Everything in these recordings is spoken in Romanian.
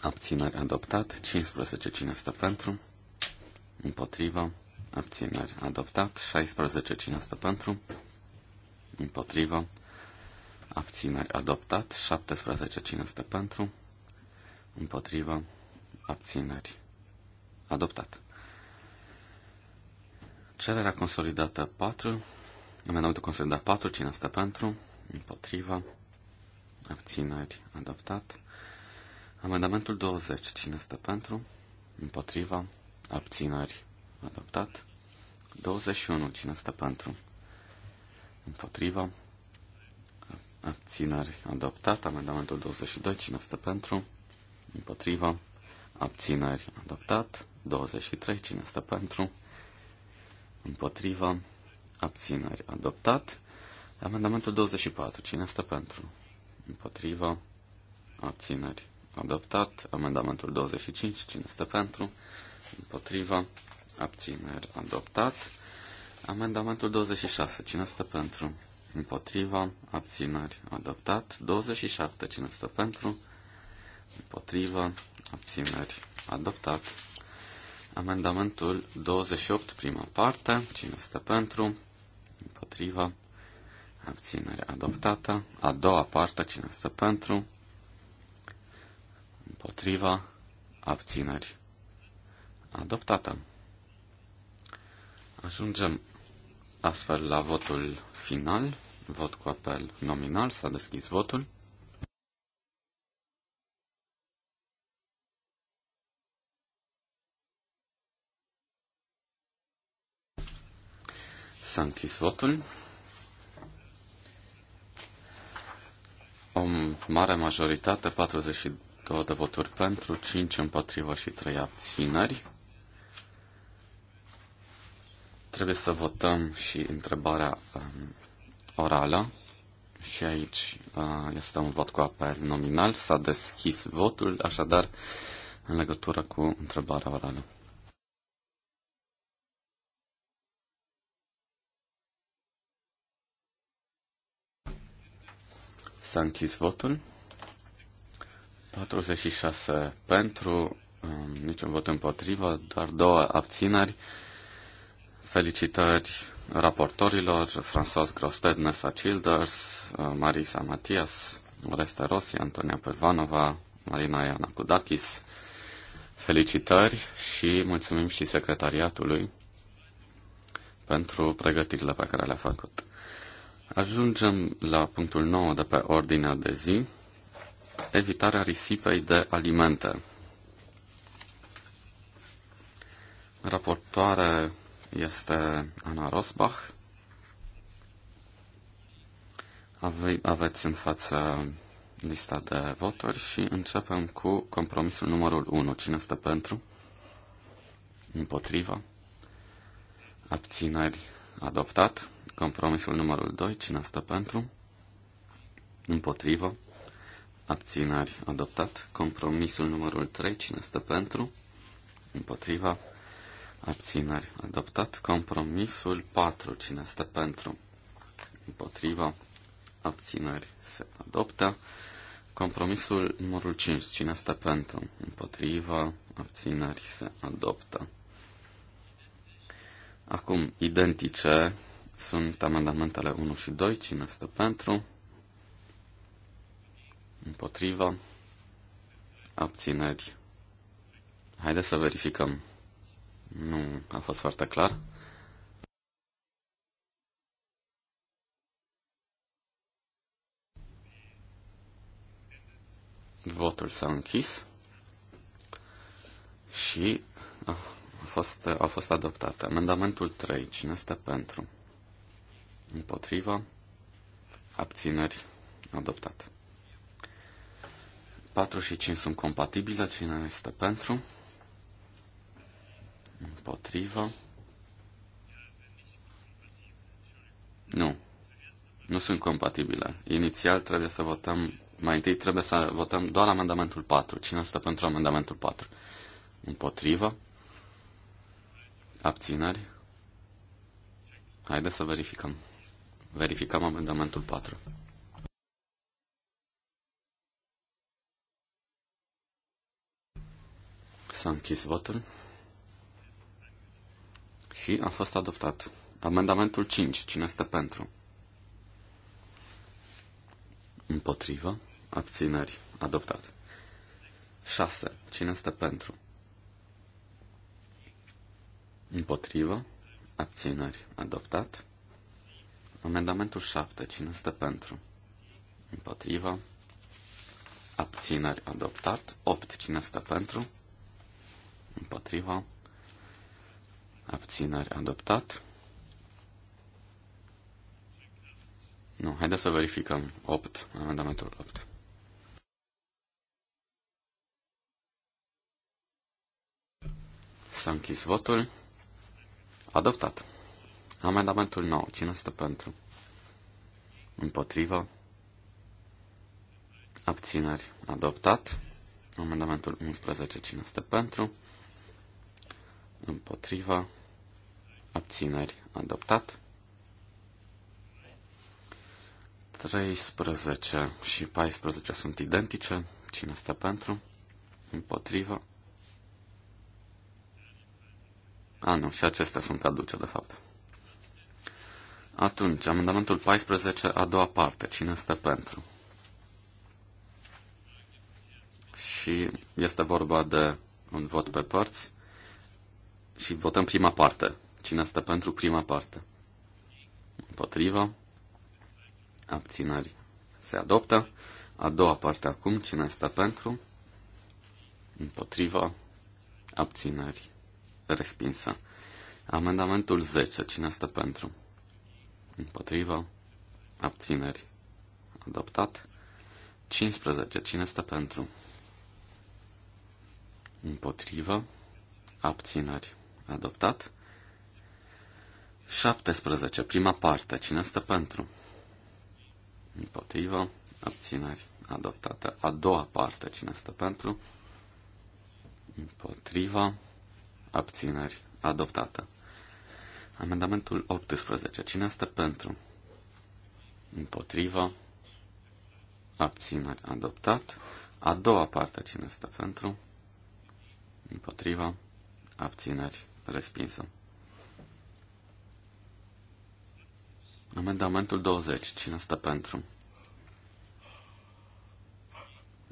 abțineri adoptat, 15 cine stă pentru, împotriva, abțineri adoptat, 16 cine stă pentru, împotriva, abțineri adoptat, 17 cine stă pentru, împotriva, abțineri adoptat. Cererea consolidată 4, amendamentul consolidat 4, cine stă pentru, împotriva, abțineri adoptat, Amendamentul 20. Cine este pentru? Împotriva. Abținări. Adoptat. 21. Cine este pentru? Împotriva. Abținări. Adoptat. Amendamentul 22. Cine este pentru? Împotriva. Abținări. Adoptat. 23. Cine este pentru? Împotriva. Abținări. Adoptat. Amendamentul 24. Cine este pentru? Împotriva. Abținări adoptat. Amendamentul 25, cine este pentru? Împotriva, abțineri, adoptat. Amendamentul 26, cine este pentru? Împotriva, abțineri, adoptat. 27, cine este pentru? Împotriva, abțineri, adoptat. Amendamentul 28, prima parte, cine este pentru? Împotriva, abținere adoptată. A doua parte, cine stă pentru? împotriva, abțineri, adoptată. Ajungem astfel la votul final, vot cu apel nominal, s-a deschis votul. S-a închis votul. O mare majoritate, 42 două de voturi pentru, 5 împotrivă și 3 abțineri. Trebuie să votăm și întrebarea um, orală. Și aici uh, este un vot cu apel nominal. S-a deschis votul, așadar, în legătură cu întrebarea orală. S-a închis votul. 46 pentru, um, niciun vot împotrivă, doar două abțineri. Felicitări raportorilor, François Grosted, Nessa Childers, uh, Marisa Matias, Oreste Rossi, Antonia Pervanova, Marina Iana Kudakis. Felicitări și mulțumim și secretariatului pentru pregătirile pe care le-a făcut. Ajungem la punctul 9 de pe ordinea de zi, evitarea risipei de alimente. Raportoare este Ana Rosbach. Ave- aveți în față lista de voturi și începem cu compromisul numărul 1. Cine este pentru? Împotriva? Abțineri adoptat. Compromisul numărul 2. Cine este pentru? Împotrivă? Abținari adoptat. Compromisul numărul 3, cine stă pentru? Împotriva, abținari adoptat. Compromisul 4, cine stă pentru? Împotriva, abținari se adoptă. Compromisul numărul 5, cine stă pentru? Împotriva, abținari se adoptă. Acum, identice sunt amendamentele 1 și 2, cine stă pentru? împotriva, abțineri. Haideți să verificăm. Nu a fost foarte clar. Votul s-a închis și a fost, a fost adoptat. Amendamentul 3. Cine este pentru? Împotriva? Abțineri? Adoptat. 4 și 5 sunt compatibile. Cine este pentru? Împotrivă. Nu. Nu sunt compatibile. Inițial trebuie să votăm, mai întâi trebuie să votăm doar amendamentul 4. Cine stă pentru amendamentul 4? Împotrivă. Abțineri. Haideți să verificăm. Verificăm amendamentul 4. S-a închis votul. Și a fost adoptat. Amendamentul 5. Cine este pentru? Împotrivă. Abțineri. Adoptat. 6. Cine este pentru? Împotrivă. Abțineri. Adoptat. Amendamentul 7. Cine este pentru? Împotrivă. Abțineri. Adoptat. 8. Cine este pentru? împotriva, Abținere adoptat. Nu, haideți să verificăm 8, amendamentul 8. S-a închis votul. Adoptat. Amendamentul 9. Cine stă pentru? Împotrivă. Abțineri. Adoptat. Amendamentul 11. Cine stă pentru? împotriva, abțineri, adoptat. 13 și 14 sunt identice. Cine stă pentru? împotriva. A, nu, și acestea sunt caduce, de fapt. Atunci, amendamentul 14, a doua parte. Cine este pentru? Și este vorba de un vot pe părți. Și votăm prima parte. Cine stă pentru prima parte? Împotrivă. Abținări. Se adoptă. A doua parte acum. Cine stă pentru? Împotrivă. Abținări. Respinsă. Amendamentul 10. Cine stă pentru? Împotrivă. Abțineri. Adoptat. 15. Cine stă pentru? Împotrivă. Abțineri. Adoptat. 17. Prima parte. Cine stă pentru? Împotrivă. Abțineri. Adoptată. A doua parte. Cine stă pentru? Împotriva. Abțineri. Adoptată. Amendamentul 18. Cine stă pentru? Împotriva. Abțineri. Adoptat. A doua parte. Cine stă pentru? Împotriva. Abțineri respinsă. Amendamentul 20. Cine stă pentru?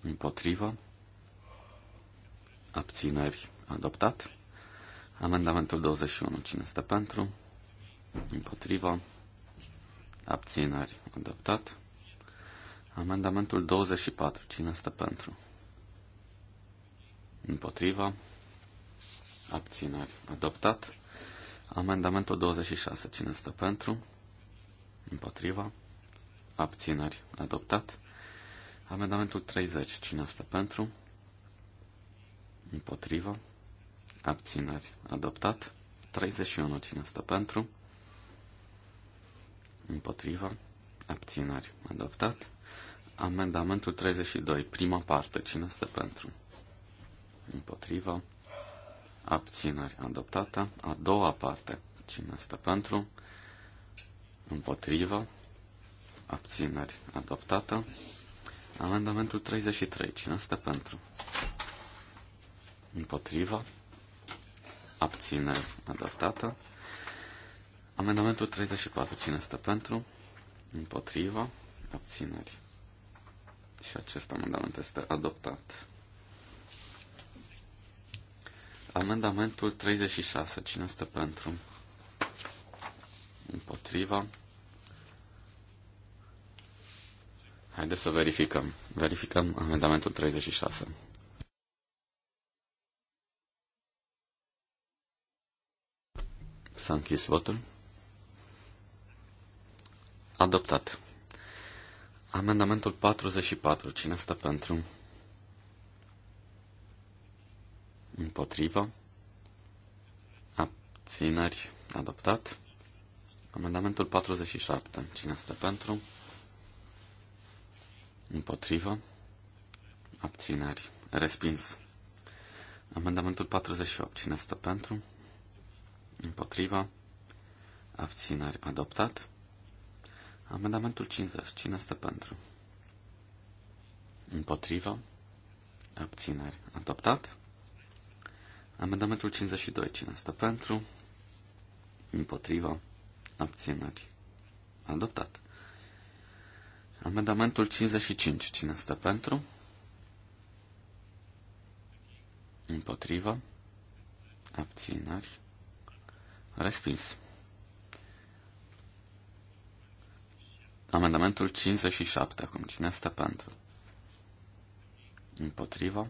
Împotrivă? Abțineri? Adoptat? Amendamentul 21. Cine stă pentru? Împotrivă? Abțineri? Adoptat? Amendamentul 24. Cine stă pentru? Împotriva? abțineri, adoptat. Amendamentul 26, cine stă pentru? Împotriva, abțineri, adoptat. Amendamentul 30, cine stă pentru? Împotriva, abțineri, adoptat. 31, cine stă pentru? Împotriva, abțineri, adoptat. Amendamentul 32, prima parte, cine stă pentru? Împotriva, abțineri adoptată. A doua parte, cine este pentru, împotrivă, abțineri adoptată. Amendamentul 33, cine este pentru, împotrivă, abțineri adoptată. Amendamentul 34, cine este pentru, împotrivă, abțineri. Și acest amendament este adoptat. Amendamentul 36. Cine stă pentru? Împotriva. Haideți să verificăm. Verificăm amendamentul 36. S-a închis votul. Adoptat. Amendamentul 44. Cine stă pentru? împotrivă, abțineri, adoptat. Amendamentul 47. Cine este pentru? Împotrivă. Abțineri. Respins. Amendamentul 48. Cine este pentru? Împotrivă, Abțineri. Adoptat. Amendamentul 50. Cine este pentru? Împotrivă, Abțineri. Adoptat. Amendamentul 52. Cine stă pentru? Împotriva. Abțineri. Adoptat. Amendamentul 55. Cine stă pentru? Împotriva. Abțineri. Respins. Amendamentul 57. Acum, cine stă pentru? Împotriva.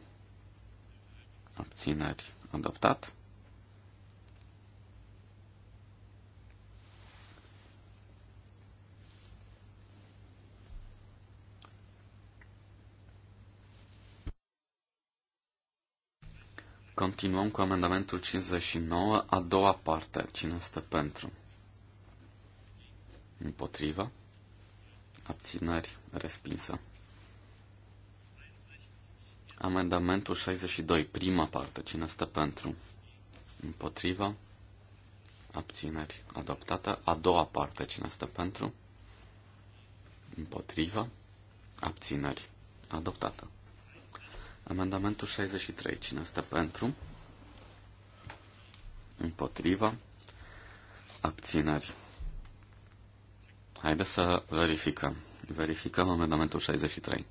Abțineri. Adoptat. Continuăm cu amendamentul 59, a doua parte. Cine stă pentru? Împotriva? Abținări respinsă. Amendamentul 62, prima parte. Cine stă pentru? Împotriva? Abțineri adoptată. A doua parte. Cine stă pentru? Împotriva? Abțineri adoptată. Amendamentul 63. Cine stă pentru? Împotriva? Abțineri. Haideți să verificăm. Verificăm amendamentul 63.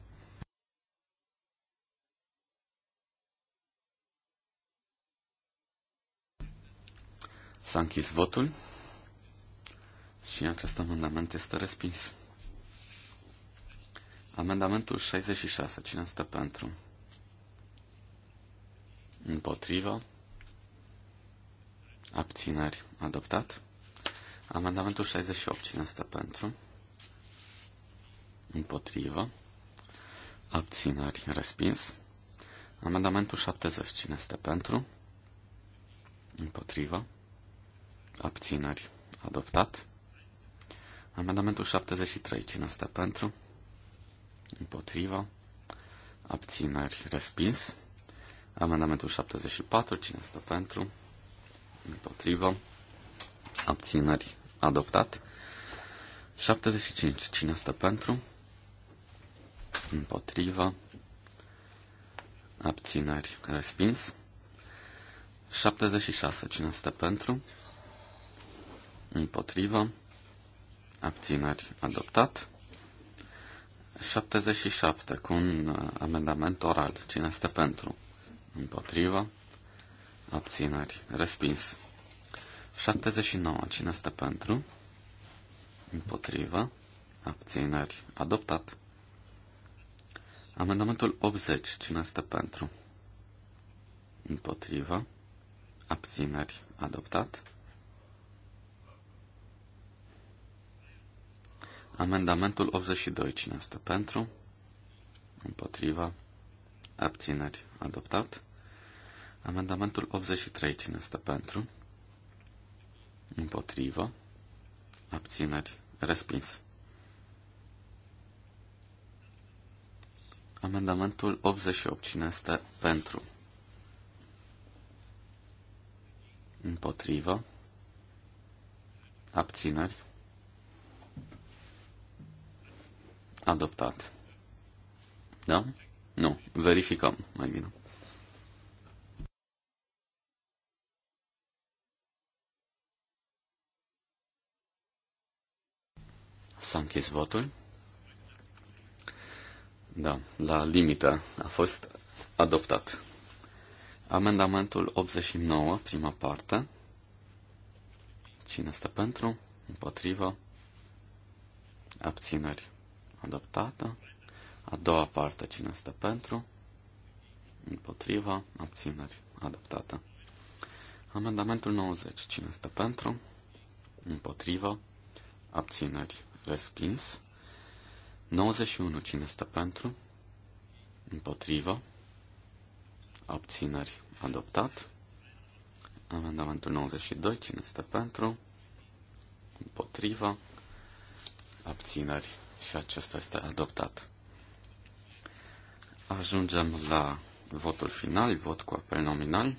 S-a închis votul și acest amendament este respins. Amendamentul 66. Cine stă pentru? Împotrivă. Abțineri. Adoptat. Amendamentul 68. Cine stă pentru? Împotrivă. Abțineri. Respins. Amendamentul 70. Cine stă pentru? Împotrivă abțineri, adoptat. Amendamentul 73, cine stă pentru? Împotriva, abțineri, respins. Amendamentul 74, cine stă pentru? Împotriva, abțineri, adoptat. 75, cine stă pentru? Împotriva, abțineri, respins. 76, cine stă pentru? împotrivă, abțineri adoptat. 77 cu un uh, amendament oral. Cine este pentru? Împotrivă, abțineri respins. 79. Cine este pentru? Împotrivă, abțineri adoptat. Amendamentul 80. Cine este pentru? Împotrivă, abțineri adoptat. Amendamentul 82. Cine este pentru? Împotriva. Abțineri. Adoptat. Amendamentul 83. Cine este pentru? împotriva, Abțineri. Respins. Amendamentul 88. Cine este pentru? împotriva, Abțineri. Adoptat. Da? Nu. Verificăm mai bine. S-a închis votul. Da, la limită a fost adoptat. Amendamentul 89, prima parte. Cine este pentru? Împotrivă? Abțineri adoptată. A doua parte, cine stă pentru, împotriva, abțineri, adoptată. Amendamentul 90, cine stă pentru, împotriva, abțineri, respins. 91, cine stă pentru, împotriva, abțineri, adoptat. Amendamentul 92, cine stă pentru, împotriva, abțineri, și acesta este adoptat. Ajungem la votul final, vot cu apel nominal.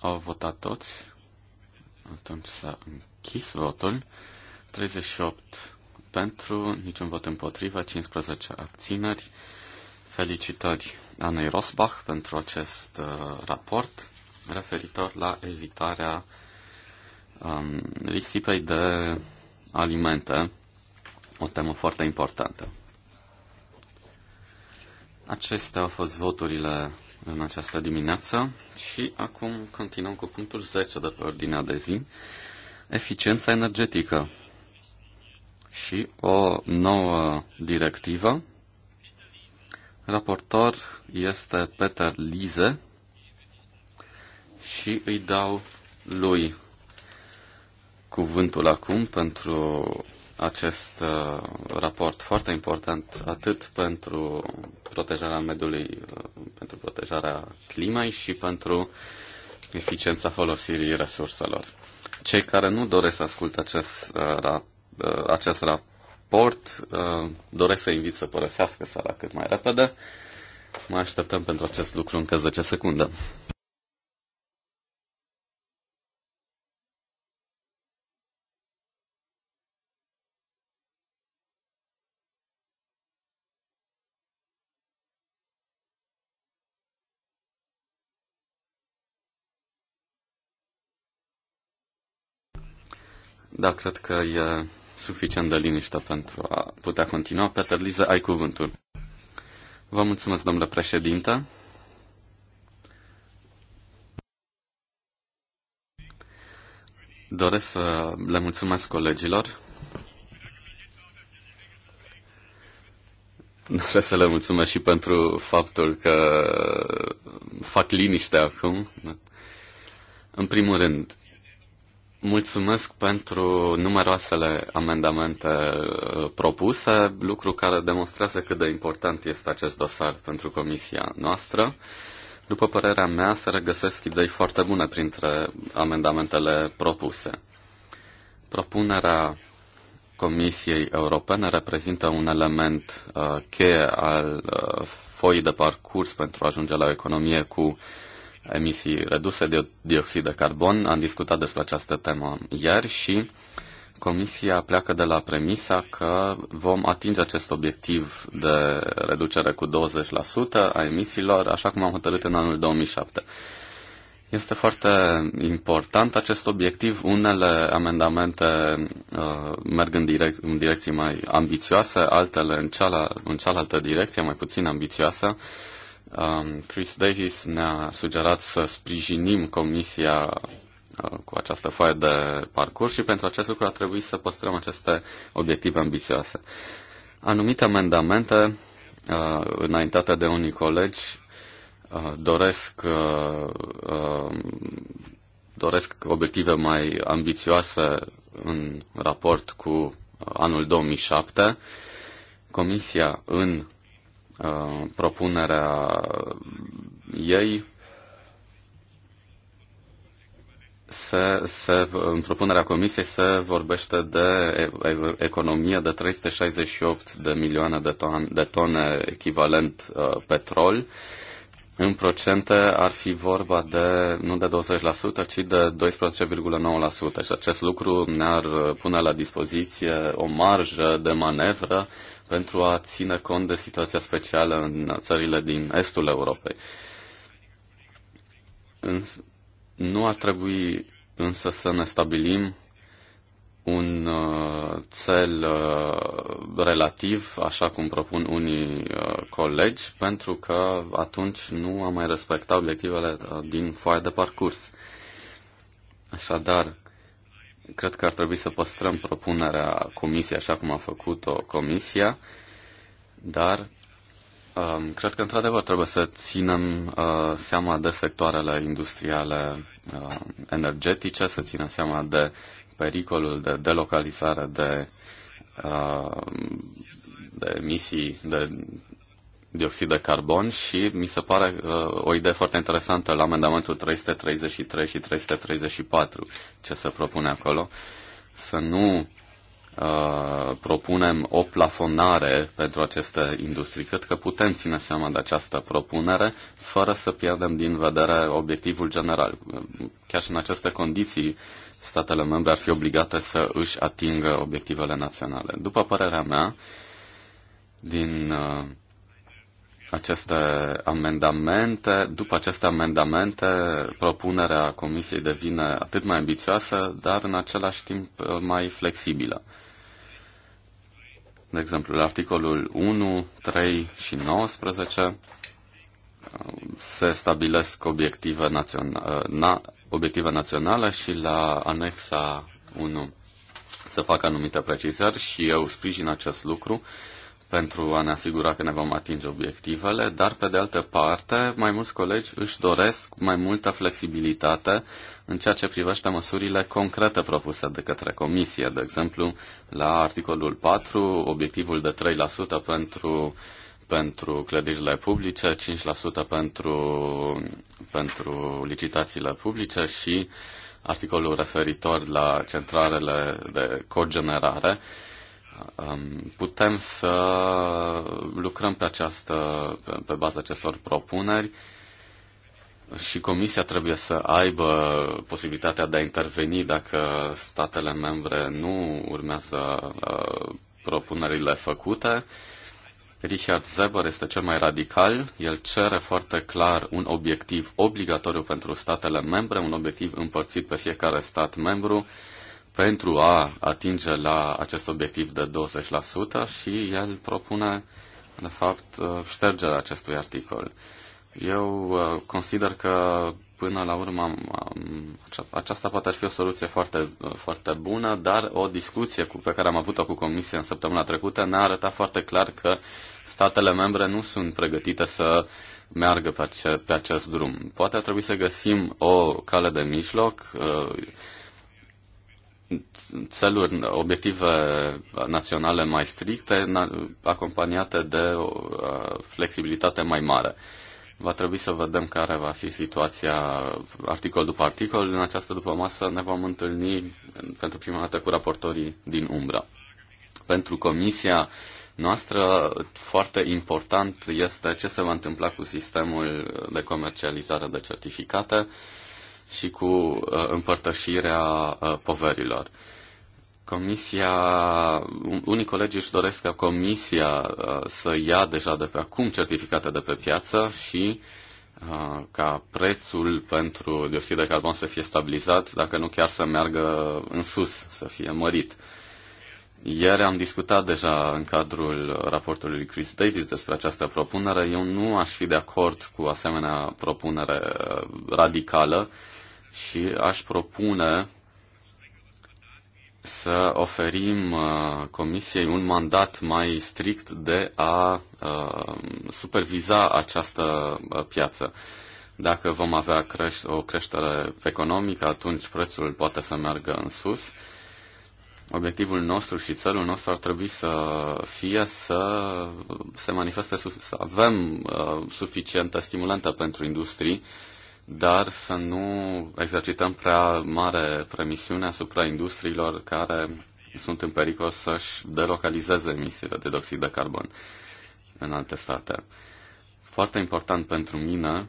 Au votat toți. Atunci s-a închis votul. 38 pentru, niciun vot împotriva, 15 abțineri. Felicitări Anei Rosbach pentru acest uh, raport referitor la evitarea um, risipei de alimente, o temă foarte importantă. Acestea au fost voturile în această dimineață și acum continuăm cu punctul 10 de pe ordinea de zi, eficiența energetică și o nouă directivă. Raportor este Peter Lize și îi dau lui cuvântul acum pentru acest uh, raport foarte important atât pentru protejarea mediului, uh, pentru protejarea climei și pentru eficiența folosirii resurselor. Cei care nu doresc să asculte acest uh, Uh, acest raport. Uh, doresc să invit să părăsească sala cât mai repede. Mai așteptăm pentru acest lucru încă 10 secunde. Da, cred că e suficient de liniște pentru a putea continua. Peter Liză, ai cuvântul. Vă mulțumesc, domnule președinte. Doresc să le mulțumesc colegilor. Doresc să le mulțumesc și pentru faptul că fac liniște acum. În primul rând, Mulțumesc pentru numeroasele amendamente uh, propuse, lucru care demonstrează cât de important este acest dosar pentru comisia noastră. După părerea mea, se regăsesc idei foarte bune printre amendamentele propuse. Propunerea Comisiei Europene reprezintă un element uh, cheie al uh, foii de parcurs pentru a ajunge la o economie cu emisii reduse de dioxid de carbon. Am discutat despre această temă ieri și Comisia pleacă de la premisa că vom atinge acest obiectiv de reducere cu 20% a emisiilor, așa cum am hotărât în anul 2007. Este foarte important acest obiectiv. Unele amendamente uh, merg în, direc- în direcții mai ambițioase, altele în, ceala- în cealaltă direcție, mai puțin ambițioasă. Uh, Um, Chris Davis ne-a sugerat să sprijinim comisia uh, cu această foaie de parcurs și pentru acest lucru a trebuit să păstrăm aceste obiective ambițioase. Anumite amendamente uh, înaintate de unii colegi uh, doresc, um, doresc obiective mai ambițioase în raport cu anul 2007. Comisia în Uh, propunerea ei se, se, în propunerea comisiei se vorbește de economie de 368 de milioane de, ton, de tone echivalent uh, petrol. În procente ar fi vorba de nu de 20%, ci de 12,9%. Și acest lucru ne-ar uh, pune la dispoziție o marjă de manevră uh, pentru a ține cont de situația specială în țările din estul Europei. Nu ar trebui însă să ne stabilim un uh, cel uh, relativ, așa cum propun unii uh, colegi, pentru că atunci nu am mai respectat obiectivele uh, din foaia de parcurs. Așadar, cred că ar trebui să păstrăm propunerea comisiei așa cum a făcut-o comisia, dar um, cred că într-adevăr trebuie să ținem uh, seama de sectoarele industriale uh, energetice, să ținem seama de pericolul de delocalizare de, uh, de emisii, de dioxid de carbon și mi se pare uh, o idee foarte interesantă la amendamentul 333 și 334 ce se propune acolo, să nu uh, propunem o plafonare pentru aceste industrii. Cred că putem ține seama de această propunere fără să pierdem din vedere obiectivul general. Chiar și în aceste condiții, statele membre ar fi obligate să își atingă obiectivele naționale. După părerea mea, din uh, aceste amendamente, după aceste amendamente, propunerea Comisiei devine atât mai ambițioasă, dar în același timp uh, mai flexibilă. De exemplu, la articolul 1, 3 și 19 uh, se stabilesc obiective, naționa- uh, na, obiective naționale și la anexa 1 se fac anumite precizări și eu sprijin acest lucru pentru a ne asigura că ne vom atinge obiectivele, dar pe de altă parte, mai mulți colegi își doresc mai multă flexibilitate în ceea ce privește măsurile concrete propuse de către comisie, de exemplu, la articolul 4, obiectivul de 3% pentru pentru clădirile publice, 5% pentru, pentru licitațiile publice și articolul referitor la centralele de cogenerare. Um, putem să lucrăm pe, această, pe, pe baza acestor propuneri și Comisia trebuie să aibă posibilitatea de a interveni dacă statele membre nu urmează uh, propunerile făcute. Richard Zeber este cel mai radical. El cere foarte clar un obiectiv obligatoriu pentru statele membre, un obiectiv împărțit pe fiecare stat membru pentru a atinge la acest obiectiv de 20% și el propune, de fapt, uh, ștergerea acestui articol. Eu uh, consider că până la urmă aceasta poate fi o soluție foarte, uh, foarte bună, dar o discuție cu, pe care am avut-o cu Comisia în săptămâna trecută ne-a arătat foarte clar că statele membre nu sunt pregătite să meargă pe, ace, pe acest drum. Poate ar trebui să găsim o cale de mijloc. Uh, țeluri, obiective naționale mai stricte, acompaniate de o flexibilitate mai mare. Va trebui să vedem care va fi situația articol după articol. În această după masă ne vom întâlni pentru prima dată cu raportorii din umbra. Pentru comisia noastră foarte important este ce se va întâmpla cu sistemul de comercializare de certificate și cu uh, împărtășirea uh, poverilor. Comisia, unii colegi își doresc ca comisia uh, să ia deja de pe acum certificate de pe piață și ca prețul pentru dioxid de carbon să fie stabilizat, dacă nu chiar să meargă în sus, să fie mărit. Ieri am discutat deja în cadrul raportului Chris Davis despre această propunere. Eu nu aș fi de acord cu asemenea propunere radicală. Uh, și aș propune să oferim uh, Comisiei un mandat mai strict de a uh, superviza această uh, piață. Dacă vom avea creș- o creștere economică, atunci prețul poate să meargă în sus. Obiectivul nostru și țelul nostru ar trebui să fie să se manifeste, să avem uh, suficientă stimulantă pentru industrii uh, dar să nu exercităm prea mare premisiune asupra industriilor care sunt în pericol să-și delocalizeze emisiile de dioxid de carbon în alte state. Foarte important pentru mine,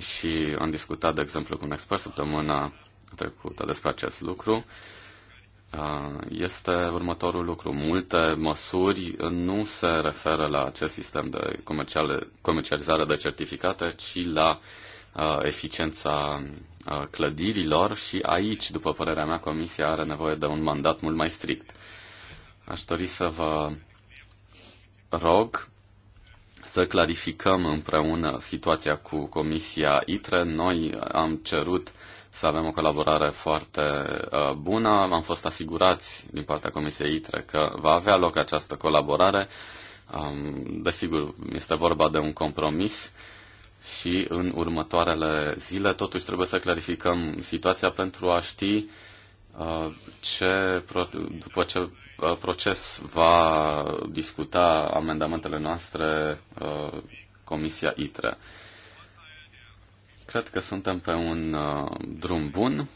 și am discutat, de exemplu, cu un expert săptămâna trecută despre acest lucru, este următorul lucru. Multe măsuri nu se referă la acest sistem de comercializare de certificate, ci la uh, Uh, eficiența uh, clădirilor și aici, după părerea mea, Comisia are nevoie de un mandat mult mai strict. Aș dori să vă rog să clarificăm împreună situația cu Comisia ITRE. Noi am cerut să avem o colaborare foarte uh, bună. Am fost asigurați din partea Comisiei ITRE că va avea loc această colaborare. Um, desigur, este vorba de un compromis și în următoarele zile. Totuși trebuie să clarificăm situația pentru a ști uh, ce, după ce uh, proces va discuta amendamentele noastre uh, Comisia ITRE. Cred că suntem pe un drum bun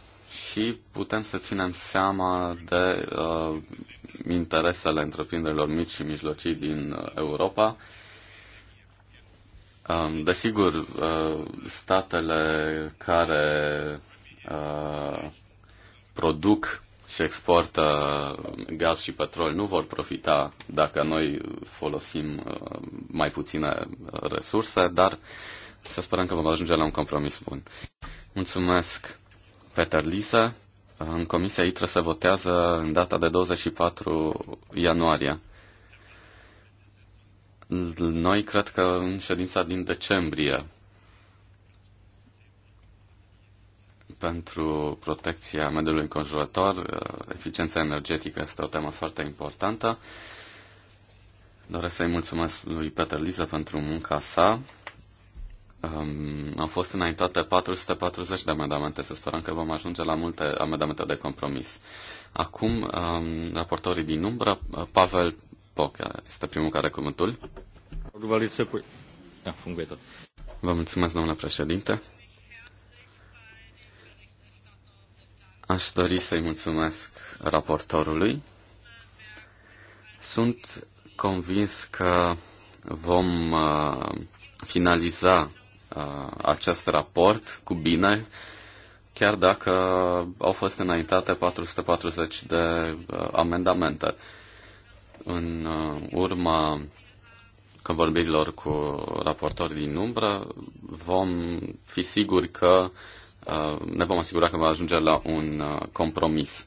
și putem să ținem seama de interesele întreprinderilor mici și mijlocii din Europa Um, desigur, uh, statele care uh, produc și exportă gaz și petrol nu vor profita dacă noi folosim uh, mai puține resurse, dar să sperăm că vom ajunge la un compromis bun. Mulțumesc, Peter Lisa. În Comisia ITRE se votează în data de 24 ianuarie. Noi cred că în ședința din decembrie pentru protecția mediului înconjurător, eficiența energetică este o temă foarte importantă. Doresc să-i mulțumesc lui Peter Liză pentru munca sa. Um, au fost înaintate 440 de amendamente, să sperăm că vom ajunge la multe amendamente de compromis. Acum, um, raportorii din umbră, Pavel Poca este primul care cuvântul. Da, tot. Vă mulțumesc, domnule președinte. Aș dori să-i mulțumesc raportorului. Sunt convins că vom uh, finaliza uh, acest raport cu bine, chiar dacă au fost înaintate 440 de uh, amendamente. În uh, urma convorbirilor cu raportori din umbră, vom fi siguri că uh, ne vom asigura că va ajunge la un uh, compromis.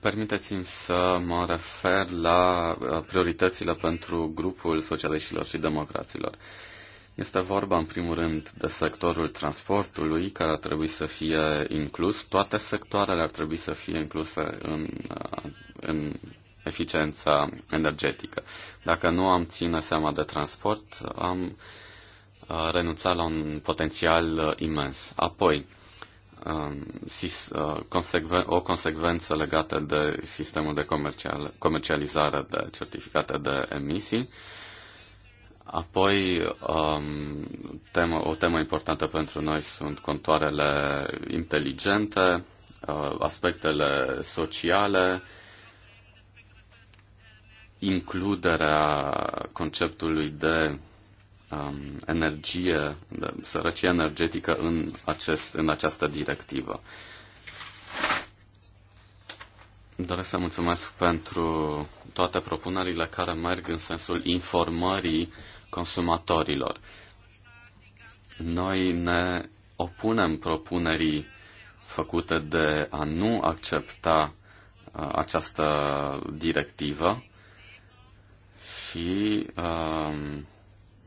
Permiteți-mi să mă refer la prioritățile pentru grupul socialiștilor și democraților. Uh, este vorba, în primul rând, de sectorul transportului, care ar trebui să fie inclus. Toate sectoarele ar trebui să fie incluse în, uh, în eficiența energetică. Dacă nu am ține seama de transport, am uh, renunțat la un potențial uh, imens. Apoi, um, o consecvență legată de sistemul de comercializare de certificate de emisii, Apoi, um, temă, o temă importantă pentru noi sunt contoarele inteligente, uh, aspectele sociale, includerea conceptului de um, energie, de sărăcie energetică în, acest, în această directivă. Doresc să mulțumesc pentru toate propunerile care merg în sensul informării consumatorilor. Noi ne opunem propunerii făcute de a nu accepta uh, această directivă și um,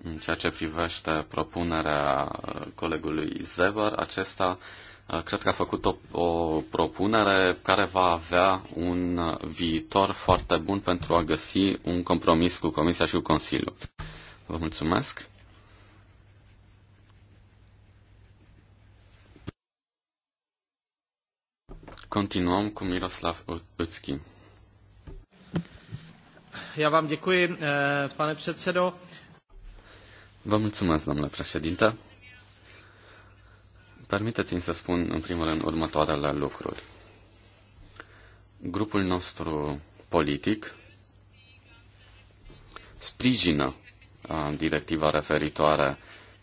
în ceea ce privește propunerea colegului Zeber, acesta uh, cred că a făcut o, o propunere care va avea un viitor foarte bun pentru a găsi un compromis cu Comisia și cu Consiliul. Vă mulțumesc. Continuăm cu Miroslav Utsky. Já vám děkuji, eh, pane předsedo. Vă mulțumesc, domnule președinte. Permiteți-mi să spun în primul rând următoarele lucruri. Grupul nostru politic sprijină directiva referitoare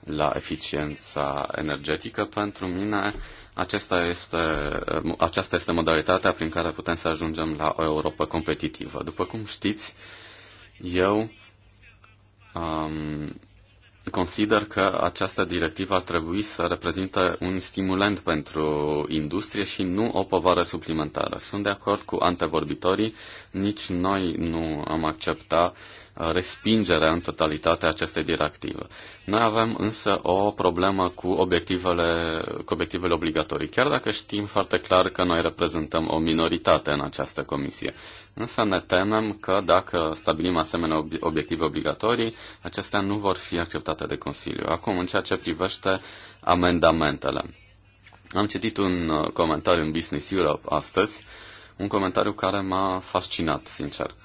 la eficiența energetică. Pentru mine acesta este, aceasta este modalitatea prin care putem să ajungem la o Europa competitivă. După cum știți, eu um, consider că această directivă ar trebui să reprezinte un stimulant pentru industrie și nu o povară suplimentară. Sunt de acord cu antevorbitorii, nici noi nu am acceptat respingerea în totalitate a acestei directive. Noi avem însă o problemă cu obiectivele, cu obiectivele obligatorii, chiar dacă știm foarte clar că noi reprezentăm o minoritate în această comisie. Însă ne temem că dacă stabilim asemenea obiective obligatorii, acestea nu vor fi acceptate de Consiliu. Acum, în ceea ce privește amendamentele. Am citit un uh, comentariu în Business Europe astăzi, un comentariu care m-a fascinat, sincer. Uh,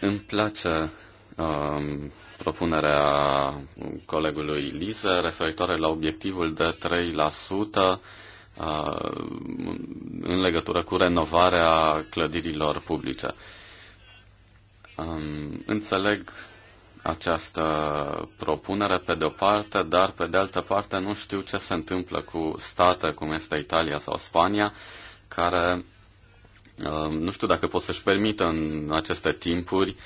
Îmi place um, propunerea colegului Lize referitoare la obiectivul de 3% uh, în legătură cu renovarea clădirilor publice. Um, înțeleg această propunere pe de o parte, dar pe de altă parte nu știu ce se întâmplă cu state cum este Italia sau Spania, care Ehm, nu știu dacă pot să-și permită în aceste timpuri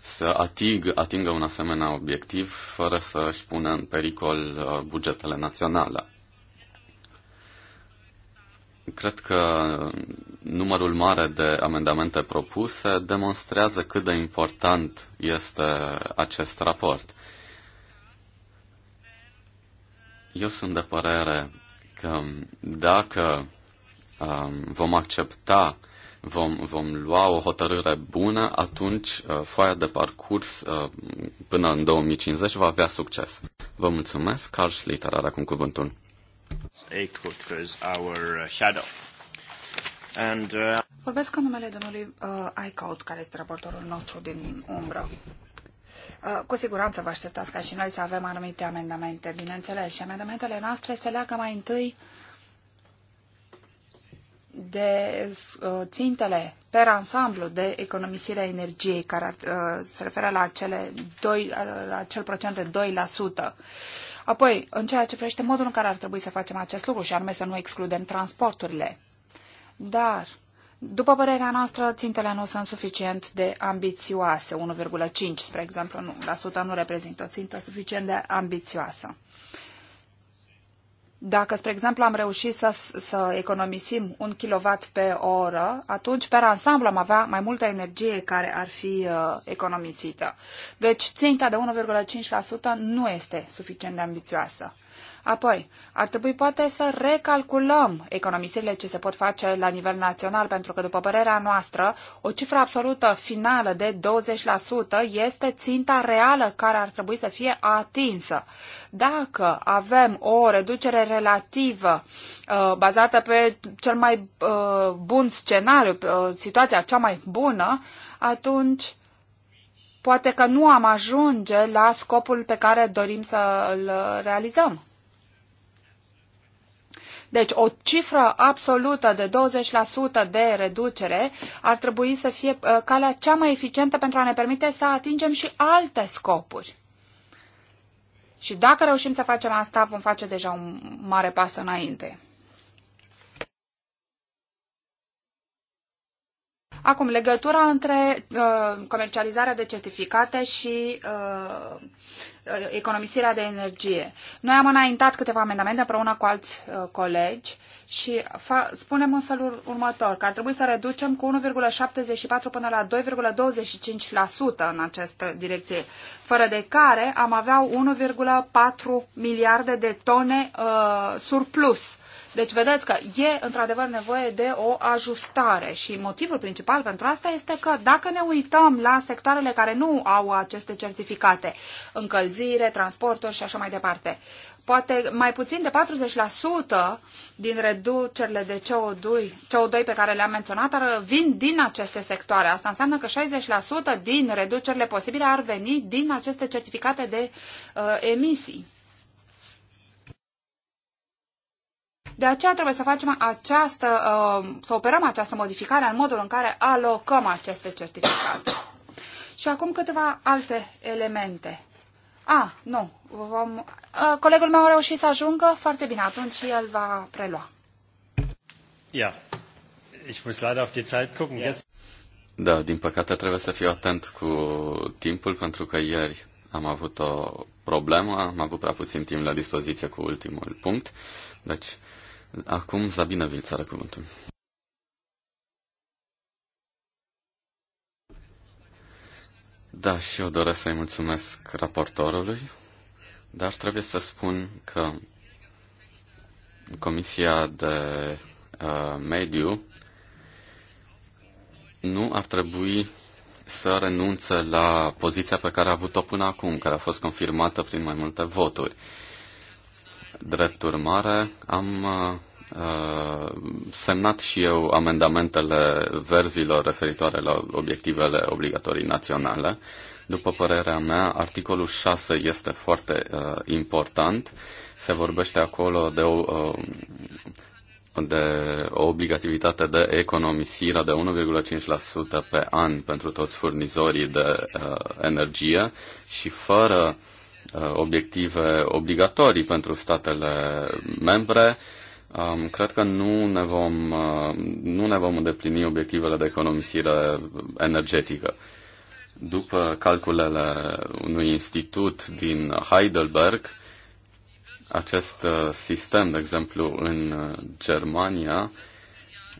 să ating, atingă un asemenea obiectiv fără să-și pună în pericol uh, bugetele naționale. Cred că numărul mare de amendamente propuse demonstrează cât de important este acest raport. Eu sunt de părere că dacă um, vom accepta uh, vom, vom lua o hotărâre bună, atunci uh, foaia de parcurs uh, până în 2050 va avea succes. Vă mulțumesc, Carl Schlitter are acum cuvântul. Uh, Vorbesc în numele domnului uh, Icaut, care este raportorul nostru din umbră. cu siguranță vă așteptați ca și noi să avem anumite amendamente, bineînțeles, și amendamentele noastre se leagă mai întâi uh, de uh, țintele per ansamblu de economisire a energiei, care ar, uh, se referă la, cele 2, uh, la acel procent de 2%. Apoi, în ceea ce privește modul în care ar trebui să facem acest lucru, și anume să nu excludem transporturile. Dar, după părerea noastră, țintele nu sunt suficient de ambițioase. 1,5, spre exemplu, nu, la sută nu reprezintă o țintă suficient de ambițioasă. Uh, dacă, spre exemplu, am reușit să, să economisim un kilowatt pe oră, atunci, pe ansamblu, am avea mai multă energie care ar fi uh, economisită. Deci, ținta de 1,5% nu este suficient de ambițioasă. Apoi, ar trebui poate să recalculăm economisirile ce se pot face la nivel național, pentru că, după părerea noastră, o cifră absolută finală de 20% este ținta reală care ar trebui să fie atinsă. Dacă avem o reducere relativă uh, bazată pe cel mai uh, bun scenariu, uh, situația cea mai bună, atunci poate că nu am ajunge la scopul pe care dorim să îl realizăm. Deci o cifră absolută de 20% de reducere ar trebui să fie uh, calea cea mai eficientă pentru a ne permite să atingem și alte scopuri. Și dacă reușim să facem asta, vom face deja un mare pas înainte. Acum, legătura între uh, comercializarea de certificate și uh, uh, economisirea de energie. Noi am înaintat câteva amendamente împreună cu alți uh, colegi și spunem în felul următor, că ar trebui să reducem cu 1,74 până la 2,25% în această direcție, fără de care am avea 1,4 miliarde de tone uh, surplus deci vedeți că e într-adevăr nevoie de o ajustare și motivul principal pentru asta este că dacă ne uităm la sectoarele care nu au aceste certificate, încălzire, transporturi și așa mai departe, poate mai puțin de 40% din reducerile de CO2, CO2 pe care le-am menționat vin din aceste sectoare. Asta înseamnă că 60% din reducerile posibile ar veni din aceste certificate de uh, emisii. De aceea trebuie să facem această, uh, să operăm această modificare în modul în care alocăm aceste certificate. Și acum câteva alte elemente. A, nu, vom, uh, colegul meu a reușit să ajungă foarte bine, atunci el va prelua. Ja, ich muss leider auf die Zeit gucken. Jetzt. Da, din păcate trebuie să fiu atent cu timpul, pentru că ieri am avut o problemă, am avut prea puțin timp la dispoziție cu ultimul punct. Deci, Acum Sabina Vilța are cuvântul. Da, și eu doresc să-i mulțumesc raportorului, dar trebuie să spun că Comisia de uh, Mediu nu ar trebui să renunțe la poziția pe care a avut-o până acum, care a fost confirmată prin mai multe voturi. Uh, Drept urmare, am uh, semnat și eu amendamentele verzilor referitoare la obiectivele obligatorii naționale. După părerea mea, articolul 6 este foarte uh, important. Se vorbește acolo de o, uh, de o obligativitate de economisire de 1,5% pe an pentru toți furnizorii de uh, energie și fără uh, Uh, obiective obligatorii pentru statele membre, um, cred că nu ne, vom, uh, nu ne vom îndeplini obiectivele de economisire energetică. După calculele unui institut din Heidelberg, acest uh, sistem, de exemplu, în Germania,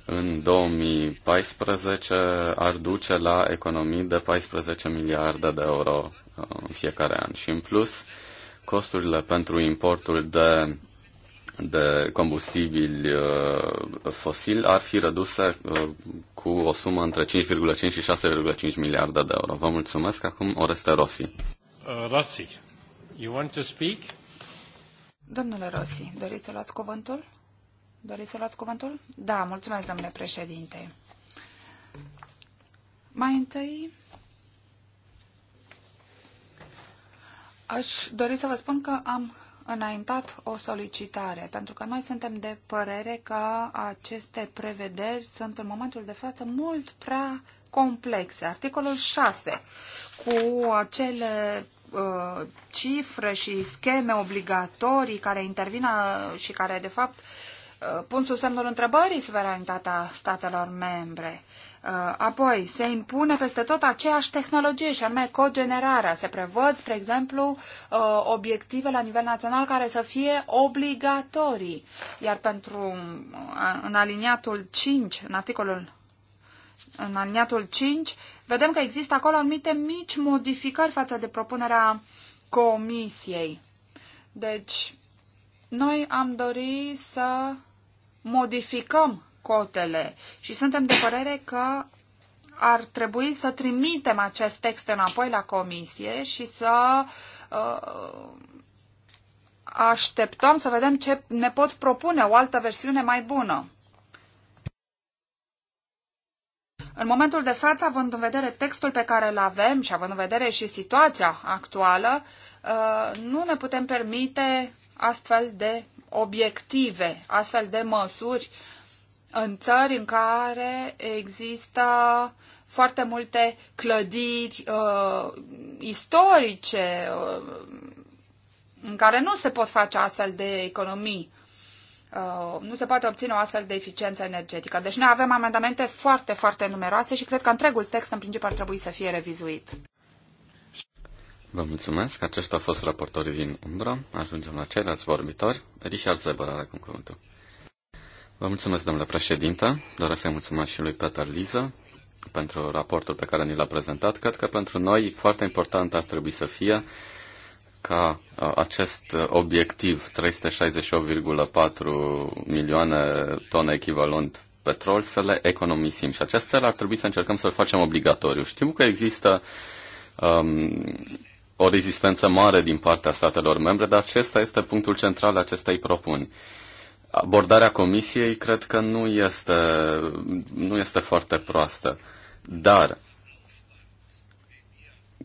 în 2014 ar duce la economii de 14 miliarde de euro uh, în fiecare an. Și în plus, costurile pentru importul de, de combustibili uh, fosili ar fi reduse uh, cu o sumă între 5,5 și 6,5 miliarde de euro. Vă mulțumesc. Acum Oreste Rossi. Uh, Rossi, you want to speak? Domnule Rossi, doriți să luați cuvântul? Doriți să luați cuvântul? Da, mulțumesc, domnule președinte. Mai întâi, aș dori să vă spun că am înaintat o solicitare, pentru că noi suntem de părere că aceste prevederi sunt în momentul de față mult prea complexe. Articolul 6, cu acele uh, cifre și scheme obligatorii care intervină și care, de fapt, Uh, pun sub semnul întrebării suveranitatea statelor membre. Uh, apoi, se impune peste tot aceeași tehnologie și anume cogenerarea. Se prevăd, spre exemplu, uh, obiective la nivel național care să fie obligatorii. Iar pentru în aliniatul 5, în articolul în aliniatul 5, vedem că există acolo anumite mici modificări față de propunerea comisiei. Deci, noi am dorit să modificăm cotele și suntem de părere că ar trebui să trimitem acest text înapoi la comisie și să uh, așteptăm să vedem ce ne pot propune o altă versiune mai bună. În momentul de față, având în vedere textul pe care îl avem și având în vedere și situația actuală, uh, nu ne putem permite astfel de obiective, astfel de măsuri în țări în care există foarte multe clădiri uh, istorice uh, în care nu se pot face astfel de economii. Uh, nu se poate obține o astfel de eficiență energetică. Deci noi avem amendamente foarte, foarte numeroase și cred că întregul text în principiu ar trebui să fie revizuit. Vă mulțumesc. acesta a fost raportorii din Umbra. Ajungem la ceilalți vorbitori. Richard Zebăr are acum cuvântul. Vă mulțumesc, domnule președinte. Doresc să-i mulțumesc și lui Peter Liză pentru raportul pe care ni l-a prezentat. Cred că pentru noi foarte important ar trebui să fie ca acest obiectiv 368,4 milioane tone echivalent petrol să le economisim și acest cel ar trebui să încercăm să-l facem obligatoriu. Știu că există um, o rezistență mare din partea statelor membre, dar acesta este punctul central acestei propuni. Abordarea comisiei cred că nu este, nu este foarte proastă, dar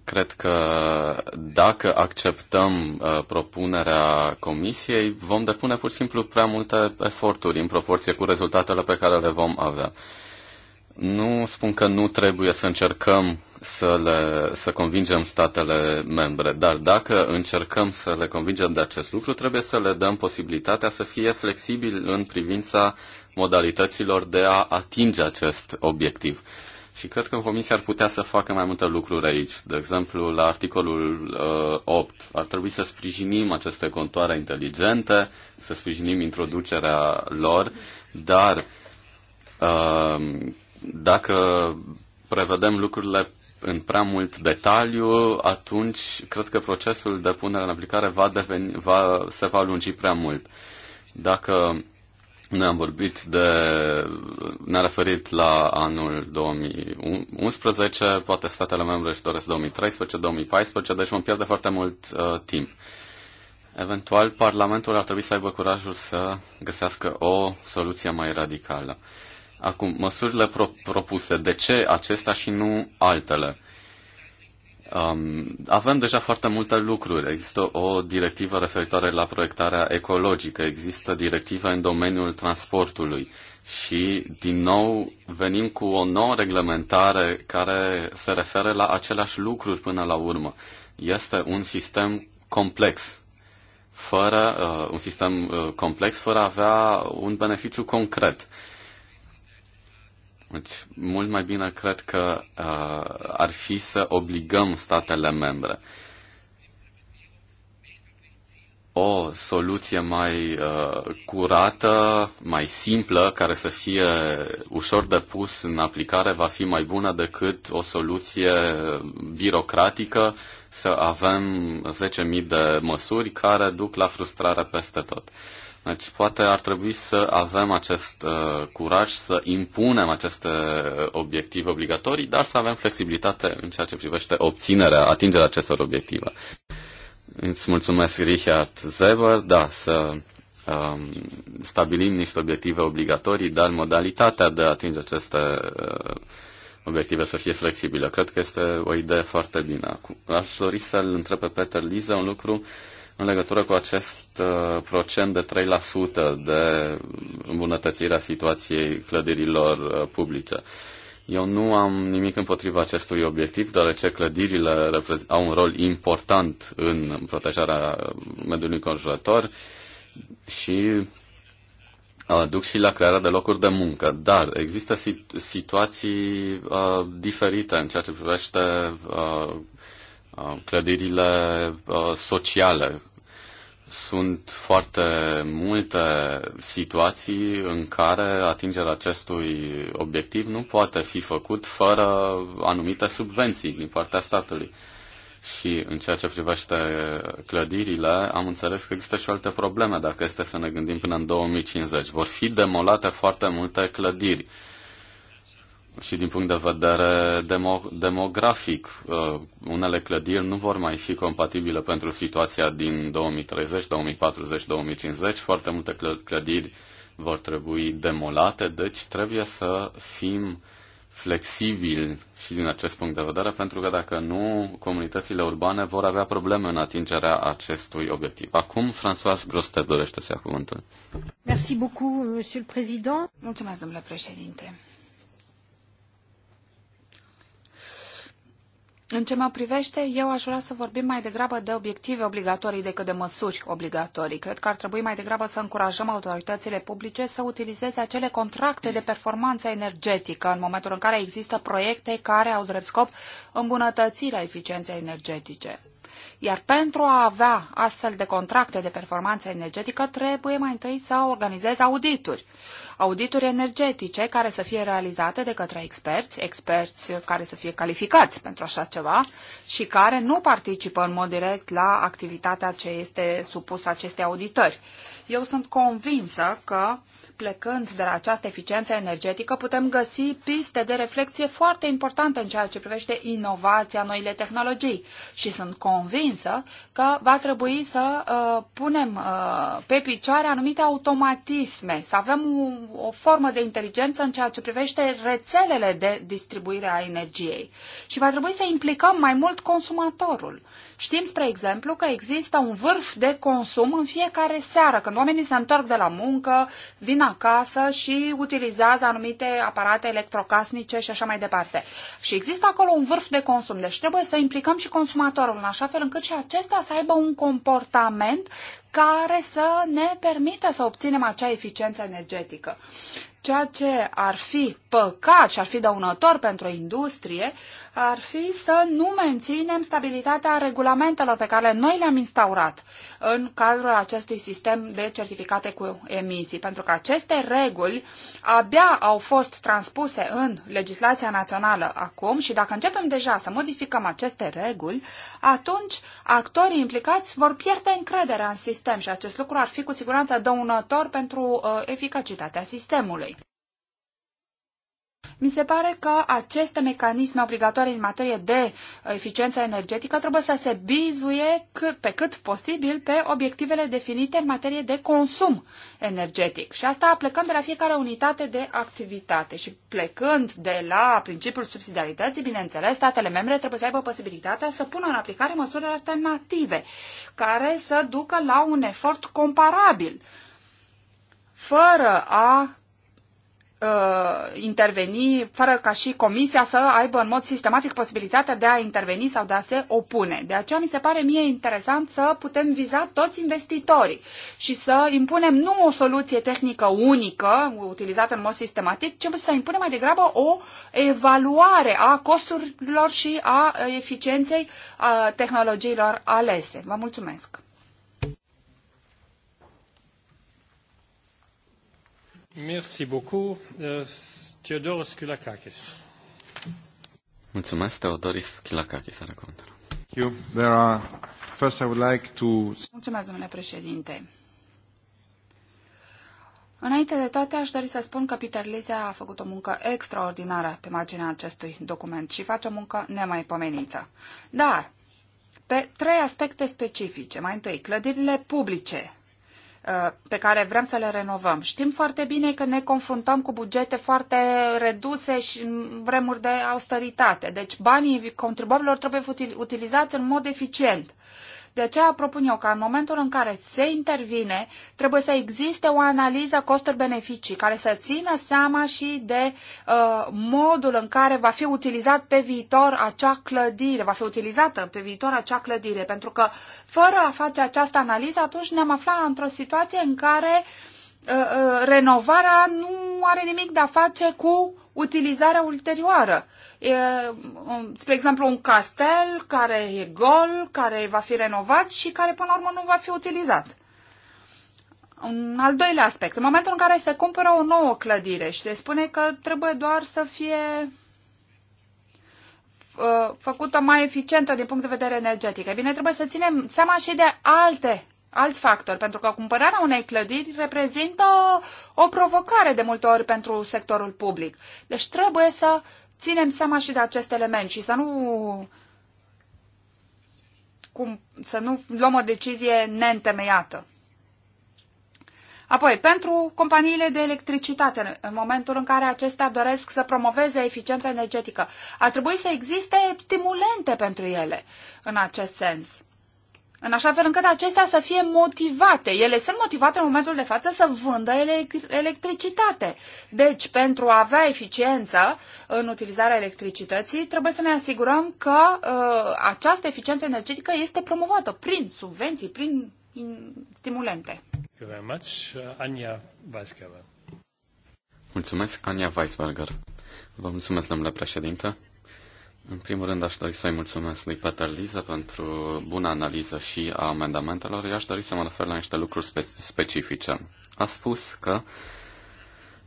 cred că dacă acceptăm uh, propunerea comisiei, vom depune pur și simplu prea multe eforturi în proporție cu rezultatele pe care le vom avea. Nu spun că nu trebuie să încercăm să, le, să convingem statele membre, dar dacă încercăm să le convingem de acest lucru, trebuie să le dăm posibilitatea să fie flexibil în privința modalităților de a atinge acest obiectiv. Și cred că Comisia ar putea să facă mai multe lucruri aici. De exemplu, la articolul uh, 8 ar trebui să sprijinim aceste contoare inteligente, să sprijinim introducerea lor, dar uh, dacă prevedem lucrurile în prea mult detaliu, atunci cred că procesul de punere în aplicare va deveni, va, se va lungi prea mult. Dacă noi am vorbit de, ne am referit la anul 2011, poate statele membre își doresc 2013, 2014, deci vom pierde foarte mult uh, timp. Eventual, Parlamentul ar trebui să aibă curajul să găsească o soluție mai radicală. Uh, Acum, măsurile pro- propuse, de ce acestea și nu altele? Um, avem deja foarte multe lucruri. Există o directivă referitoare la proiectarea ecologică, există directiva în domeniul transportului și, din nou, venim cu o nouă reglementare care se referă la aceleași lucruri până la urmă. Este un sistem complex, fără, uh, un sistem uh, complex fără a avea un beneficiu concret. Uh, deci, mult mai bine cred că uh, ar fi să obligăm statele membre. O soluție mai uh, curată, mai simplă, care să fie ușor de pus în aplicare, va fi mai bună decât o soluție birocratică, să avem 10.000 de măsuri care duc la frustrare peste tot. Uh, deci poate ar trebui să avem acest uh, curaj să impunem aceste obiective obligatorii, dar să avem flexibilitate în ceea ce privește obținerea, atingerea acestor obiective. Îți mulțumesc, Richard Zeber. Da, să um, stabilim niște obiective obligatorii, dar modalitatea de a atinge aceste uh, obiective să fie flexibilă. Cred că este o idee foarte bună. Aș dori să-l întreb pe Peter Liza un lucru uh, în legătură cu acest uh, procent de 3% de îmbunătățirea situației clădirilor uh, publice. Eu nu am nimic împotriva acestui obiectiv, deoarece clădirile au un rol important în protejarea mediului conjurător și duc și la crearea de locuri de muncă. Dar există situații uh, diferite în ceea ce privește uh, Uh, clădirile uh, sociale. Sunt foarte multe situații în care atingerea acestui obiectiv nu poate fi făcut fără anumite subvenții din partea statului. Și în ceea ce privește clădirile, am înțeles că există și alte probleme dacă este să ne gândim până în 2050. Vor fi demolate foarte multe clădiri și din punct de vedere demo- demografic, uh, unele clădiri nu vor mai fi compatibile pentru situația din 2030, 2040, 2050. Foarte multe cl- clădiri vor trebui demolate, deci trebuie să fim flexibili și din acest punct de vedere, pentru că dacă nu, comunitățile urbane vor avea probleme în atingerea acestui obiectiv. Acum, François Grostet dorește să ia cuvântul. Merci beaucoup, monsieur le président. Mulțumesc, domnule președinte. În ce mă privește, eu aș vrea să vorbim mai degrabă de obiective obligatorii decât de măsuri obligatorii. Cred că ar trebui mai degrabă să încurajăm autoritățile publice să utilizeze acele contracte de performanță energetică în momentul în care există proiecte care au drept scop îmbunătățirea eficienței energetice. Iar pentru a avea astfel de contracte de performanță energetică, trebuie mai întâi să organizezi audituri audituri energetice care să fie realizate de către experți, experți care să fie calificați pentru așa ceva și care nu participă în mod direct la activitatea ce este supusă acestei auditări. Eu sunt convinsă că, plecând de la această eficiență energetică, putem găsi piste de reflexie foarte importante în ceea ce privește inovația, noile tehnologii. Și sunt convinsă că va trebui să uh, punem uh, pe picioare anumite automatisme, să avem un, o formă de inteligență în ceea ce privește rețelele de distribuire a energiei. Și va trebui să implicăm mai mult consumatorul. Știm, spre exemplu, că există un vârf de consum în fiecare seară, când oamenii se întorc de la muncă, vin acasă și utilizează anumite aparate electrocasnice și așa mai departe. Și există acolo un vârf de consum, deci trebuie să implicăm și consumatorul în așa fel încât și acesta să aibă un comportament care să ne permită să obținem acea eficiență energetică. Ceea ce ar fi păcat și ar fi dăunător pentru industrie ar fi să nu menținem stabilitatea regulamentelor pe care noi le-am instaurat în cadrul acestui sistem de certificate cu emisii, pentru că aceste reguli abia au fost transpuse în legislația națională acum și dacă începem deja să modificăm aceste reguli, atunci actorii implicați vor pierde încrederea în sistem și acest lucru ar fi cu siguranță dăunător pentru uh, eficacitatea sistemului. Mi se pare că aceste mecanisme obligatorii în materie de eficiență energetică trebuie să se bizuie cât, pe cât posibil pe obiectivele definite în materie de consum energetic. Și asta plecând de la fiecare unitate de activitate și plecând de la principiul subsidiarității, bineînțeles, statele membre trebuie să aibă posibilitatea să pună în aplicare măsuri alternative care să ducă la un efort comparabil fără a uh, interveni fără ca și comisia să aibă în mod sistematic posibilitatea de a interveni sau de a se opune. De aceea mi se pare mie interesant să putem viza toți investitorii și să impunem nu o soluție tehnică unică, utilizată în mod sistematic, ci să impunem mai degrabă o evaluare a costurilor și a eficienței uh, tehnologiilor alese. Vă mulțumesc! Merci beaucoup. Euh, Theodoros Kyllakakis. Mulțumesc, Teodoris Kyllakakis, are contul. You. There are... First, I would like to... Mulțumesc, domnule președinte. Înainte de toate, aș dori să spun că Peter Lise a făcut o muncă extraordinară pe marginea acestui document și face o muncă nemaipomenită. Dar, pe trei aspecte specifice. Mai întâi, clădirile publice Uh, pe care vrem să le renovăm. Știm foarte bine că ne confruntăm cu bugete foarte reduse și în vremuri de austeritate. Deci banii contribuabilor trebuie utilizați în mod eficient. De aceea propun eu că în momentul în care se intervine, trebuie să existe o analiză costuri-beneficii care să țină seama și de uh, modul în care va fi utilizat pe viitor acea clădire, va fi utilizată pe viitor acea clădire, pentru că fără a face această analiză, atunci ne-am aflat într-o situație în care uh, uh, renovarea nu are nimic de a face cu utilizarea ulterioară. E, spre exemplu, un castel care e gol, care va fi renovat și care până la urmă nu va fi utilizat. Un al doilea aspect. În momentul în care se cumpără o nouă clădire și se spune că trebuie doar să fie uh, făcută mai eficientă din punct de vedere energetic. E bine, trebuie să ținem seama și de alte alți factori, pentru că cumpărarea unei clădiri reprezintă o provocare de multe ori pentru sectorul public. Deci trebuie să ținem seama și de acest element și să nu, cum, să nu luăm o decizie neîntemeiată. Apoi, pentru companiile de electricitate, în momentul în care acestea doresc să promoveze eficiența energetică, ar trebui să existe stimulente pentru ele în acest sens. În așa fel încât acestea să fie motivate. Ele sunt motivate în momentul de față să vândă electricitate. Deci, pentru a avea eficiență în utilizarea electricității, trebuie să ne asigurăm că uh, această eficiență energetică este promovată prin subvenții, prin stimulente. Uh, mulțumesc, Ania Weisberger. Vă mulțumesc, domnule președinte. În primul rând aș dori să-i mulțumesc lui Peter Liza pentru bună analiză și a amendamentelor. Eu aș dori să mă refer la niște lucruri spe- specifice. A spus că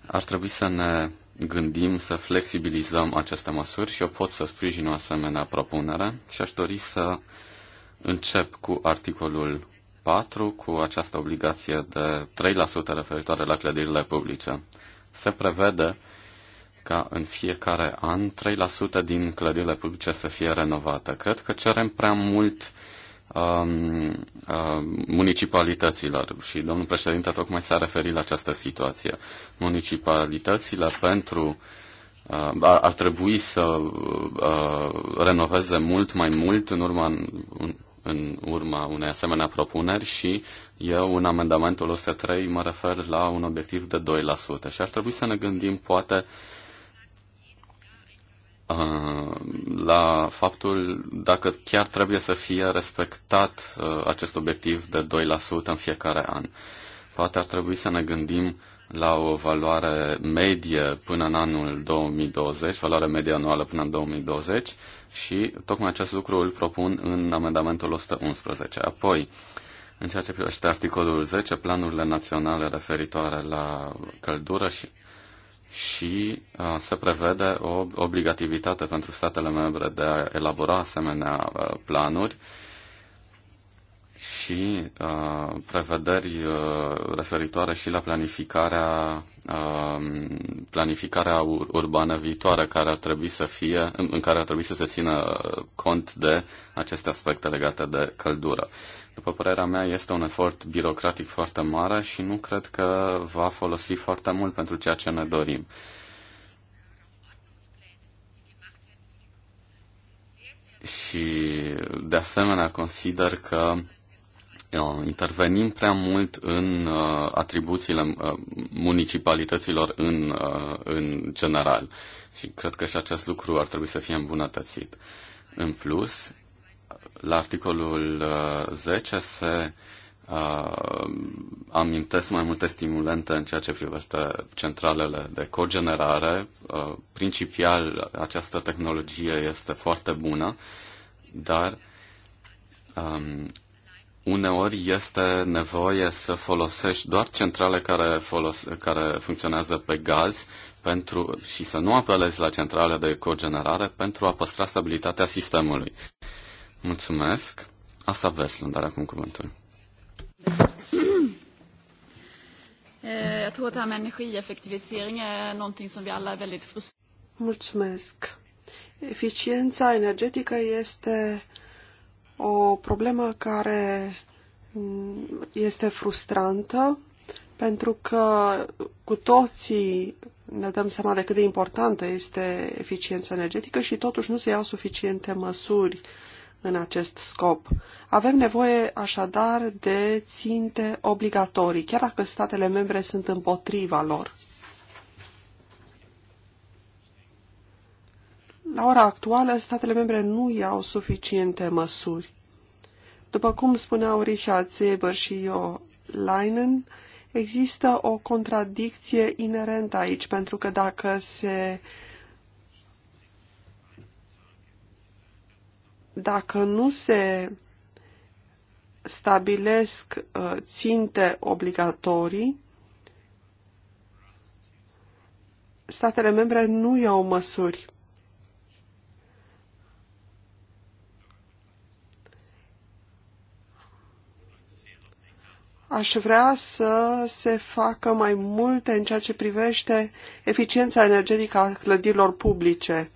ar trebui să ne gândim să flexibilizăm aceste măsuri și eu pot să sprijin o asemenea propunere și aș dori să încep cu articolul 4, cu această obligație de 3% referitoare la clădirile publice. Se prevede ca în fiecare an 3% din clădirile publice să fie renovate. Cred că cerem prea mult um, uh, municipalităților și domnul președinte tocmai s-a referit la această situație. Municipalitățile pentru uh, ar, ar trebui să uh, renoveze mult mai mult în urma în, în urma unei asemenea propuneri și eu în amendamentul 103 mă refer la un obiectiv de 2% și ar trebui să ne gândim poate Uh, la faptul dacă chiar trebuie să fie respectat uh, acest obiectiv de 2% în fiecare an. Poate ar trebui să ne gândim la o valoare medie până în anul 2020, valoare medie anuală până în 2020 și tocmai acest lucru îl propun în amendamentul 111. Apoi, în ceea ce privește articolul 10, planurile naționale referitoare la căldură și și uh, se prevede o obligativitate pentru statele membre de a elabora asemenea uh, planuri și uh, prevederi uh, referitoare și la planificarea, uh, planificarea ur- urbană viitoare care ar trebui să fie, în, în care ar trebui să se țină cont de aceste aspecte legate de căldură. După părerea mea, este un efort birocratic foarte mare și nu cred că va folosi foarte mult pentru ceea ce ne dorim. Și, de asemenea, consider că Uh, intervenim prea mult în uh, atribuțiile uh, municipalităților în, în general. Și cred că și acest lucru ar trebui să fie îmbunătățit. În plus, la articolul 10 se uh, amintesc mai multe stimulente în ceea ce privește centralele de cogenerare. Uh, principial, această tehnologie este foarte bună, dar um, uneori este nevoie să folosești doar centrale care, folos- care funcționează pe gaz pentru, și să nu apelezi la centrale de cogenerare pentru a păstra stabilitatea sistemului. Mulțumesc. Asta Veslund dar acum cuvântul. Eh, jag tror att det här med energieffektivisering är någonting som vi alla är väldigt frustrerade Mulțumesc. Eficiența energetică este o problemă care mm, este frustrantă pentru că cu toții ne dăm seama de cât de importantă este eficiența energetică și totuși nu se iau suficiente măsuri în acest scop. Avem nevoie așadar de ținte obligatorii, chiar dacă statele membre sunt împotriva lor. La ora actuală, statele membre nu iau suficiente măsuri. După cum spuneau Richard Zeber și eu, Leinen, există o contradicție inerentă aici, pentru că dacă se dacă nu se stabilesc uh, ținte obligatorii, statele membre nu iau măsuri Aș vrea să se facă mai multe în ceea ce privește eficiența energetică a clădirilor publice.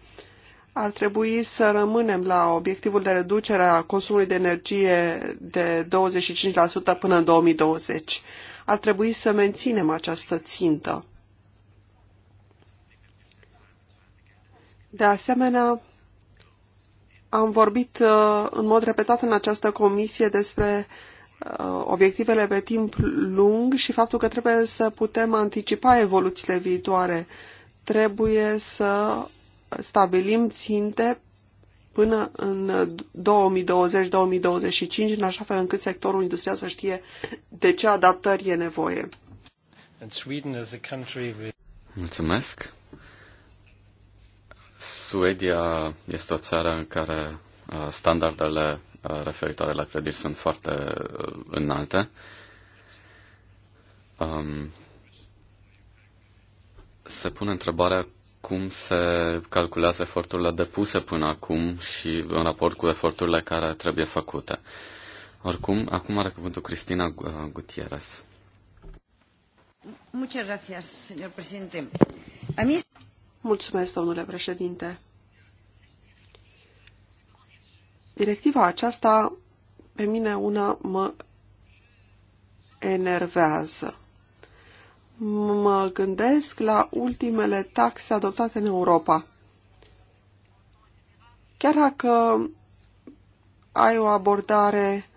Ar trebui să rămânem la obiectivul de reducere a consumului de energie de 25% până în 2020. Ar trebui să menținem această țintă. De asemenea, am vorbit uh, în mod repetat în această comisie despre Uh, obiectivele pe timp lung și faptul că trebuie să putem anticipa evoluțiile viitoare. Trebuie să stabilim ținte până în 2020-2025, în așa fel încât sectorul industrial să știe de ce adaptări e nevoie. Mulțumesc. Suedia este o țară în care uh, standardele Uh, referitoare la clădiri sunt foarte uh, înalte. Um, se pune întrebarea cum se calculează eforturile depuse până acum și în raport cu eforturile care trebuie făcute. Oricum, acum are cuvântul Cristina uh, Gutierrez. Muchas gracias, señor presidente. Mulțumesc, domnule președinte. Directiva aceasta pe mine una mă enervează. Mă gândesc la ultimele taxe adoptate în Europa. Chiar dacă ai o abordare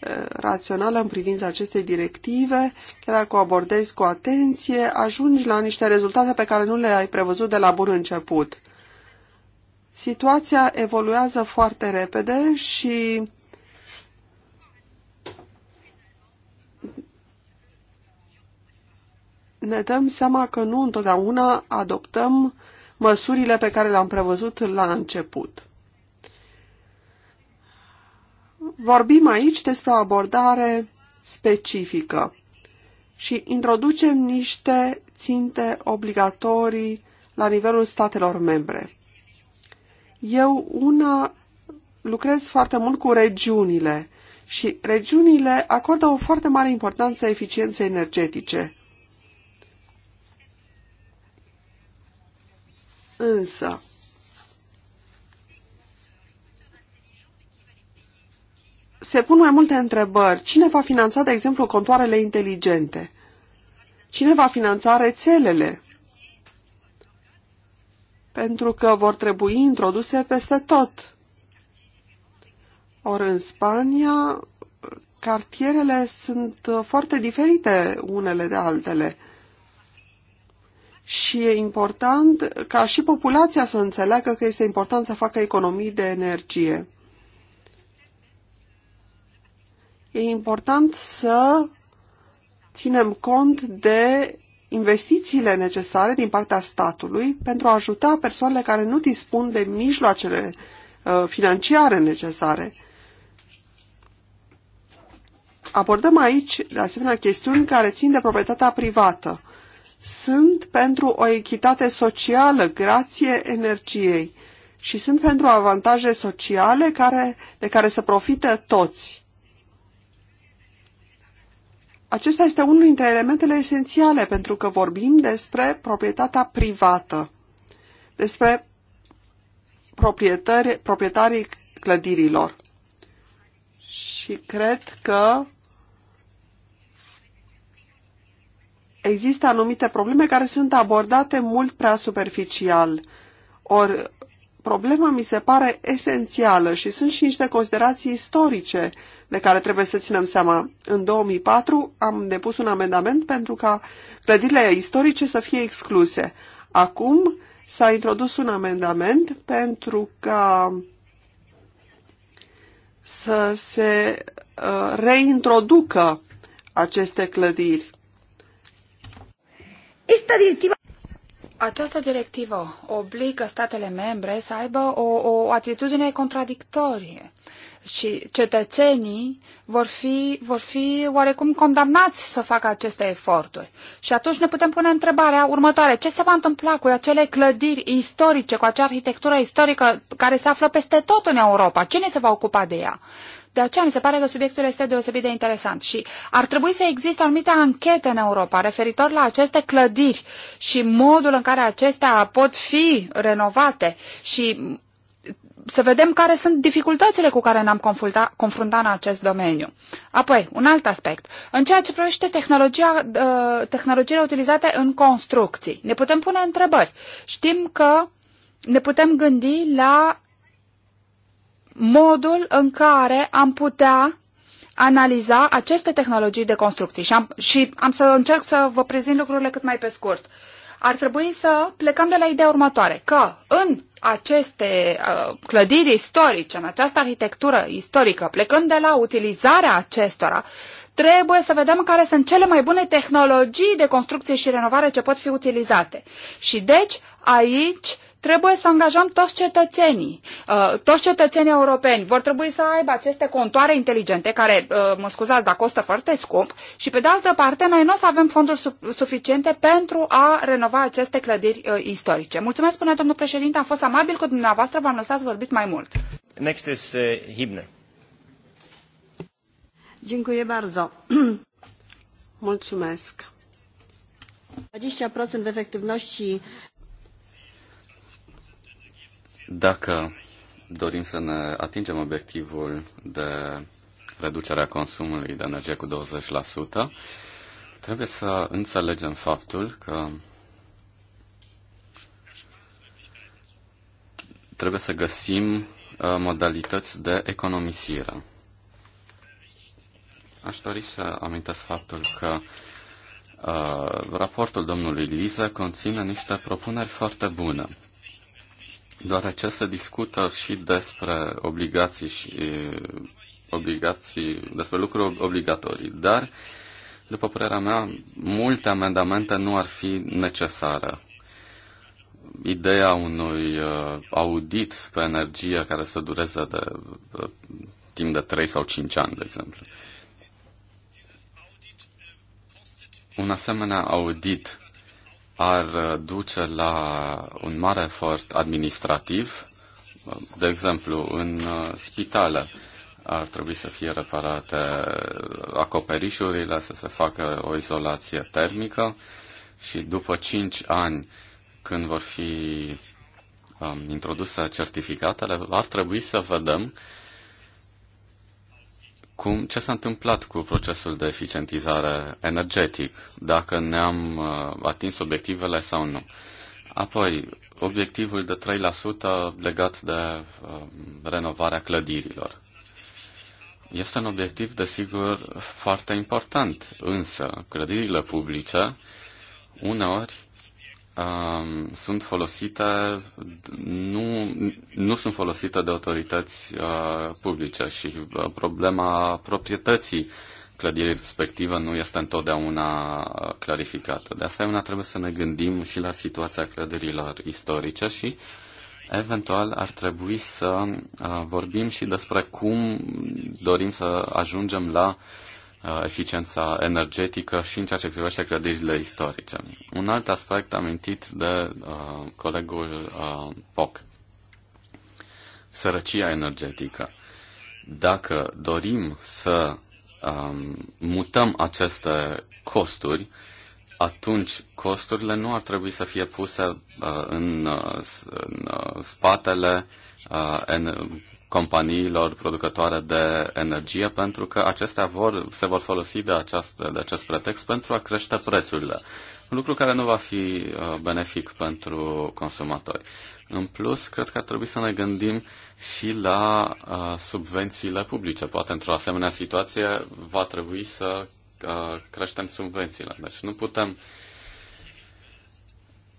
eh, rațională în privința acestei directive, chiar dacă o abordezi cu atenție, ajungi la niște rezultate pe care nu le-ai prevăzut de la bun început situația evoluează foarte repede și ne dăm seama că nu întotdeauna adoptăm măsurile pe care le-am prevăzut la început. Vorbim aici despre o abordare specifică și introducem niște ținte obligatorii la nivelul statelor membre. Eu una lucrez foarte mult cu regiunile și regiunile acordă o foarte mare importanță eficienței energetice. Însă, se pun mai multe întrebări. Cine va finanța, de exemplu, contoarele inteligente? Cine va finanța rețelele? pentru că vor trebui introduse peste tot. Ori în Spania, cartierele sunt foarte diferite unele de altele. Și e important ca și populația să înțeleagă că este important să facă economii de energie. E important să ținem cont de investițiile necesare din partea statului pentru a ajuta persoanele care nu dispun de mijloacele uh, financiare necesare. Abordăm aici, de asemenea, chestiuni care țin de proprietatea privată. Sunt pentru o echitate socială, grație energiei, și sunt pentru avantaje sociale care, de care să profită toți acesta este unul dintre elementele esențiale pentru că vorbim despre proprietatea privată, despre proprietarii clădirilor. Și cred că există anumite probleme care sunt abordate mult prea superficial. Ori problema mi se pare esențială și sunt și niște considerații istorice de care trebuie să ținem seama. În 2004 am depus un amendament pentru ca clădirile istorice să fie excluse. Acum s-a introdus un amendament pentru ca să se uh, reintroducă aceste clădiri. Este directiva această directivă obligă statele membre să aibă o, o atitudine contradictorie și cetățenii vor fi, vor fi oarecum condamnați să facă aceste eforturi. Și atunci ne putem pune întrebarea următoare. Ce se va întâmpla cu acele clădiri istorice, cu acea arhitectură istorică care se află peste tot în Europa? Cine se va ocupa de ea? De aceea mi se pare că subiectul este deosebit de interesant și ar trebui să existe anumite anchete în Europa referitor la aceste clădiri și modul în care acestea pot fi renovate și să vedem care sunt dificultățile cu care ne-am confruntat confrunta în acest domeniu. Apoi, un alt aspect. În ceea ce privește tehnologia, uh, tehnologiile utilizate în construcții, ne putem pune întrebări. Știm că ne putem gândi la modul în care am putea analiza aceste tehnologii de construcții. Și am, și am să încerc să vă prezint lucrurile cât mai pe scurt. Ar trebui să plecăm de la ideea următoare, că în aceste uh, clădiri istorice, în această arhitectură istorică, plecând de la utilizarea acestora, trebuie să vedem care sunt cele mai bune tehnologii de construcție și renovare ce pot fi utilizate. Și deci aici trebuie să angajăm toți cetățenii. Uh, toți cetățenii europeni vor trebui să aibă aceste contoare inteligente, care, uh, mă scuzați, dar costă foarte scump, și pe de altă parte, noi nu o să avem fonduri suficiente pentru a renova aceste clădiri uh, istorice. Mulțumesc, până domnul președinte, am fost amabil cu dumneavoastră, v-am lăsat să vorbiți mai mult. Next is uh, Hibne. Dziękuję bardzo. Mulțumesc. 20% efektywności dacă dorim să ne atingem obiectivul de reducerea consumului de energie cu 20%, trebuie să înțelegem faptul că trebuie să găsim uh, modalități de economisire. Aș dori să amintesc faptul că uh, raportul domnului Liza conține niște propuneri foarte bune doar se discută și despre obligații și obligații, despre lucruri obligatorii, dar, după părerea mea, multe amendamente nu ar fi necesare. Ideea unui audit pe energie care să dureze de, de timp de 3 sau 5 ani, de exemplu. Un asemenea audit ar uh, duce la un mare efort administrativ, uh, de exemplu, în uh, spitale ar trebui să fie reparate acoperișurile, să se facă o izolație termică și după 5 ani, când vor fi um, introduse certificatele, ar trebui să vedem uh, cum, ce s-a întâmplat cu procesul de eficientizare energetic, dacă ne-am uh, atins obiectivele sau nu. Apoi, obiectivul de 3% legat de uh, renovarea clădirilor. Este un obiectiv, desigur, foarte important, însă clădirile publice uneori um, sunt folosite, nu, nu sunt folosite de autorități uh, publice și uh, problema proprietății clădirii respectivă nu este întotdeauna uh, clarificată. De asemenea, trebuie să ne gândim și la situația clădirilor istorice și eventual ar trebui să uh, vorbim și despre cum dorim să ajungem la uh, Uh, eficiența energetică și în ceea ce privește clădirile istorice. Un alt aspect amintit de uh, colegul uh, Poc, sărăcia energetică. Dacă dorim să um, mutăm aceste costuri, atunci costurile nu ar trebui să fie puse uh, în, uh, în uh, spatele uh, companiilor producătoare de energie, pentru că acestea vor, se vor folosi de, această, de acest pretext pentru a crește prețurile. Un lucru care nu va fi uh, benefic pentru consumatori. În plus, cred că ar trebui să ne gândim și la uh, subvențiile publice. Poate într-o asemenea situație va trebui să uh, creștem subvențiile. Deci nu putem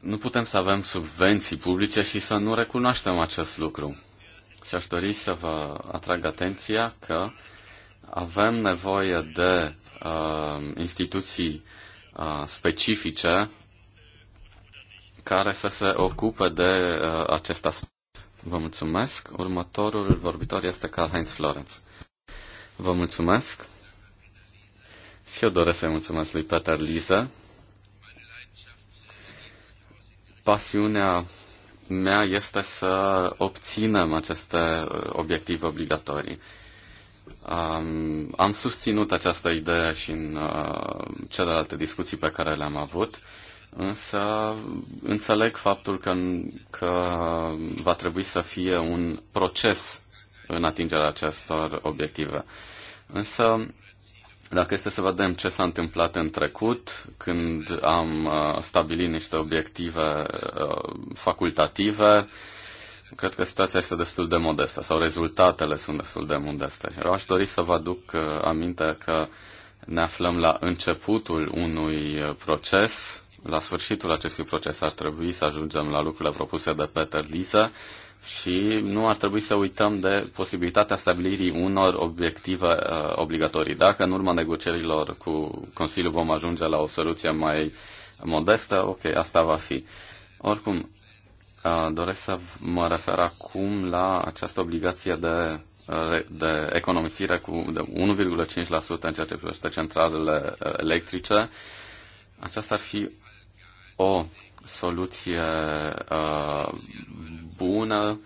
nu putem să avem subvenții publice și să nu recunoaștem acest lucru. Și aș dori să vă atrag atenția că avem nevoie de uh, instituții uh, specifice care să se ocupe de uh, acest aspect. Vă mulțumesc. Următorul vorbitor este Karl-Heinz Florenz. Vă mulțumesc. Și eu doresc să-i mulțumesc lui Peter Liza. Pasiunea mea este să obținem aceste obiective obligatorii. Um, am susținut această idee și în uh, celelalte discuții pe care le-am avut, însă înțeleg faptul că, că va trebui să fie un proces în atingerea acestor obiective. Însă dacă este să vedem ce s-a întâmplat în trecut, când am uh, stabilit niște obiective uh, facultative, cred că situația este destul de modestă sau rezultatele sunt destul de modeste. Eu aș dori să vă aduc uh, aminte că ne aflăm la începutul unui proces. La sfârșitul acestui proces ar trebui să ajungem la lucrurile propuse de Peter Lise și nu ar trebui să uităm de posibilitatea stabilirii unor obiective uh, obligatorii. Dacă în urma negocierilor cu Consiliul vom ajunge la o soluție mai modestă, ok, asta va fi. Oricum, uh, doresc să mă refer acum la această obligație de, uh, de economisire cu 1,5% în ceea ce privește centralele electrice. Aceasta ar fi o soluție uh, bună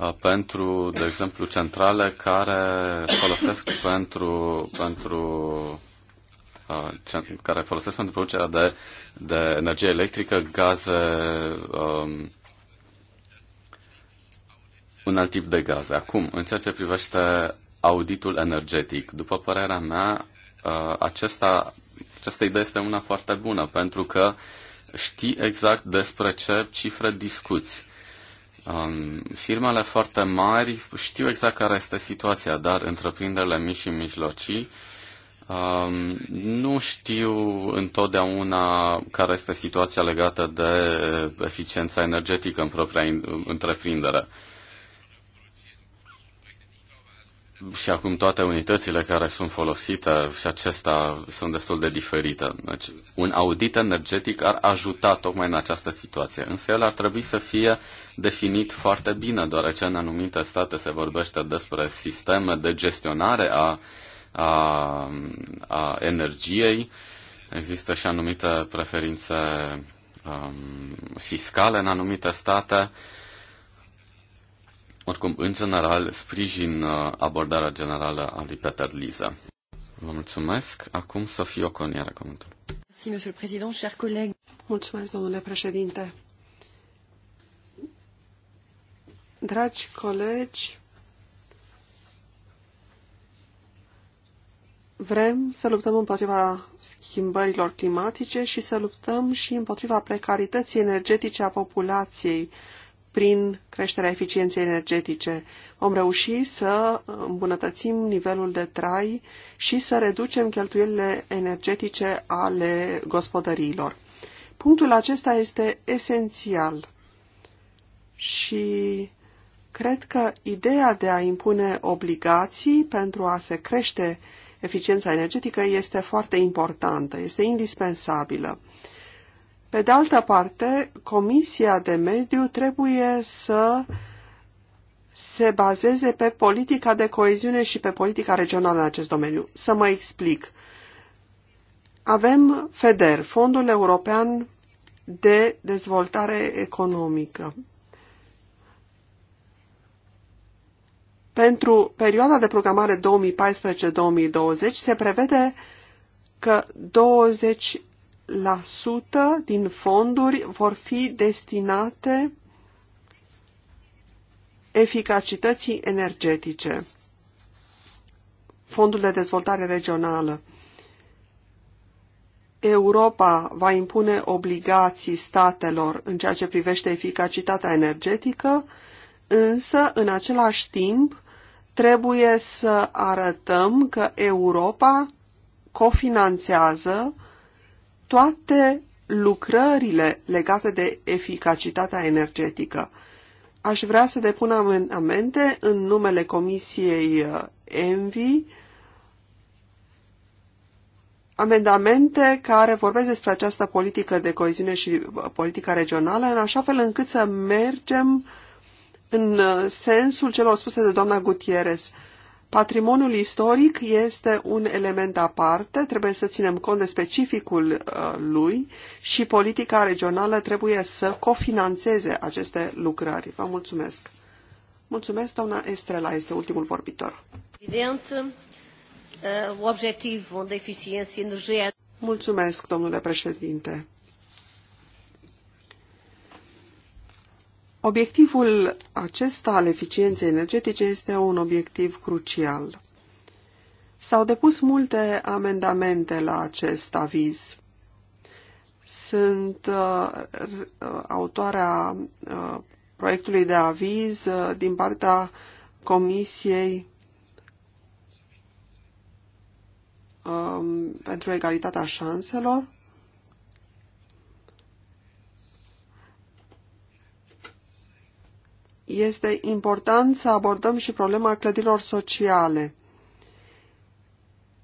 uh, pentru, de exemplu, centrale care folosesc pentru, pentru uh, ce, care folosesc pentru producerea de, de energie electrică gaze um, un alt tip de gaze. Acum, în ceea ce privește auditul energetic, după părerea mea, uh, acesta, această idee este una foarte bună, pentru că uh, știi exact despre ce cifre discuți. Um, firmele foarte mari știu exact care este situația, dar întreprinderile mici și mijlocii um, nu știu întotdeauna care este situația legată de eficiența energetică în propria întreprindere. Uh, și acum toate unitățile care sunt folosite și acestea sunt destul de diferite. Deci, un audit energetic ar ajuta tocmai în această situație, însă el ar trebui să fie definit foarte bine, deoarece în anumite state se vorbește despre sisteme de gestionare a, a, a energiei, există și anumite preferințe um, fiscale în anumite state, oricum, în general, sprijin uh, abordarea generală a lui Peter Liza. Vă mulțumesc. Acum să fiu o coniară comentul. Mulțumesc, domnule președinte. Dragi colegi, vrem să luptăm împotriva schimbărilor climatice și să luptăm și împotriva precarității energetice a populației prin creșterea eficienței energetice. Vom reuși să îmbunătățim nivelul de trai și să reducem cheltuielile energetice ale gospodăriilor. Punctul acesta este esențial și cred că ideea de a impune obligații pentru a se crește eficiența energetică este foarte importantă, este indispensabilă. Pe de altă parte, Comisia de Mediu trebuie să se bazeze pe politica de coeziune și pe politica regională în acest domeniu. Să mă explic. Avem FEDER, Fondul European de Dezvoltare Economică. Pentru perioada de programare 2014-2020 se prevede că 20 din fonduri vor fi destinate eficacității energetice. Fondul de dezvoltare regională. Europa va impune obligații statelor în ceea ce privește eficacitatea energetică, însă, în același timp, trebuie să arătăm că Europa cofinanțează toate lucrările legate de eficacitatea energetică. Aș vrea să depun amendamente în numele Comisiei uh, ENVI, amendamente care vorbesc despre această politică de coeziune și uh, politica regională, în așa fel încât să mergem în uh, sensul celor spuse de doamna Gutierrez. Patrimoniul istoric este un element aparte, trebuie să ținem cont de specificul uh, lui și politica regională trebuie să cofinanțeze aceste lucrări. Vă mulțumesc! Mulțumesc, doamna Estrela, este ultimul vorbitor. Evident, uh, obiectivul de eficiență energetică. Mulțumesc, domnule președinte. Obiectivul acesta al eficienței energetice este un obiectiv crucial. S-au depus multe amendamente la acest aviz. Sunt uh, autoarea uh, proiectului de aviz uh, din partea Comisiei uh, pentru Egalitatea Șanselor este important să abordăm și problema clădirilor sociale.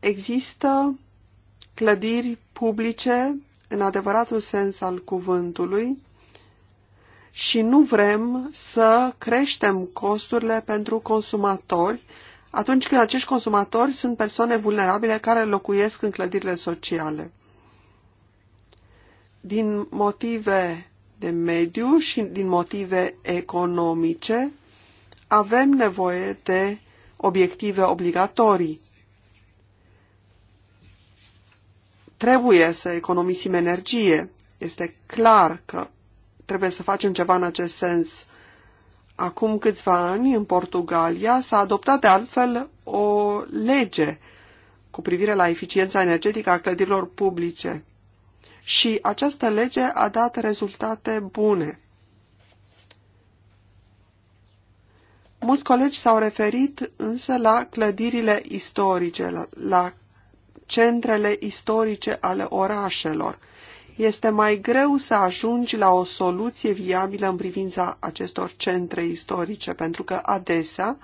Există clădiri publice, în adevăratul sens al cuvântului, și nu vrem să creștem costurile pentru consumatori atunci când acești consumatori sunt persoane vulnerabile care locuiesc în clădirile sociale. Din motive de mediu și din motive economice, avem nevoie de obiective obligatorii. Trebuie să economisim energie. Este clar că trebuie să facem ceva în acest sens. Acum câțiva ani, în Portugalia, s-a adoptat de altfel o lege cu privire la eficiența energetică a clădirilor publice și această lege a dat rezultate bune. Mulți colegi s-au referit însă la clădirile istorice, la centrele istorice ale orașelor. Este mai greu să ajungi la o soluție viabilă în privința acestor centre istorice, pentru că adesea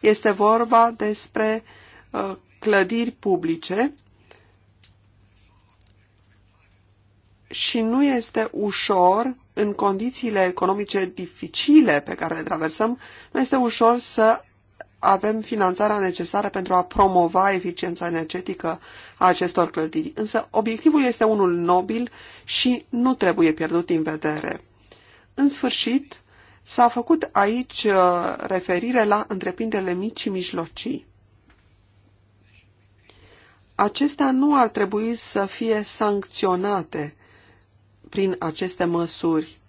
este vorba despre uh, clădiri publice și nu este ușor în condițiile economice dificile pe care le traversăm, nu este ușor să avem finanțarea necesară pentru a promova eficiența energetică a acestor clădiri. Însă obiectivul este unul nobil și nu trebuie pierdut din vedere. În sfârșit, s-a făcut aici uh, referire la întreprinderile mici și mijlocii. Acestea nu ar trebui să fie sancționate prin aceste măsuri.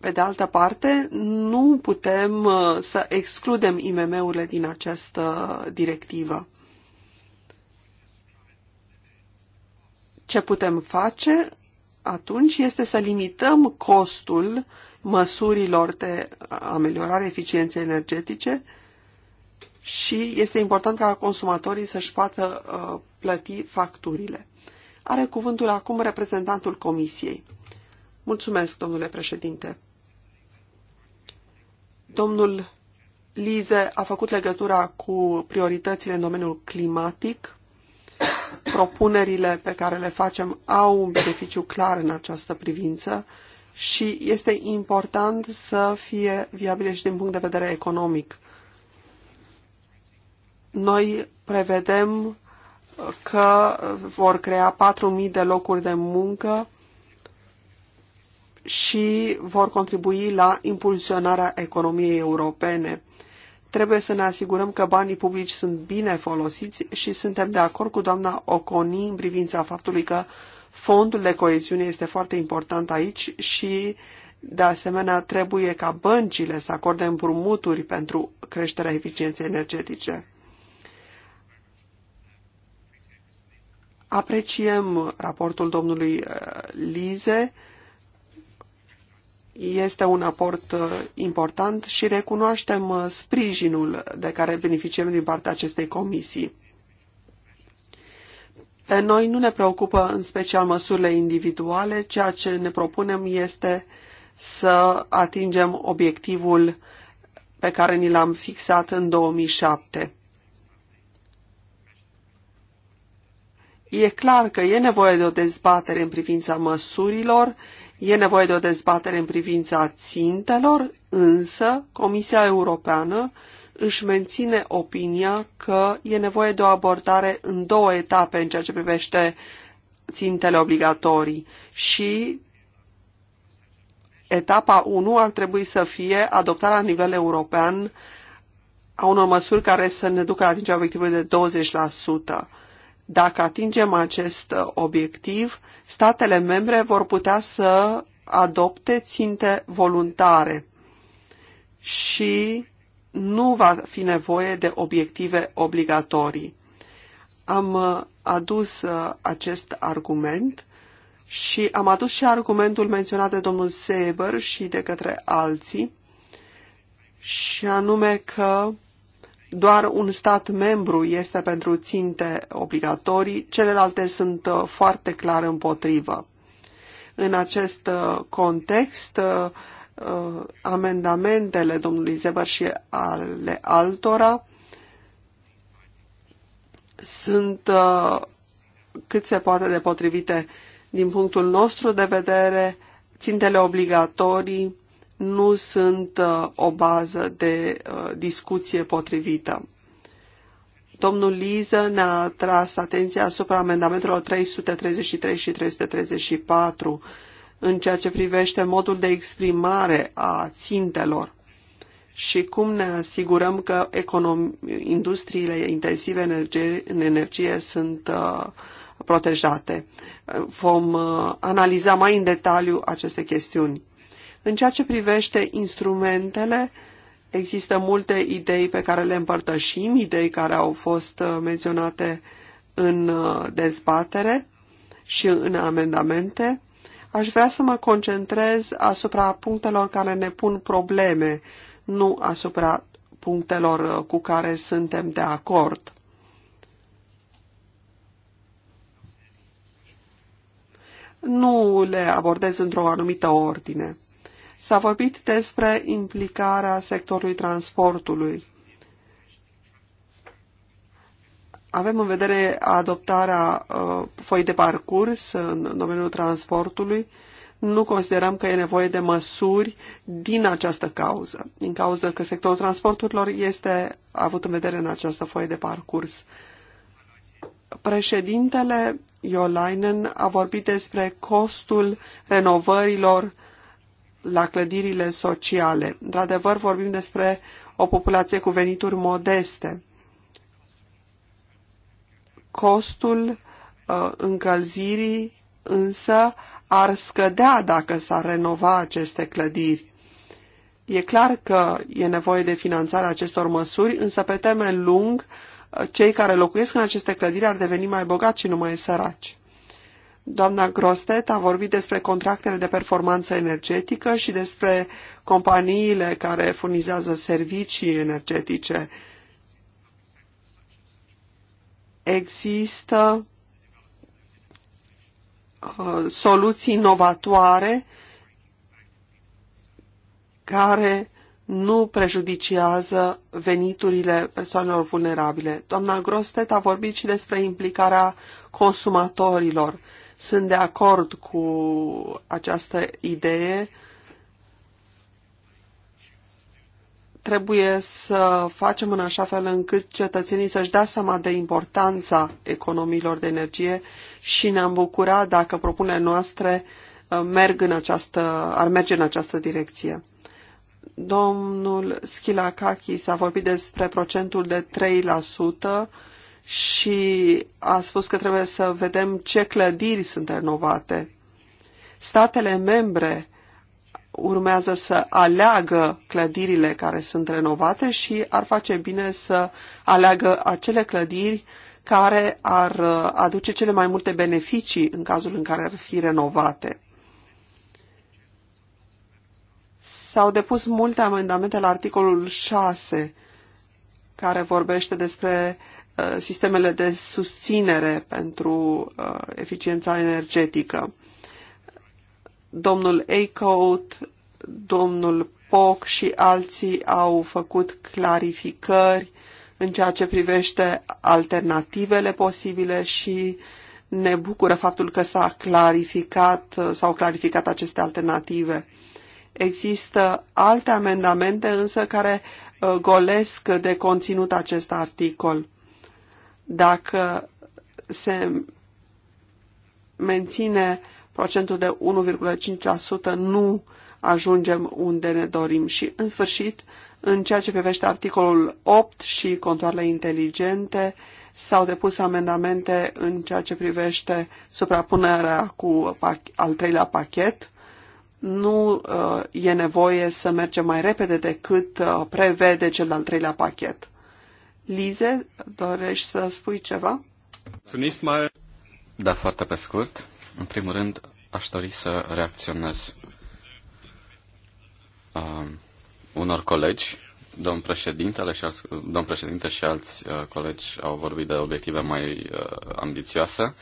Pe de altă parte, nu putem uh, să excludem IMM-urile din această directivă. Ce putem face atunci este să limităm costul măsurilor de ameliorare eficienței energetice și este important ca consumatorii să-și poată uh, plăti facturile. Are cuvântul acum reprezentantul Comisiei. Mulțumesc, domnule președinte. Domnul Lize a făcut legătura cu prioritățile în domeniul climatic. Propunerile pe care le facem au un beneficiu clar în această privință și este important să fie viabile și din punct de vedere economic. Noi prevedem că vor crea 4.000 de locuri de muncă și vor contribui la impulsionarea economiei europene. Trebuie să ne asigurăm că banii publici sunt bine folosiți și suntem de acord cu doamna Oconi în privința faptului că fondul de coeziune este foarte important aici și de asemenea trebuie ca băncile să acorde împrumuturi pentru creșterea eficienței energetice. Apreciem raportul domnului uh, Lize. Este un aport uh, important și recunoaștem uh, sprijinul de care beneficiem din partea acestei comisii. Pe noi nu ne preocupă în special măsurile individuale, ceea ce ne propunem este să atingem obiectivul pe care ni l-am fixat în 2007. E clar că e nevoie de o dezbatere în privința măsurilor, e nevoie de o dezbatere în privința țintelor, însă Comisia Europeană își menține opinia că e nevoie de o abordare în două etape în ceea ce privește țintele obligatorii și etapa 1 ar trebui să fie adoptarea la nivel european a unor măsuri care să ne ducă la atingerea obiectivului de 20%. Dacă atingem acest uh, obiectiv, statele membre vor putea să adopte ținte voluntare și nu va fi nevoie de obiective obligatorii. Am uh, adus uh, acest argument și am adus și argumentul menționat de domnul Seber și de către alții, și anume că doar un stat membru este pentru ținte obligatorii, celelalte sunt uh, foarte clar împotrivă. În acest uh, context, uh, amendamentele domnului Zebăr și ale altora sunt cât se poate de potrivite din punctul nostru de vedere, țintele obligatorii nu sunt uh, o bază de uh, discuție potrivită. Domnul Liză ne-a tras atenția asupra amendamentelor 333 și 334 în ceea ce privește modul de exprimare a țintelor și cum ne asigurăm că industriile intensive în energie sunt uh, protejate. Vom analiza mai în detaliu aceste chestiuni. În ceea ce privește instrumentele, există multe idei pe care le împărtășim, idei care au fost uh, menționate în uh, dezbatere și în amendamente. Aș vrea să mă concentrez asupra punctelor care ne pun probleme, nu asupra punctelor uh, cu care suntem de acord. Nu le abordez într-o anumită ordine. S-a vorbit despre implicarea sectorului transportului. Avem în vedere adoptarea uh, foi de parcurs în domeniul transportului. Nu considerăm că e nevoie de măsuri din această cauză, din cauză că sectorul transporturilor este avut în vedere în această foie de parcurs. Președintele Iolainen a vorbit despre costul renovărilor la clădirile sociale. Într-adevăr, vorbim despre o populație cu venituri modeste. Costul uh, încălzirii însă ar scădea dacă s-ar renova aceste clădiri. E clar că e nevoie de finanțarea acestor măsuri, însă pe termen lung, uh, cei care locuiesc în aceste clădiri ar deveni mai bogați și nu mai săraci. Doamna Grostet a vorbit despre contractele de performanță energetică și despre companiile care furnizează servicii energetice. Există uh, soluții inovatoare care nu prejudiciază veniturile persoanelor vulnerabile. Doamna Grostet a vorbit și despre implicarea consumatorilor. Sunt de acord cu această idee. Trebuie să facem în așa fel încât cetățenii să-și dea seama de importanța economiilor de energie și ne-am bucurat dacă propunerile noastre uh, merg în această, ar merge în această direcție. Domnul Schilakakis s-a vorbit despre procentul de 3% și a spus că trebuie să vedem ce clădiri sunt renovate. Statele membre urmează să aleagă clădirile care sunt renovate și ar face bine să aleagă acele clădiri care ar uh, aduce cele mai multe beneficii în cazul în care ar fi renovate. S-au depus multe amendamente la articolul 6 care vorbește despre Uh, sistemele de susținere pentru uh, eficiența energetică. Domnul Eichhout, domnul POC și alții au făcut clarificări în ceea ce privește alternativele posibile și ne bucură faptul că s-a clarificat, uh, s-au clarificat aceste alternative. Există alte amendamente însă care golesc de conținut acest articol. Dacă se menține procentul de 1,5%, nu ajungem unde ne dorim. Și, în sfârșit, în ceea ce privește articolul 8 și contoarele inteligente, s-au depus amendamente în ceea ce privește suprapunerea cu al treilea pachet. Nu uh, e nevoie să mergem mai repede decât uh, prevede cel al treilea pachet. Lize, dorești să spui ceva? Da, foarte pe scurt. În primul rând, aș dori să reacționez uh, unor colegi. Domn președintele și alți, domn președinte și alți uh, colegi au vorbit de obiective mai uh, ambițioase.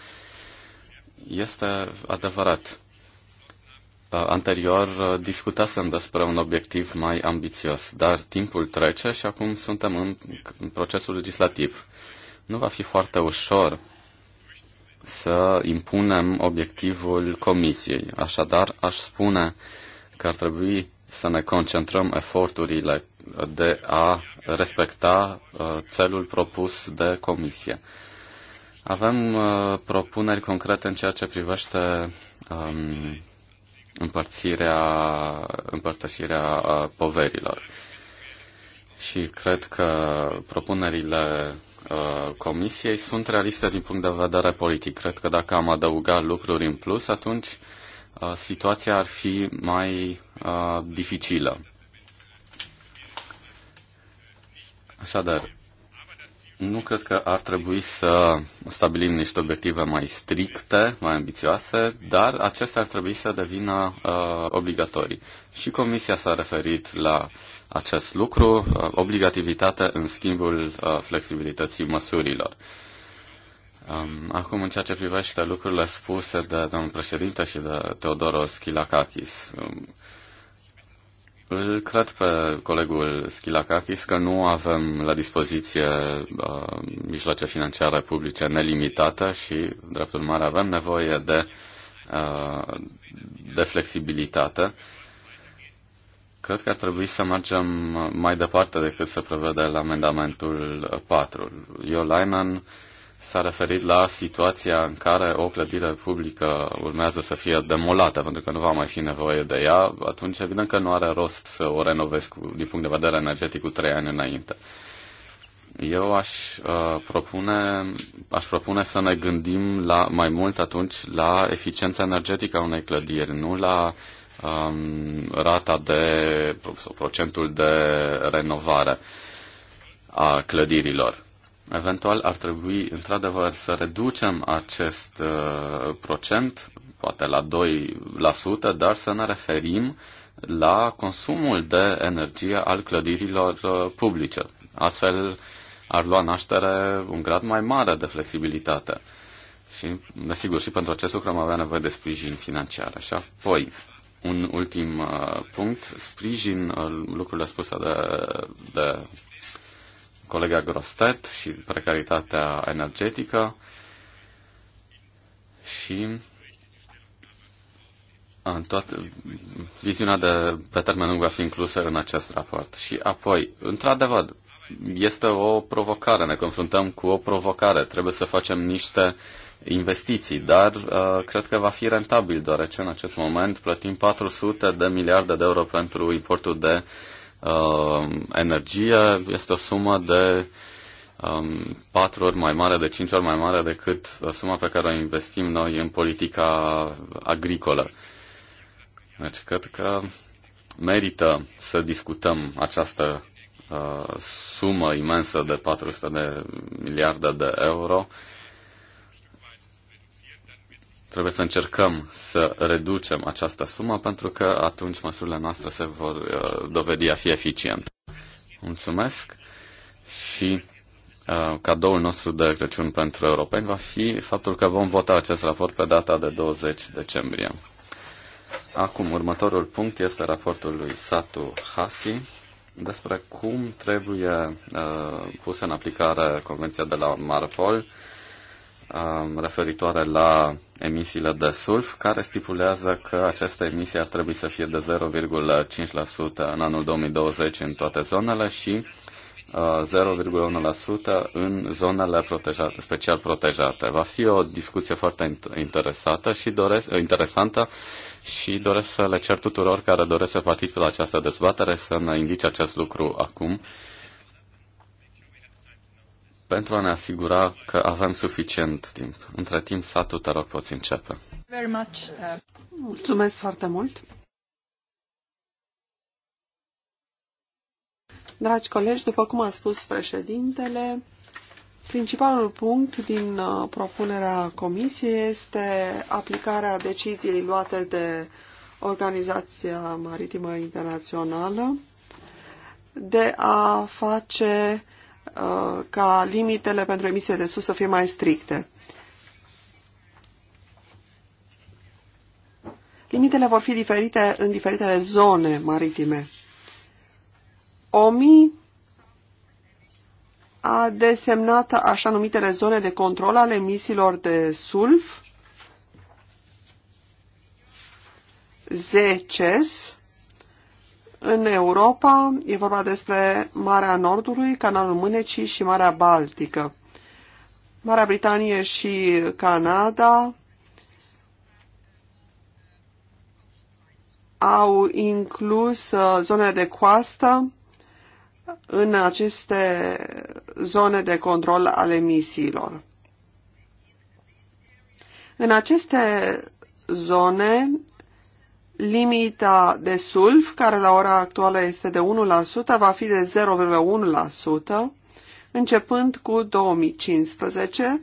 Este adevărat. Uh, anterior uh, discutasem despre un obiectiv mai ambițios, dar timpul trece și acum suntem în, procesul legislativ. Nu va fi foarte ușor să impunem obiectivul comisiei. Așadar, aș spune că ar trebui să ne concentrăm eforturile de a respecta celul uh, propus de comisie. Avem propuneri concrete în ceea ce privește um, împărțirea, împărtășirea poverilor. Și cred că propunerile Comisiei sunt realiste din punct de vedere politic. Cred că dacă am adăugat lucruri în plus, atunci situația ar fi mai dificilă. Așadar, nu cred că ar trebui să stabilim niște obiective mai stricte, mai ambițioase, dar acestea ar trebui să devină uh, obligatorii. Și Comisia s-a referit la acest lucru, uh, obligativitate în schimbul uh, flexibilității măsurilor. Um, acum, în ceea ce privește lucrurile spuse de domnul președinte și de Teodoros Schilakakis, um, îl cred pe colegul Schilacafis că nu avem la dispoziție uh, mijloace financiare publice nelimitate și, drept urmare, avem nevoie de, uh, de flexibilitate. Cred că ar trebui să mergem mai departe decât să prevede la amendamentul 4. uh, s-a referit la situația în care o clădire publică urmează să fie demolată, pentru că nu va mai fi nevoie de ea, atunci evident că nu are rost să o renovezi cu, din punct de vedere energetic cu trei ani înainte. Eu aș, uh, propune, aș propune să ne gândim la, mai mult atunci la eficiența energetică a unei clădiri, nu la um, rata de sau procentul de renovare a clădirilor Eventual ar trebui, într-adevăr, să reducem acest uh, procent, poate la 2%, dar să ne referim la consumul de energie al clădirilor uh, publice. Astfel ar lua naștere un grad mai mare de flexibilitate. Și, desigur, și pentru acest lucru am avea nevoie de sprijin financiar. Și apoi, un ultim uh, punct, sprijin uh, lucrurile spuse de, de colega Grostet și precaritatea energetică și în toată, viziunea de, pe termen lung va fi inclusă în acest raport. Și apoi, într-adevăr, este o provocare, ne confruntăm cu o provocare, trebuie să facem niște investiții, dar uh, cred că va fi rentabil, deoarece în acest moment plătim 400 de miliarde de euro pentru importul de uh, uh, energie este o sumă de um, 4 ori mai mare, de 5 ori mai mare decât uh, suma pe care o investim noi în politica agricolă. Deci cred că merită să discutăm această uh, sumă imensă de 400 de miliarde de euro uh, Trebuie să încercăm să reducem această sumă pentru că atunci măsurile noastre se vor uh, dovedi a fi eficiente. Mulțumesc și uh, cadoul nostru de Crăciun pentru europeni va fi faptul că vom vota acest raport pe data de 20 decembrie. Acum, următorul punct este raportul lui Satu Hasi despre cum trebuie uh, pusă în aplicare Convenția de la Marpol uh, referitoare la emisiile de sulf, care stipulează că această emisie ar trebui să fie de 0,5% în anul 2020 în toate zonele și 0,1% uh, în zonele protejate, special protejate. Va fi o discuție foarte interesată și doresc, uh, interesantă și doresc să le cer tuturor care doresc să participe la această dezbatere să ne indice acest lucru acum pentru a ne asigura că avem suficient timp. Între timp, satul, te rog, poți începe. Very much. Uh, Mulțumesc foarte mult. Dragi colegi, după cum a spus președintele, principalul punct din uh, propunerea comisiei este aplicarea deciziei luate de Organizația Maritimă Internațională de a face Uh, ca limitele pentru emisie de sus să fie mai stricte. Limitele vor fi diferite în diferitele zone maritime. OMI a desemnat așa numitele zone de control ale emisiilor de sulf, ZCES, în Europa e vorba despre Marea Nordului, Canalul Mânecii și Marea Baltică. Marea Britanie și Canada au inclus uh, zonele de coastă în aceste zone de control ale emisiilor. În aceste zone Limita de sulf, care la ora actuală este de 1%, va fi de 0,1%, începând cu 2015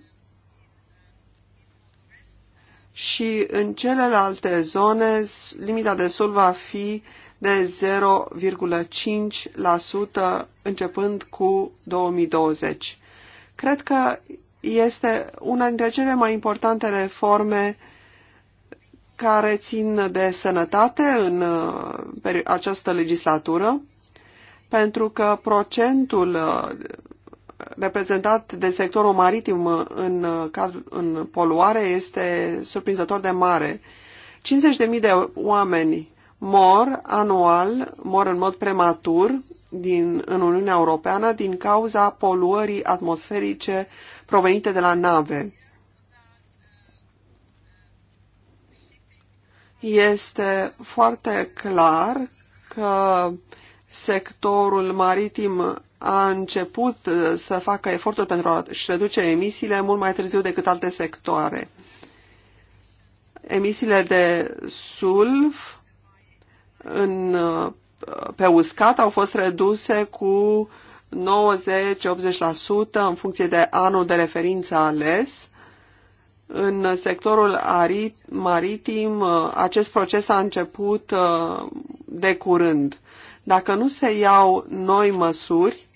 și în celelalte zone limita de sulf va fi de 0,5% începând cu 2020. Cred că este una dintre cele mai importante reforme care țin de sănătate în uh, această legislatură, pentru că procentul uh, reprezentat de sectorul maritim în, uh, în poluare este surprinzător de mare. 50.000 de oameni mor anual, mor în mod prematur din, în Uniunea Europeană din cauza poluării atmosferice provenite de la nave. Este foarte clar că sectorul maritim a început uh, să facă eforturi pentru a-și reduce emisiile mult mai târziu decât alte sectoare. Emisiile de sulf în, uh, pe uscat au fost reduse cu 90-80% în funcție de anul de referință ales în sectorul maritim, uh, acest proces a început uh, de curând. Dacă nu se iau noi măsuri,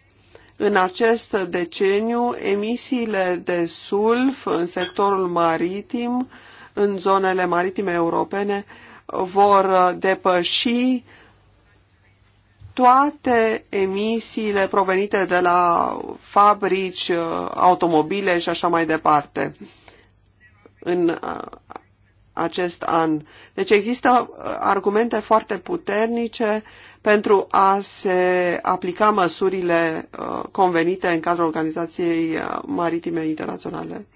în acest deceniu, emisiile de sulf în sectorul maritim, în zonele maritime europene, vor uh, depăși toate emisiile provenite de la fabrici, automobile și așa mai departe în uh, acest an. Deci există uh, argumente foarte puternice pentru a se aplica măsurile uh, convenite în cadrul Organizației Maritime Internaționale.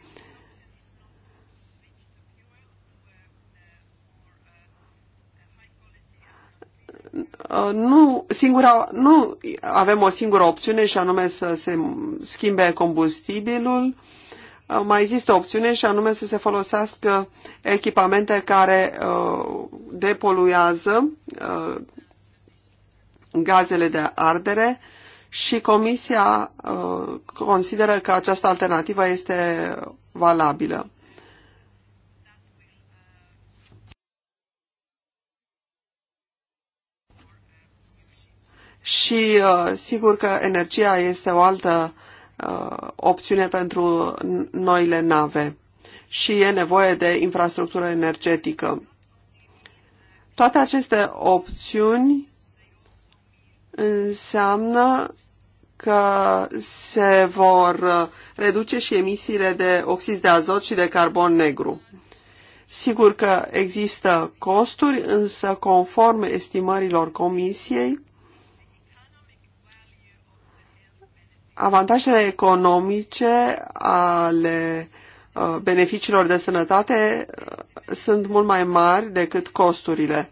nu, singura, nu avem o singură opțiune și anume să se schimbe combustibilul. Uh, mai există opțiune și anume să se folosească echipamente care uh, depoluează uh, gazele de ardere și Comisia consideră că această alternativă este valabilă. Și sigur că energia este o altă uh, opțiune pentru noile nave și e nevoie de infrastructură energetică. Toate aceste opțiuni înseamnă că se vor uh, reduce și emisiile de oxid de azot și de carbon negru. Sigur că există costuri, însă conform estimărilor comisiei, avantajele economice ale uh, beneficiilor de sănătate uh, sunt mult mai mari decât costurile.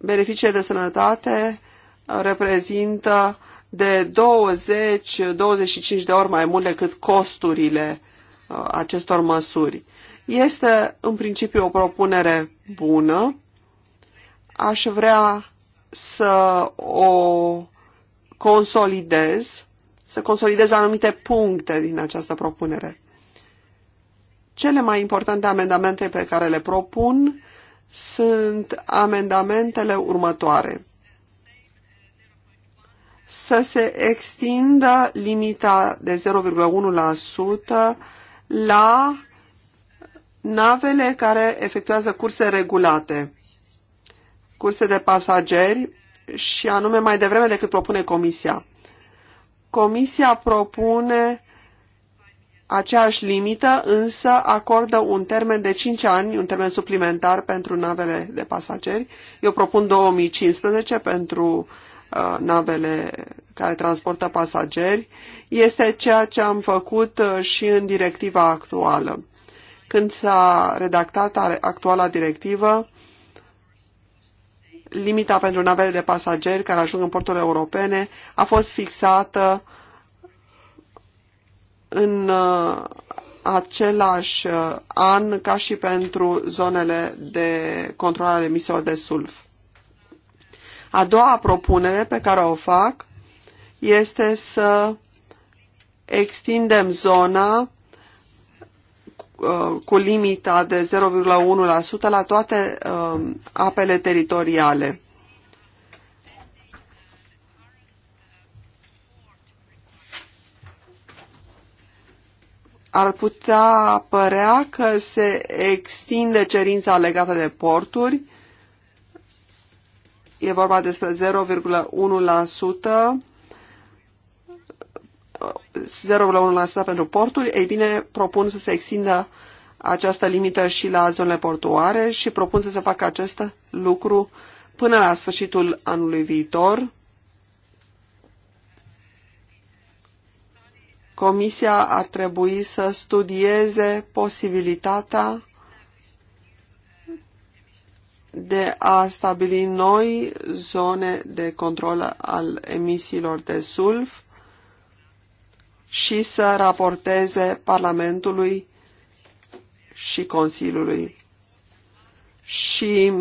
Beneficiile de sănătate uh, reprezintă de 20-25 de ori mai mult decât costurile acestor măsuri. Este în principiu o propunere bună. Aș vrea să o consolidez, să consolidez anumite puncte din această propunere. Cele mai importante amendamente pe care le propun sunt amendamentele următoare. Să se extindă limita de 0,1% la navele care efectuează curse regulate, curse de pasageri și anume mai devreme decât propune Comisia. Comisia propune aceeași limită, însă acordă un termen de 5 ani, un termen suplimentar pentru navele de pasageri. Eu propun 2015 pentru uh, navele care transportă pasageri. Este ceea ce am făcut uh, și în directiva actuală. Când s-a redactat actuala directivă, limita pentru navele de pasageri care ajung în porturile europene a fost fixată în uh, același uh, an ca și pentru zonele de control al emisiilor de sulf. A doua propunere pe care o fac este să extindem zona Uh, cu limita de 0,1% la toate uh, apele teritoriale. ar putea părea că se extinde cerința legată de porturi. E vorba despre 0,1% 0,1% pentru porturi, ei bine, propun să se extindă această limită și la zonele portuare și propun să se facă acest lucru până la sfârșitul anului viitor. Comisia ar trebui să studieze posibilitatea de a stabili noi zone de control al emisiilor de sulf și să raporteze Parlamentului și Consiliului. Și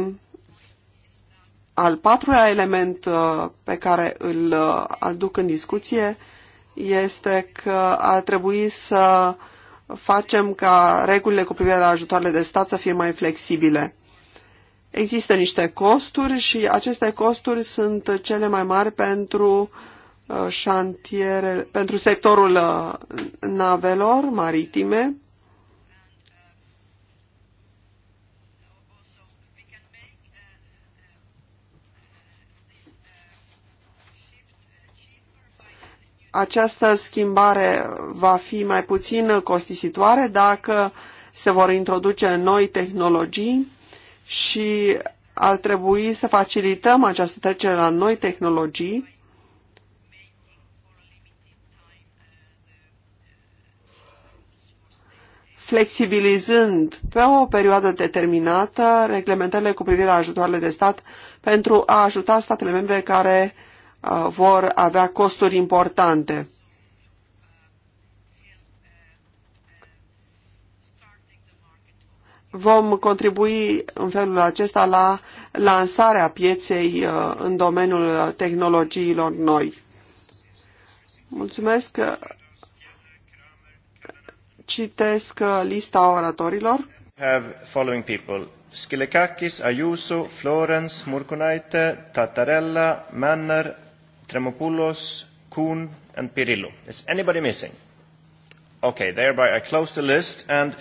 al patrulea element uh, pe care îl uh, aduc în discuție este că ar trebui să facem ca regulile cu privire la ajutoarele de stat să fie mai flexibile. Există niște costuri și aceste costuri sunt cele mai mari pentru uh, Uh, șantiere, pentru sectorul uh, navelor maritime. Această schimbare va fi mai puțin costisitoare dacă se vor introduce noi tehnologii și ar trebui să facilităm această trecere la noi tehnologii flexibilizând pe o perioadă determinată reglementările cu privire la ajutoarele de stat pentru a ajuta statele membre care uh, vor avea costuri importante. Vom contribui în felul acesta la lansarea pieței uh, în domeniul tehnologiilor noi. Mulțumesc uh, Citesc uh, lista oratorilor. Have following people. Skilekakis, Ayuso, Florence, Murkunaite, Tattarella, Manner, Tremopoulos, Kuhn and Pirillo. Is anybody missing? Okay, thereby I close the list and...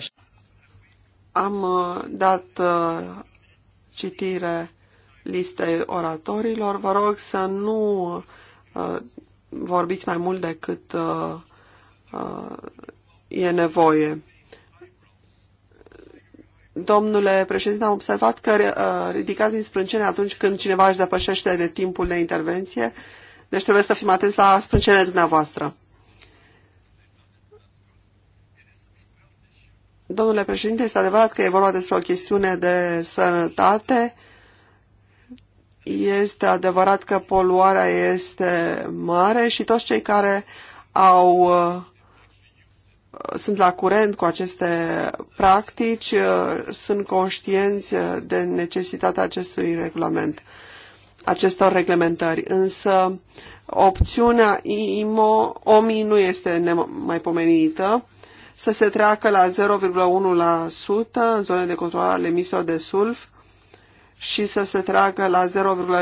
Am uh, dat uh, citire listei oratorilor. Vă rog să nu uh, vorbiți mai mult decât uh, uh, e nevoie. Domnule președinte, am observat că uh, ridicați din sprâncene atunci când cineva își depășește de timpul de intervenție, deci trebuie să fim atenți la sprâncenele dumneavoastră. Domnule președinte, este adevărat că e vorba despre o chestiune de sănătate. Este adevărat că poluarea este mare și toți cei care au uh, sunt la curent cu aceste practici, uh, sunt conștienți uh, de necesitatea acestui regulament, acestor reglementări. Însă opțiunea IMO, OMI nu este nemaipomenită, să se treacă la 0,1% în zone de control ale emisiilor de sulf și să se treacă la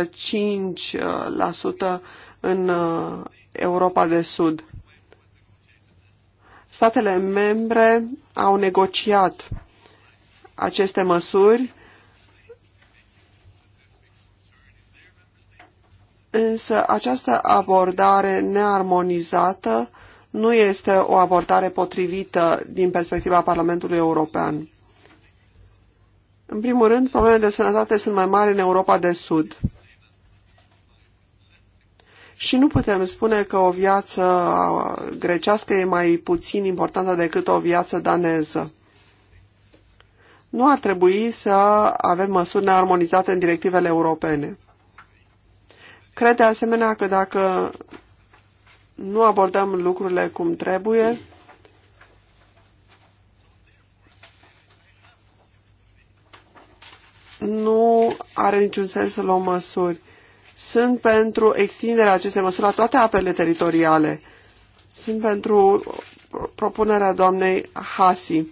0,5% uh, în Europa de Sud. Statele membre au negociat aceste măsuri, însă această abordare nearmonizată nu este o abordare potrivită din perspectiva Parlamentului European. În primul rând, problemele de sănătate sunt mai mari în Europa de Sud. Și nu putem spune că o viață grecească e mai puțin importantă decât o viață daneză. Nu ar trebui să avem măsuri nearmonizate în directivele europene. Cred de asemenea că dacă nu abordăm lucrurile cum trebuie, nu are niciun sens să luăm măsuri sunt pentru extinderea acestei măsuri la toate apele teritoriale. Sunt pentru propunerea doamnei Hasi,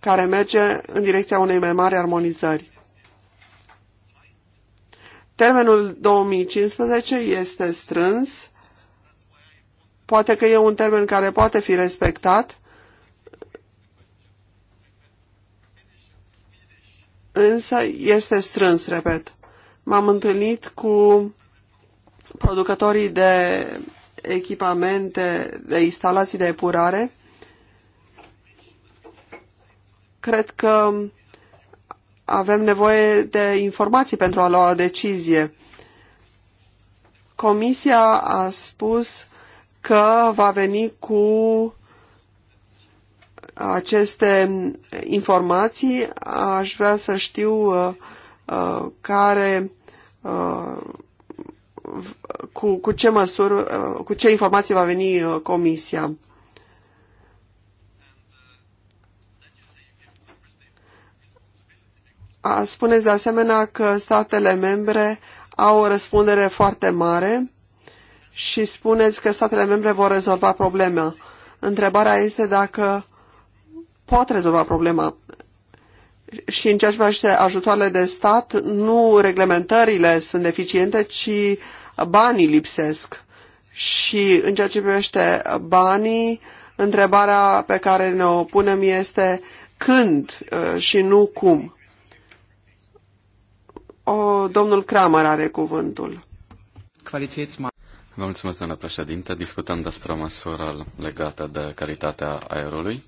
care merge în direcția unei mai mari armonizări. Termenul 2015 este strâns. Poate că e un termen care poate fi respectat, însă este strâns, repet. M-am întâlnit cu producătorii de echipamente, de instalații de epurare. Cred că avem nevoie de informații pentru a lua o decizie. Comisia a spus că va veni cu aceste informații. Aș vrea să știu uh, uh, care Uh, cu, cu ce măsuri, uh, cu ce informații va veni uh, comisia. Spuneți de asemenea că statele membre au o răspundere foarte mare și spuneți că statele membre vor rezolva problema. Întrebarea este dacă pot rezolva problema și în ceea ce privește ajutoarele de stat, nu reglementările sunt deficiente, ci banii lipsesc. Și în ceea ce privește banii, întrebarea pe care ne o punem este când uh, și nu cum. O, domnul Kramer are cuvântul. Vă mulțumesc, doamnă președinte. Discutăm despre măsura legată de calitatea aerului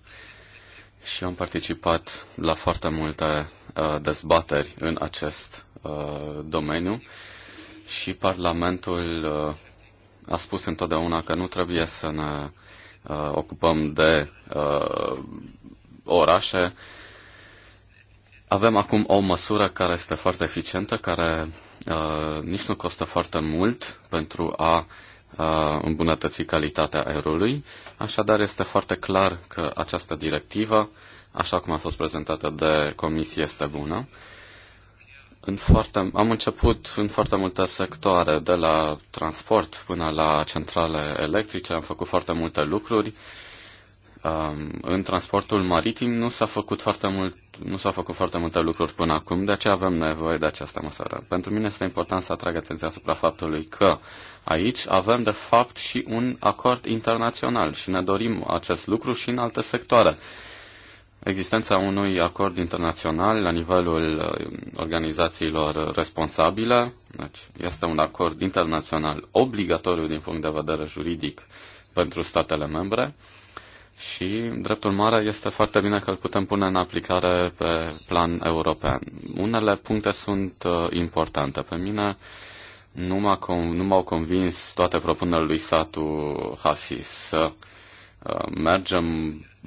și am participat la foarte multe uh, dezbateri în acest uh, domeniu și Parlamentul uh, a spus întotdeauna că nu trebuie să ne ocupăm de orașe. Avem acum o măsură care este foarte eficientă, care nici nu costă foarte mult pentru a uh, îmbunătăți calitatea aerului. Așadar, este foarte clar că această directivă, așa cum a fost prezentată de comisie, este bună. În foarte, am început în foarte multe sectoare, de la transport până la centrale electrice, am făcut foarte multe lucruri. În transportul maritim nu s-a făcut foarte mult, nu s-au făcut foarte multe lucruri până acum, de aceea avem nevoie de această măsură. Pentru mine este important să atrag atenția asupra faptului că Aici avem, de fapt, și un acord internațional și ne dorim acest lucru și în alte sectoare. Existența unui acord internațional la nivelul uh, organizațiilor responsabile, deci este un acord internațional obligatoriu din punct de vedere juridic pentru statele membre și, dreptul mare, este foarte bine că îl putem pune în aplicare pe plan european. Unele puncte sunt uh, importante. Pe mine, nu, m-a nu m-au convins toate propunerile lui Satu Hasi să uh, mergem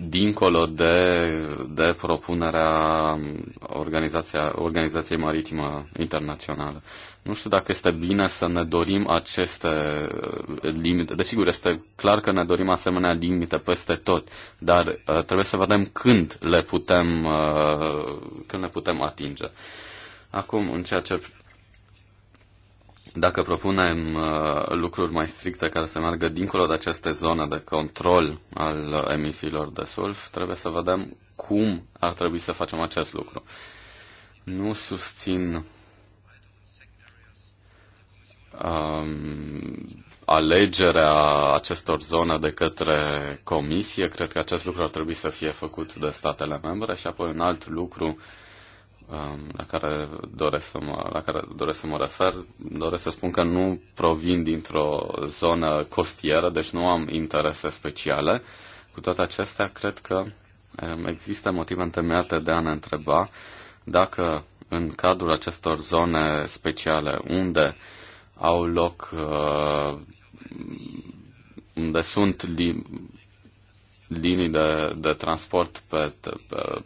dincolo de, de propunerea um, Organizației Maritimă internațională. Nu știu dacă este bine să ne dorim aceste uh, limite. Desigur, este clar că ne dorim asemenea limite peste tot, dar uh, trebuie să vedem când le putem, uh, când le putem atinge. Acum, în ceea ce dacă propunem uh, lucruri mai stricte care să meargă dincolo de aceste zone de control al emisiilor de sulf, trebuie să vedem cum ar trebui să facem acest lucru. Nu susțin um, alegerea acestor zone de către comisie. Cred că acest lucru ar trebui să fie făcut de statele membre și apoi un alt lucru uh, Um, la care doresc să mă, la care doresc să mă refer, doresc să spun că nu provin dintr-o zonă costieră, deci nu am interese speciale. Cu toate acestea, cred că um, există motive întemeiate de a ne întreba dacă în cadrul acestor zone speciale unde au loc uh, unde sunt linii de, de transport pe, pe,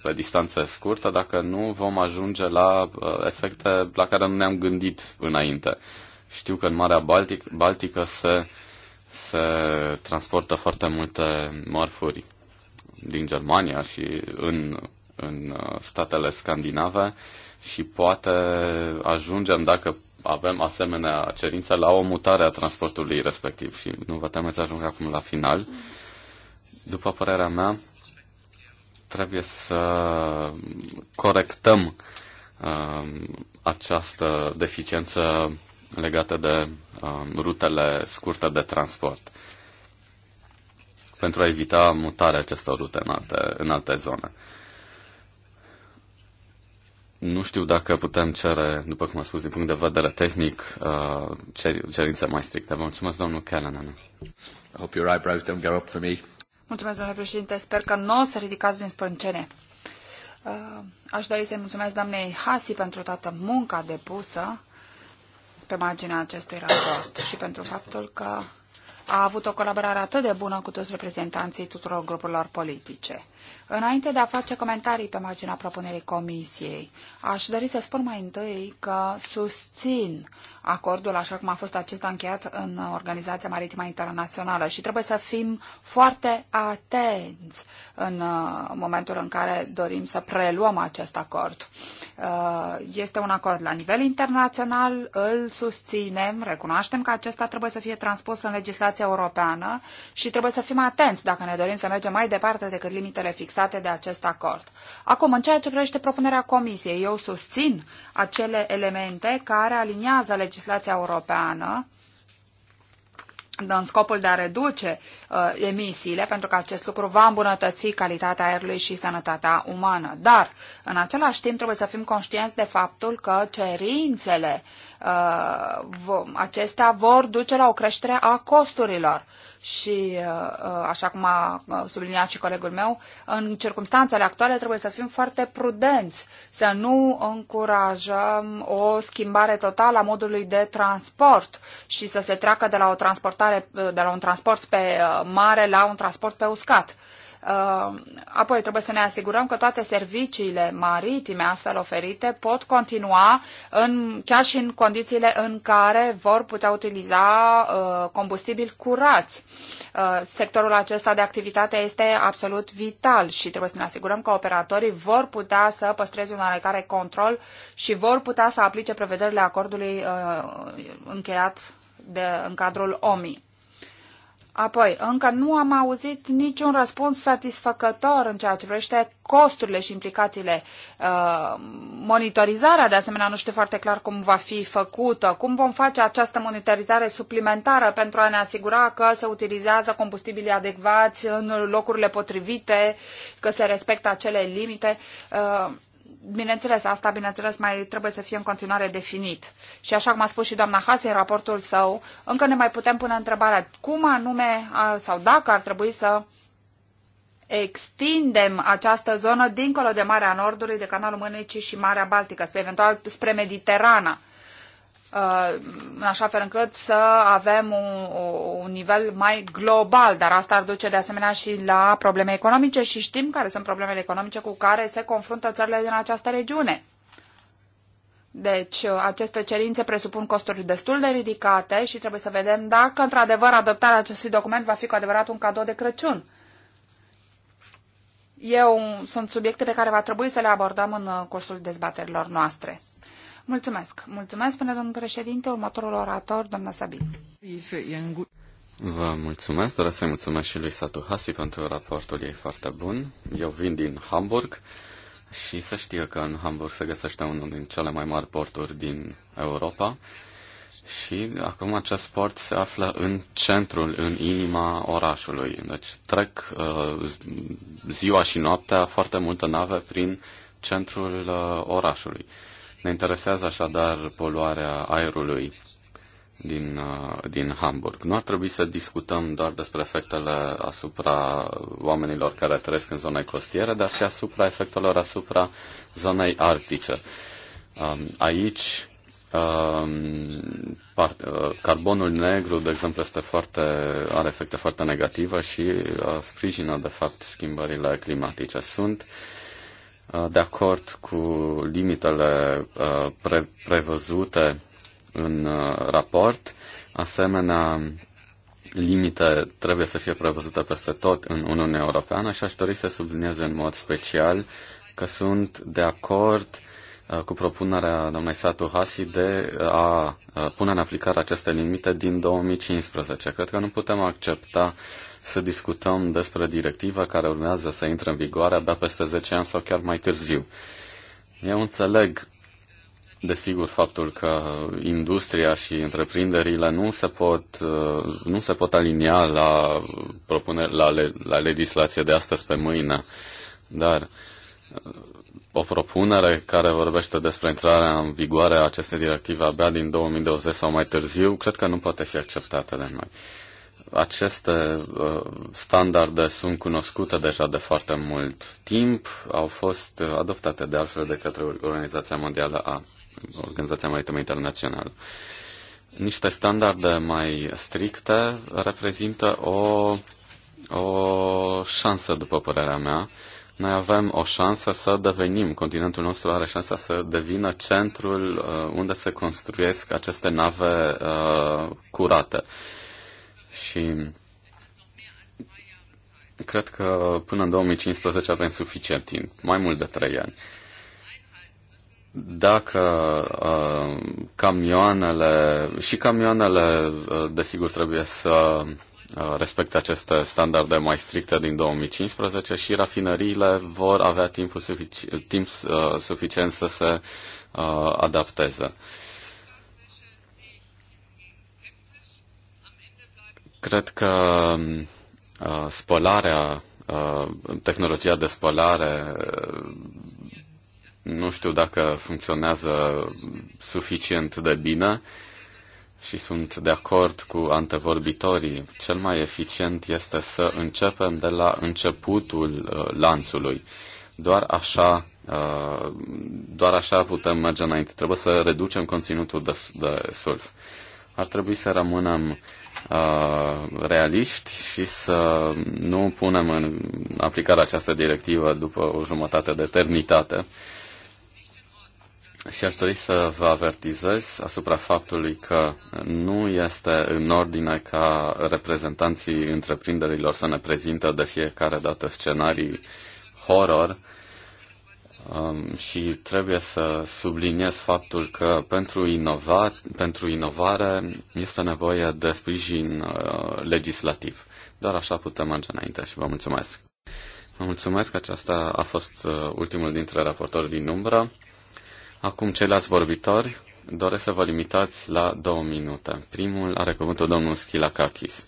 pe distanțe scurte dacă nu vom ajunge la uh, efecte la care nu ne-am gândit înainte. Știu că în Marea Baltic, Baltică se, se transportă foarte multe mărfuri din Germania și în, în uh, statele scandinave și poate ajungem, dacă avem asemenea cerință, la o mutare a transportului respectiv. Și nu vă temeți, ajung acum la final. Mm-hmm după părerea mea, trebuie să corectăm um, această deficiență legată de um, rutele scurte de transport pentru a evita mutarea acestor rute în alte, în alte zone. Nu știu dacă putem cere, după cum am spus, din punct de vedere tehnic, uh, cerințe mai stricte. Vă mulțumesc, domnul Callanan. I hope your eyebrows don't go up for me. Mulțumesc, domnule președinte. Sper că nu o să ridicați din sprâncene. Uh, aș dori să-i mulțumesc doamnei Hasi pentru toată munca depusă pe marginea acestui raport și pentru faptul că a avut o colaborare atât de bună cu toți reprezentanții tuturor grupurilor politice. Înainte de a face comentarii pe marginea propunerii comisiei, aș dori să spun mai întâi că susțin acordul așa cum a fost acesta încheiat în Organizația Maritimă Internațională și trebuie să fim foarte atenți în uh, momentul în care dorim să preluăm acest acord. Uh, este un acord la nivel internațional, îl susținem, recunoaștem că acesta trebuie să fie transpus în legislația europeană și trebuie să fim atenți dacă ne dorim să mergem mai departe decât limitele fixate de acest acord. Acum, în ceea ce privește propunerea Comisiei, eu susțin acele elemente care aliniază legislația europeană în scopul de a reduce uh, emisiile, pentru că acest lucru va îmbunătăți calitatea aerului și sănătatea umană. Dar, în același timp, trebuie să fim conștienți de faptul că cerințele Uh, acestea vor duce la o creștere a costurilor. Și, uh, uh, așa cum a subliniat și colegul meu, în circunstanțele actuale trebuie să fim foarte prudenți, să nu încurajăm o schimbare totală a modului de transport și să se treacă de la, o transportare, de la un transport pe mare la un transport pe uscat Uh, apoi trebuie să ne asigurăm că toate serviciile maritime astfel oferite pot continua în, chiar și în condițiile în care vor putea utiliza uh, combustibil curați. Uh, sectorul acesta de activitate este absolut vital și trebuie să ne asigurăm că operatorii vor putea să păstreze un oarecare control și vor putea să aplice prevederile acordului încheiat de, în cadrul OMI. Apoi, încă nu am auzit niciun răspuns satisfăcător în ceea ce privește costurile și implicațiile. Uh, monitorizarea, de asemenea, nu știu foarte clar cum va fi făcută, cum vom face această monitorizare suplimentară pentru a ne asigura că se utilizează combustibili adecvați în locurile potrivite, că se respectă acele limite. Uh, bineînțeles, asta, bineînțeles, mai trebuie să fie în continuare definit. Și așa cum a spus și doamna Hase în raportul său, încă ne mai putem pune întrebarea cum anume ar, sau dacă ar trebui să extindem această zonă dincolo de Marea Nordului, de Canalul Mânecii și Marea Baltică, spre eventual spre Mediterana. Uh, în așa fel încât să avem un, un nivel mai global, dar asta ar duce de asemenea și la probleme economice și știm care sunt problemele economice cu care se confruntă țările din această regiune. Deci, uh, aceste cerințe presupun costuri destul de ridicate și trebuie să vedem dacă, într-adevăr, adoptarea acestui document va fi cu adevărat un cadou de Crăciun. Eu sunt subiecte pe care va trebui să le abordăm în uh, cursul dezbaterilor noastre. Mulțumesc. Mulțumesc, până domnul președinte, următorul orator, doamna Sabin. Vă mulțumesc, doresc să-i mulțumesc și lui Satu Hasi pentru raportul ei foarte bun. Eu vin din Hamburg și să știe că în Hamburg se găsește unul din cele mai mari porturi din Europa și acum acest port se află în centrul, în inima orașului. Deci trec uh, ziua și noaptea foarte multe nave prin centrul uh, orașului. Uh, ne interesează așadar poluarea aerului din, uh, din Hamburg. Nu ar trebui să discutăm doar despre efectele asupra oamenilor care trăiesc în zonei costiere, dar și asupra efectelor asupra zonei arctice. Um, aici um, uh, carbonul negru, de exemplu, este foarte, are efecte foarte negative și uh, sprijină, de fapt, schimbările climatice. Sunt uh, Uh, de acord cu limitele uh, pre- prevăzute în uh, raport. Asemenea, limite trebuie să fie prevăzute peste tot în Uniunea Europeană și aș dori să subliniez în mod special că sunt de acord cu propunerea doamnei Satu Hasi de a pune în aplicare aceste limite din 2015. Cred că nu putem accepta uh, să discutăm despre directiva care urmează să intre în vigoare abia peste 10 ani sau chiar mai târziu. Eu înțeleg, desigur, faptul că industria și întreprinderile nu se pot, uh, nu se pot alinia la, propune, la, la legislație de astăzi pe mâine, dar uh, o propunere care vorbește despre intrarea în vigoare a acestei directive abia din 2020 sau mai târziu, cred că nu poate fi acceptată de noi aceste uh, standarde sunt cunoscute deja de foarte mult timp, au fost adoptate de altfel de către Organizația Mondială a Organizația Maritimă Internațională. Niște standarde mai stricte reprezintă o, o șansă, după părerea mea. Noi avem o șansă să devenim, continentul nostru are șansa să devină centrul uh, unde se construiesc aceste nave uh, curate și cred că până în 2015 avem suficient timp, mai mult de 3 ani. Dacă uh, camioanele și camioanele, uh, desigur, trebuie să uh, respecte aceste standarde mai stricte din 2015 și rafinăriile vor avea timp, sufici- timp uh, suficient să se uh, adapteze. Cred că uh, spălarea, uh, tehnologia de spălare, uh, nu știu dacă funcționează suficient de bine și sunt de acord cu antevorbitorii. Cel mai eficient este să începem de la începutul lanțului. Doar așa doar așa putem merge înainte. Trebuie să reducem conținutul de, de sulf. Ar trebui să rămânem Uh, realiști și să nu punem în aplicare această directivă după o jumătate de eternitate. Și aș dori să vă avertizez asupra faptului că nu este în ordine ca reprezentanții întreprinderilor să ne prezintă de fiecare dată scenarii horror Um, și trebuie să subliniez faptul că pentru, inova, pentru inovare este nevoie de sprijin uh, legislativ. Doar așa putem merge înainte și vă mulțumesc. Vă mulțumesc, aceasta a fost uh, ultimul dintre raportori din umbră. Acum ceilalți vorbitori doresc să vă limitați la două minute. Primul are cuvântul domnul Kakis.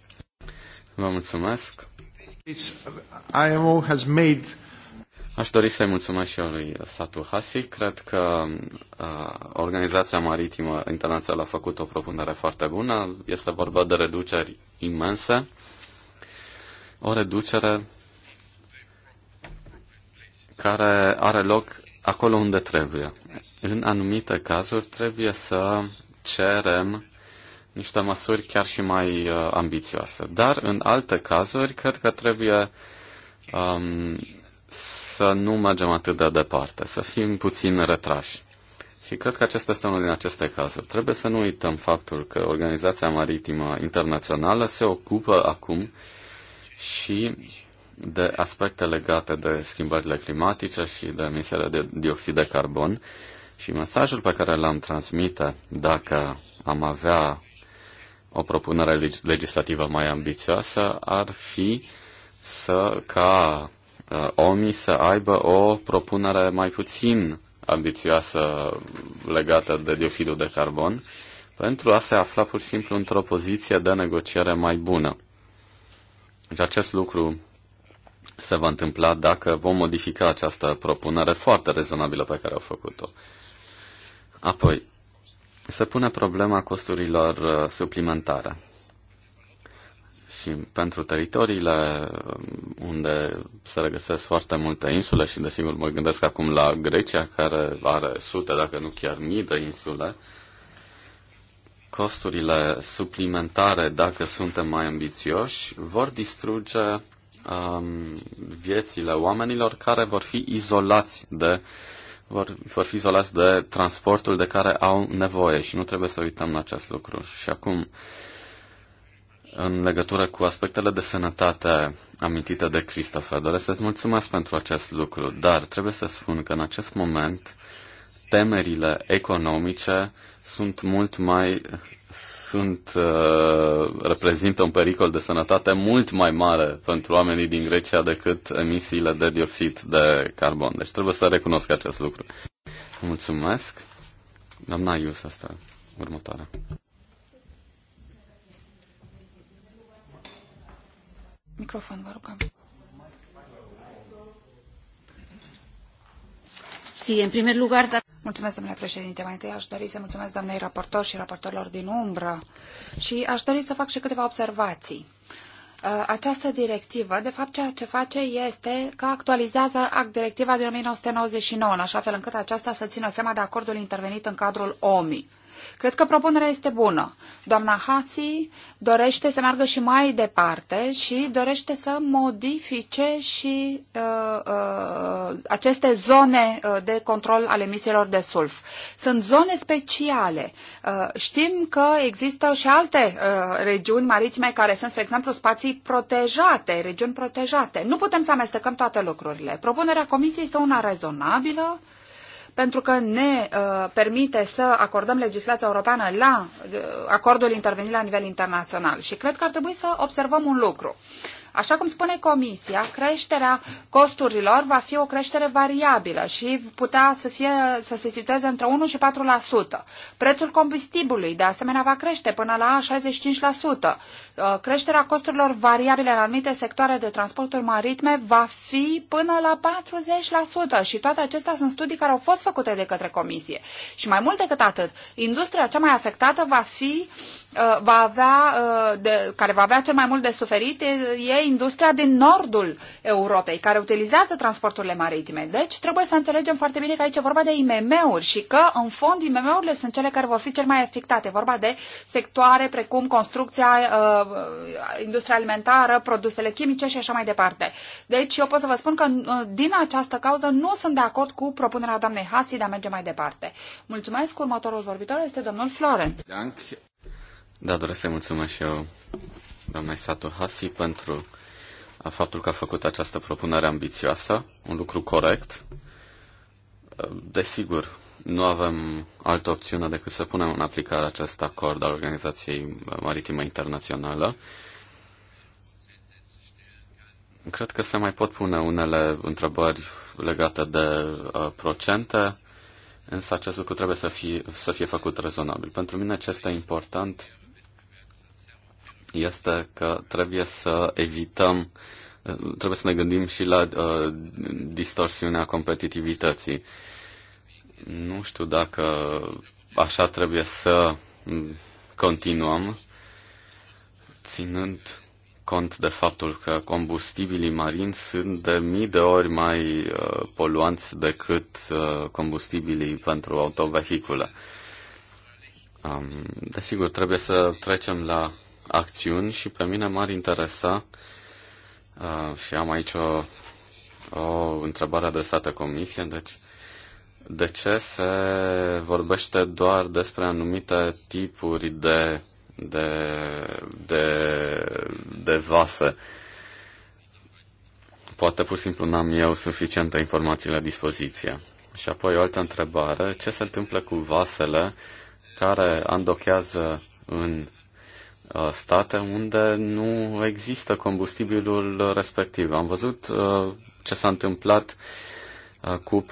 Vă mulțumesc. IMO has made Aș dori să-i mulțumesc și eu lui Satu Hasi. Cred că uh, Organizația Maritimă Internațională a făcut o propunere foarte bună. Este vorba de reduceri imense. O reducere care are loc acolo unde trebuie. În anumite cazuri trebuie să cerem niște măsuri chiar și mai uh, ambițioase. Dar în alte cazuri, cred că trebuie um, să nu mergem atât de departe, să fim puțin retrași. Și cred că acesta este unul din aceste cazuri. Trebuie să nu uităm faptul că Organizația Maritimă Internațională se ocupă acum și de aspecte legate de schimbările climatice și de emisiile de dioxid de carbon. Și mesajul pe care l-am transmite dacă am avea o propunere legislativă mai ambițioasă ar fi să ca Uh, omii să aibă o propunere mai puțin ambițioasă legată de dioxidul de carbon, pentru a se afla pur și simplu într-o poziție de negociere mai bună. Și deci acest lucru se va întâmpla dacă vom modifica această propunere foarte rezonabilă pe care au făcut-o. Apoi, se pune problema costurilor uh, suplimentare și pentru teritoriile um, unde se regăsesc foarte multe insule și desigur mă gândesc acum la Grecia care are sute, dacă nu chiar mii de insule, costurile suplimentare, dacă suntem mai ambițioși, vor distruge um, viețile oamenilor care vor fi izolați de vor, vor fi izolați de transportul de care au nevoie și nu trebuie să uităm acest lucru. Și acum, uh, în legătură cu aspectele de sănătate amintite de Christopher. Doresc să-ți mulțumesc pentru acest lucru, dar trebuie să spun că în acest moment temerile economice sunt mult mai sunt uh, reprezintă un pericol de sănătate mult mai mare pentru oamenii din Grecia decât emisiile de dioxid de carbon. Deci trebuie să recunosc acest lucru. Mulțumesc. Doamna Ius, asta următoarea. Microfon, vă rugăm. Sí, en primer lugar, da... Mulțumesc, domnule președinte. Mai întâi aș dori să mulțumesc doamnei raportor și raportorilor din umbră și aș dori să fac și câteva observații. Uh, această directivă, de fapt, ceea ce face este că actualizează act directiva din 1999, în așa fel încât aceasta să țină seama de acordul intervenit în cadrul OMI. Cred că propunerea este bună. Doamna Hasi dorește să meargă și mai departe și dorește să modifice și uh, uh, aceste zone uh, de control ale emisiilor de sulf. Sunt zone speciale. Uh, știm că există și alte uh, regiuni maritime care sunt, spre exemplu, spații protejate, regiuni protejate. Nu putem să amestecăm toate lucrurile. Propunerea Comisiei este una rezonabilă pentru că ne uh, permite să acordăm legislația europeană la uh, acordul intervenit la nivel internațional. Și cred că ar trebui să observăm un lucru. Așa cum spune Comisia, creșterea costurilor va fi o creștere variabilă și putea să, fie, să se situeze între 1 și 4%. Prețul combustibilului, de asemenea, va crește până la 65%. Uh, creșterea costurilor variabile în anumite sectoare de transporturi maritime va fi până la 40% și toate acestea sunt studii care au fost făcute de către Comisie. Și mai mult decât atât, industria cea mai afectată va fi, uh, va avea, uh, de, care va avea cel mai mult de suferit, e industria din nordul Europei, care utilizează transporturile maritime. Deci trebuie să înțelegem foarte bine că aici e vorba de IMM-uri și că, în fond, IMM-urile sunt cele care vor fi cel mai afectate. vorba de sectoare precum construcția, uh, industria alimentară, produsele chimice și așa mai departe. Deci eu pot să vă spun că uh, din această cauză nu sunt de acord cu propunerea doamnei Hasi de a merge mai departe. Mulțumesc. Următorul vorbitor este domnul Florent. Da, doresc să mulțumesc și eu doamnei Satohasi Hasi pentru faptul că a făcut această propunere ambițioasă, un lucru corect. Desigur, nu avem altă opțiune decât să punem în aplicare acest acord al Organizației Maritime Internațională. Cred că se mai pot pune unele întrebări legate de uh, procente, însă acest lucru trebuie să fie, să fie făcut rezonabil. Pentru mine ce este important este că trebuie să evităm, trebuie să ne gândim și la uh, distorsiunea competitivității. Nu știu dacă așa trebuie să continuăm, ținând cont de faptul că combustibilii marini sunt de mii de ori mai uh, poluanți decât uh, combustibilii pentru autovehicule. Um, desigur, trebuie să trecem la acțiuni și pe mine m-ar interesa uh, și am aici o, o întrebare adresată Comisiei, deci de ce se vorbește doar despre anumite tipuri de, de, de, de vase? Poate pur și simplu n-am eu suficiente informații la dispoziție. Și apoi o altă întrebare, ce se întâmplă cu vasele care andochează în Uh, state unde nu există combustibilul respectiv. Am văzut uh, ce s-a întâmplat uh, cu,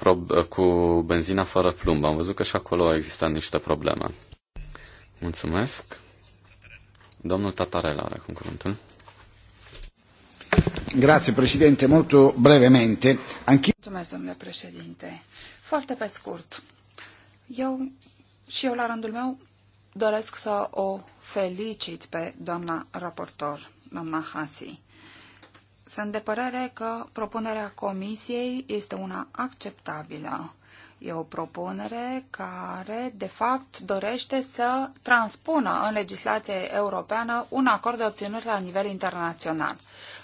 cu benzina fără plumb. Am văzut că și acolo există niște probleme. Mulțumesc. Domnul Tatarel are acum cuvântul. Grazie, Presidente. Molto brevemente. Anch'io... Mulțumesc, domnule președinte. Foarte pe scurt. Eu și eu, la rândul meu, doresc să o felicit pe doamna raportor, doamna Hasi. Sunt de părere că propunerea comisiei este una acceptabilă. E o propunere care, de fapt, dorește să transpună în legislație europeană un acord de obținut la nivel internațional.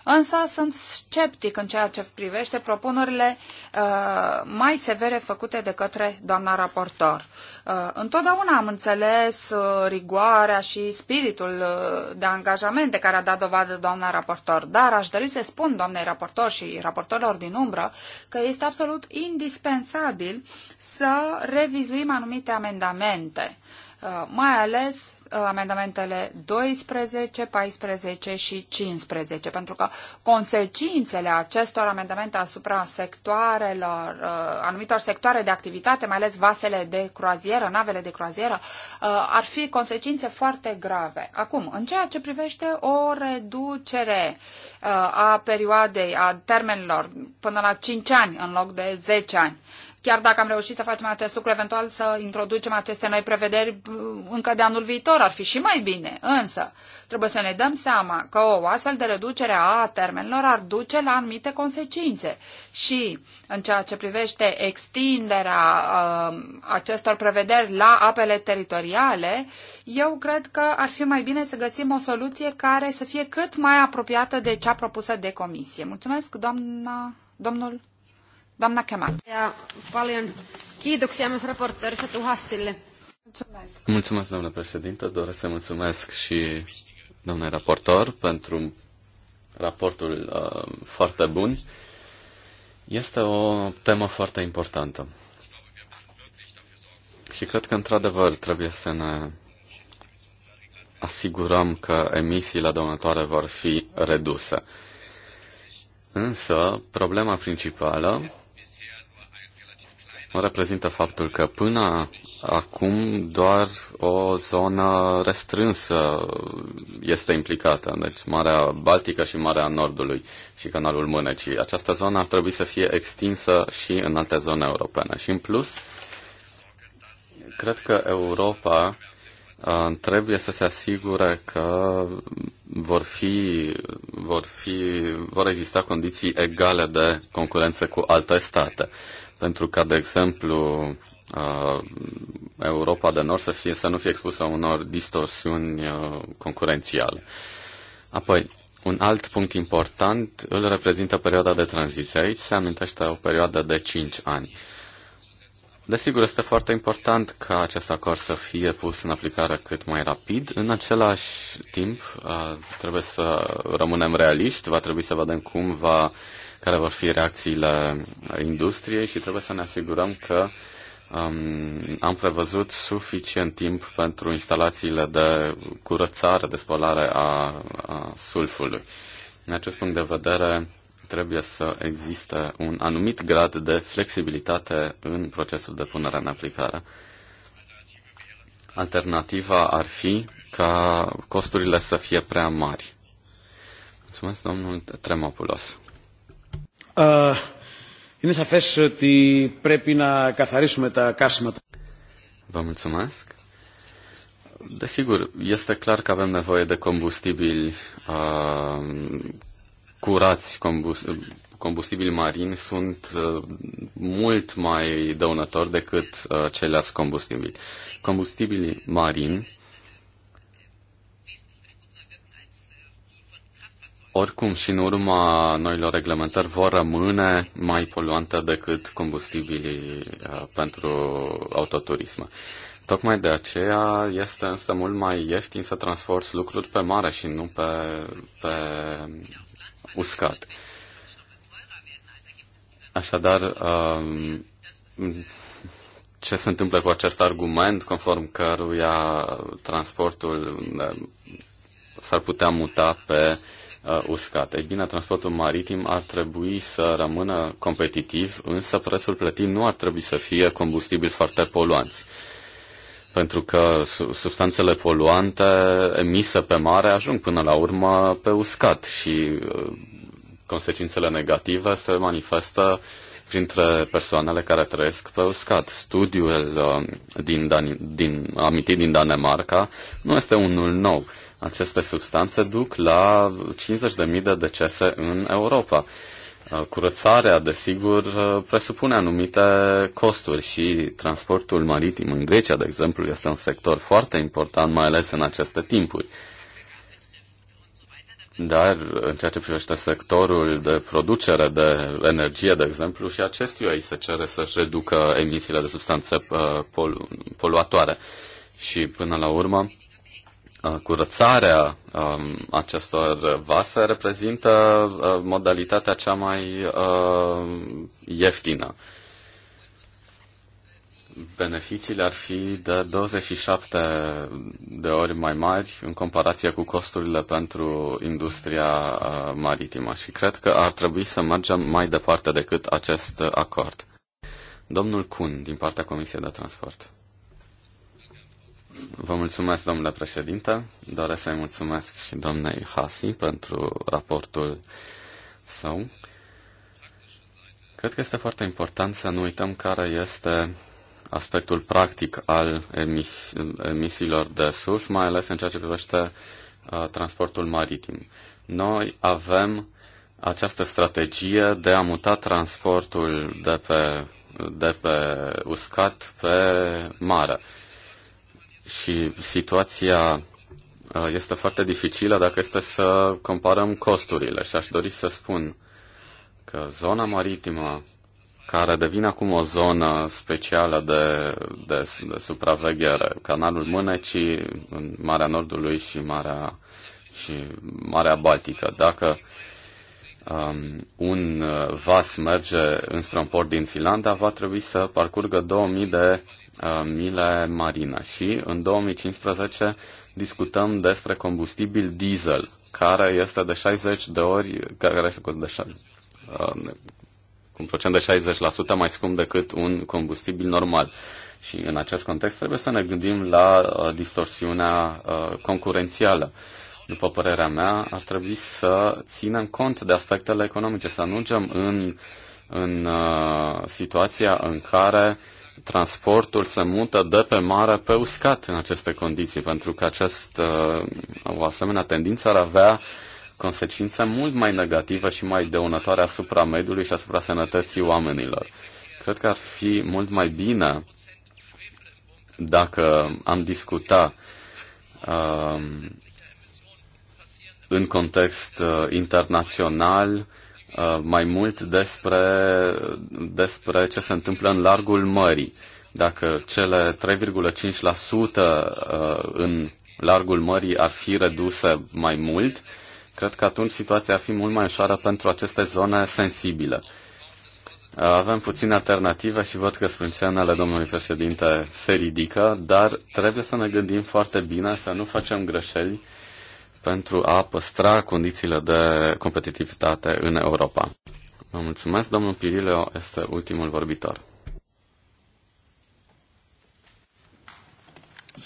Însă sunt sceptic în ceea ce privește propunerile uh, mai severe făcute de către doamna raportor. Uh, Uh, întotdeauna am înțeles uh, rigoarea și spiritul uh, de angajament de care a dat dovadă doamna raportor, dar aș dori să spun doamnei raportor și raportorilor din umbră că este absolut indispensabil să revizuim anumite amendamente Uh, mai ales uh, amendamentele 12, 14 și 15, pentru că consecințele acestor amendamente asupra sectoarelor, uh, anumitor sectoare de activitate, mai ales vasele de croazieră, navele de croazieră, ar fi consecințe foarte grave. Acum, în ceea ce privește o reducere a perioadei, a termenilor, până la 5 ani în loc de 10 ani, chiar dacă am reușit să facem acest lucru, eventual să introducem aceste noi prevederi mm, încă de anul viitor, ar fi și mai bine. Însă, trebuie să ne dăm seama că o astfel de reducere a termenilor ar duce la anumite consecințe. Și în ceea ce privește extinderea uh, acestor prevederi la apele teritoriale, eu cred că ar fi mai bine să găsim o soluție care să fie cât mai apropiată de cea propusă de comisie. Mulțumesc, doamna, domnul Doamna Kemal. Ja paljon kiitoksia myös raportöörissä Tuhassille. Mulțumesc. Mulțumesc, doamnă președintă. Doresc să mulțumesc și domnule raportor pentru raportul uh, foarte bun. Este o temă foarte importantă. Și cred că, într-adevăr, trebuie să ne asigurăm că emisiile dăunătoare vor fi reduse. Însă, problema principală reprezintă faptul că până acum doar o zonă restrânsă este implicată, deci Marea Baltică și Marea Nordului și Canalul Mânecii. Această zonă ar trebui să fie extinsă și în alte zone europene. Și în plus, cred că Europa uh, trebuie să se asigure că vor fi, vor fi, vor exista condiții egale de concurență cu alte state pentru ca, de exemplu, Europa de Nord să, fie, să nu fie expusă unor distorsiuni concurențiale. Apoi, un alt punct important îl reprezintă perioada de tranziție. Aici se amintește o perioadă de 5 ani. Desigur, este foarte important ca acest acord să fie pus în aplicare cât mai rapid. În același timp, trebuie să rămânem realiști, va trebui să vedem cum va care vor fi reacțiile industriei și trebuie să ne asigurăm că um, am prevăzut suficient timp pentru instalațiile de curățare, de spălare a, a sulfului. În acest punct de vedere, trebuie să existe un anumit grad de flexibilitate în procesul de punere în aplicare. Alternativa ar fi ca costurile să fie prea mari. Mulțumesc, domnul Tremopulos. Είναι σαφές ότι πρέπει να καθαρίσουμε τα κάσματα. Vă mulțumesc. Desigur, este clar că avem nevoie de combustibili uh, curați, combustibili, combustibili marini sunt uh, mult mai dăunători decât uh, ceilalți combustibili. Combustibilii marini uh, oricum și în urma noilor reglementări vor rămâne mai poluante decât combustibilii uh, pentru autoturisme. Tocmai de aceea este însă mult mai ieftin să transporti lucruri pe mare și nu pe, pe uscat. Așadar, um, ce se întâmplă cu acest argument conform căruia transportul uh, s-ar putea muta pe uh, uh, uscat. Ei bine, transportul maritim ar trebui să rămână competitiv, însă prețul plătit nu ar trebui să fie combustibil foarte poluanți. Pentru că substanțele poluante emise pe mare ajung până la urmă pe uscat și uh, consecințele negative se manifestă printre persoanele care trăiesc pe uscat. Studiul uh, din, Dan- din, amintit din Danemarca nu este unul nou. Uh, aceste substanțe duc la 50.000 de decese în Europa. Uh, curățarea, desigur, uh, presupune anumite costuri și transportul maritim în Grecia, de exemplu, este un sector foarte important, mai ales în aceste timpuri. Dar în ceea ce privește sectorul de producere de energie, de exemplu, și acestuia îi se cere să-și reducă emisiile de substanțe uh, polu- poluatoare. Și până la urmă, curățarea um, acestor vase reprezintă uh, modalitatea cea mai uh, ieftină. Beneficiile ar fi de 27 de ori mai mari în comparație cu costurile pentru industria maritimă și cred că ar trebui să mergem mai departe decât acest acord. Domnul Kun, din partea Comisiei de Transport. Vă mulțumesc, domnule președinte. Doresc să-i mulțumesc și domnei Hasi pentru raportul său. Cred că este foarte important să nu uităm care este aspectul practic al emis- emisiilor de surf, mai ales în ceea ce privește uh, transportul maritim. Noi avem această strategie de a muta transportul de pe, de pe uscat pe mare. Și situația uh, este foarte dificilă dacă este să comparăm costurile și aș dori să spun că zona maritimă, care devine acum o zonă specială de, de, de supraveghere, canalul Mânecii, în Marea Nordului și Marea, și Marea Baltică, dacă um, un uh, vas merge înspre un port din Finlanda, va trebui să parcurgă 2000 de Uh, mile marine și în 2015 discutăm despre combustibil diesel, care este de 60 de ori, care este de, uh, un procent de 60% mai scump decât un combustibil normal. Și în acest context trebuie să ne gândim la uh, distorsiunea concurențială. După părerea mea, ar trebui să ținem cont de aspectele economice, să ajungem în, în situația în care uh, transportul se mută de pe mare pe uscat în aceste condiții, pentru că acest, uh, o asemenea tendință ar avea consecințe mult mai negative și mai dăunătoare asupra mediului și asupra sănătății oamenilor. Cred că ar fi mult mai bine dacă am discuta uh, în context uh, internațional Uh, mai mult despre, despre ce se întâmplă în largul mării. Dacă cele 3,5% uh, în largul mării ar fi reduse mai mult, cred că atunci situația ar fi mult mai ușoară pentru aceste zone sensibile. Uh, avem puține alternative și văd că sprâncenele domnului președinte se ridică, dar trebuie să ne gândim foarte bine să nu facem greșeli pentru a păstra condițiile de competitivitate în Europa. Vă mulțumesc, domnul Pirileo este ultimul vorbitor.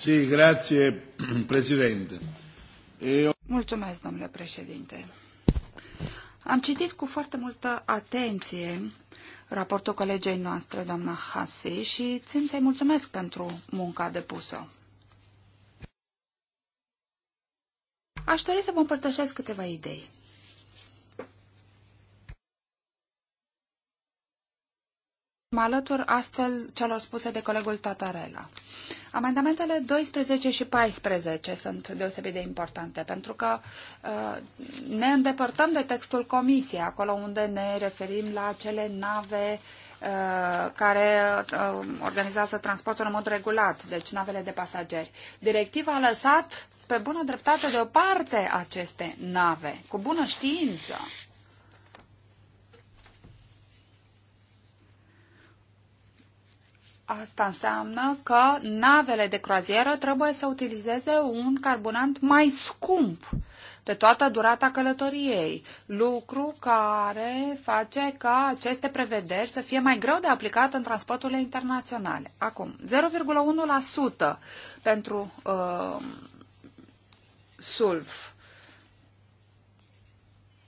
Si, grazie, președinte. Eu... Mulțumesc, domnule președinte. Am citit cu foarte multă atenție raportul colegei noastre, doamna Hasi, și țin să-i mulțumesc pentru munca depusă. Aș dori să vă împărtășesc câteva idei. Mă alătur astfel celor spuse de colegul Tatarela. Amendamentele 12 și 14 sunt deosebit de importante, pentru că uh, ne îndepărtăm de textul comisiei, acolo unde ne referim la cele nave uh, care uh, organizează transportul în mod regulat, deci navele de pasageri. Directiva a lăsat pe bună dreptate deoparte aceste nave, cu bună știință. Asta înseamnă că navele de croazieră trebuie să utilizeze un carburant mai scump pe toată durata călătoriei, lucru care face ca aceste prevederi să fie mai greu de aplicat în transporturile internaționale. Acum, 0,1% pentru uh, sulf.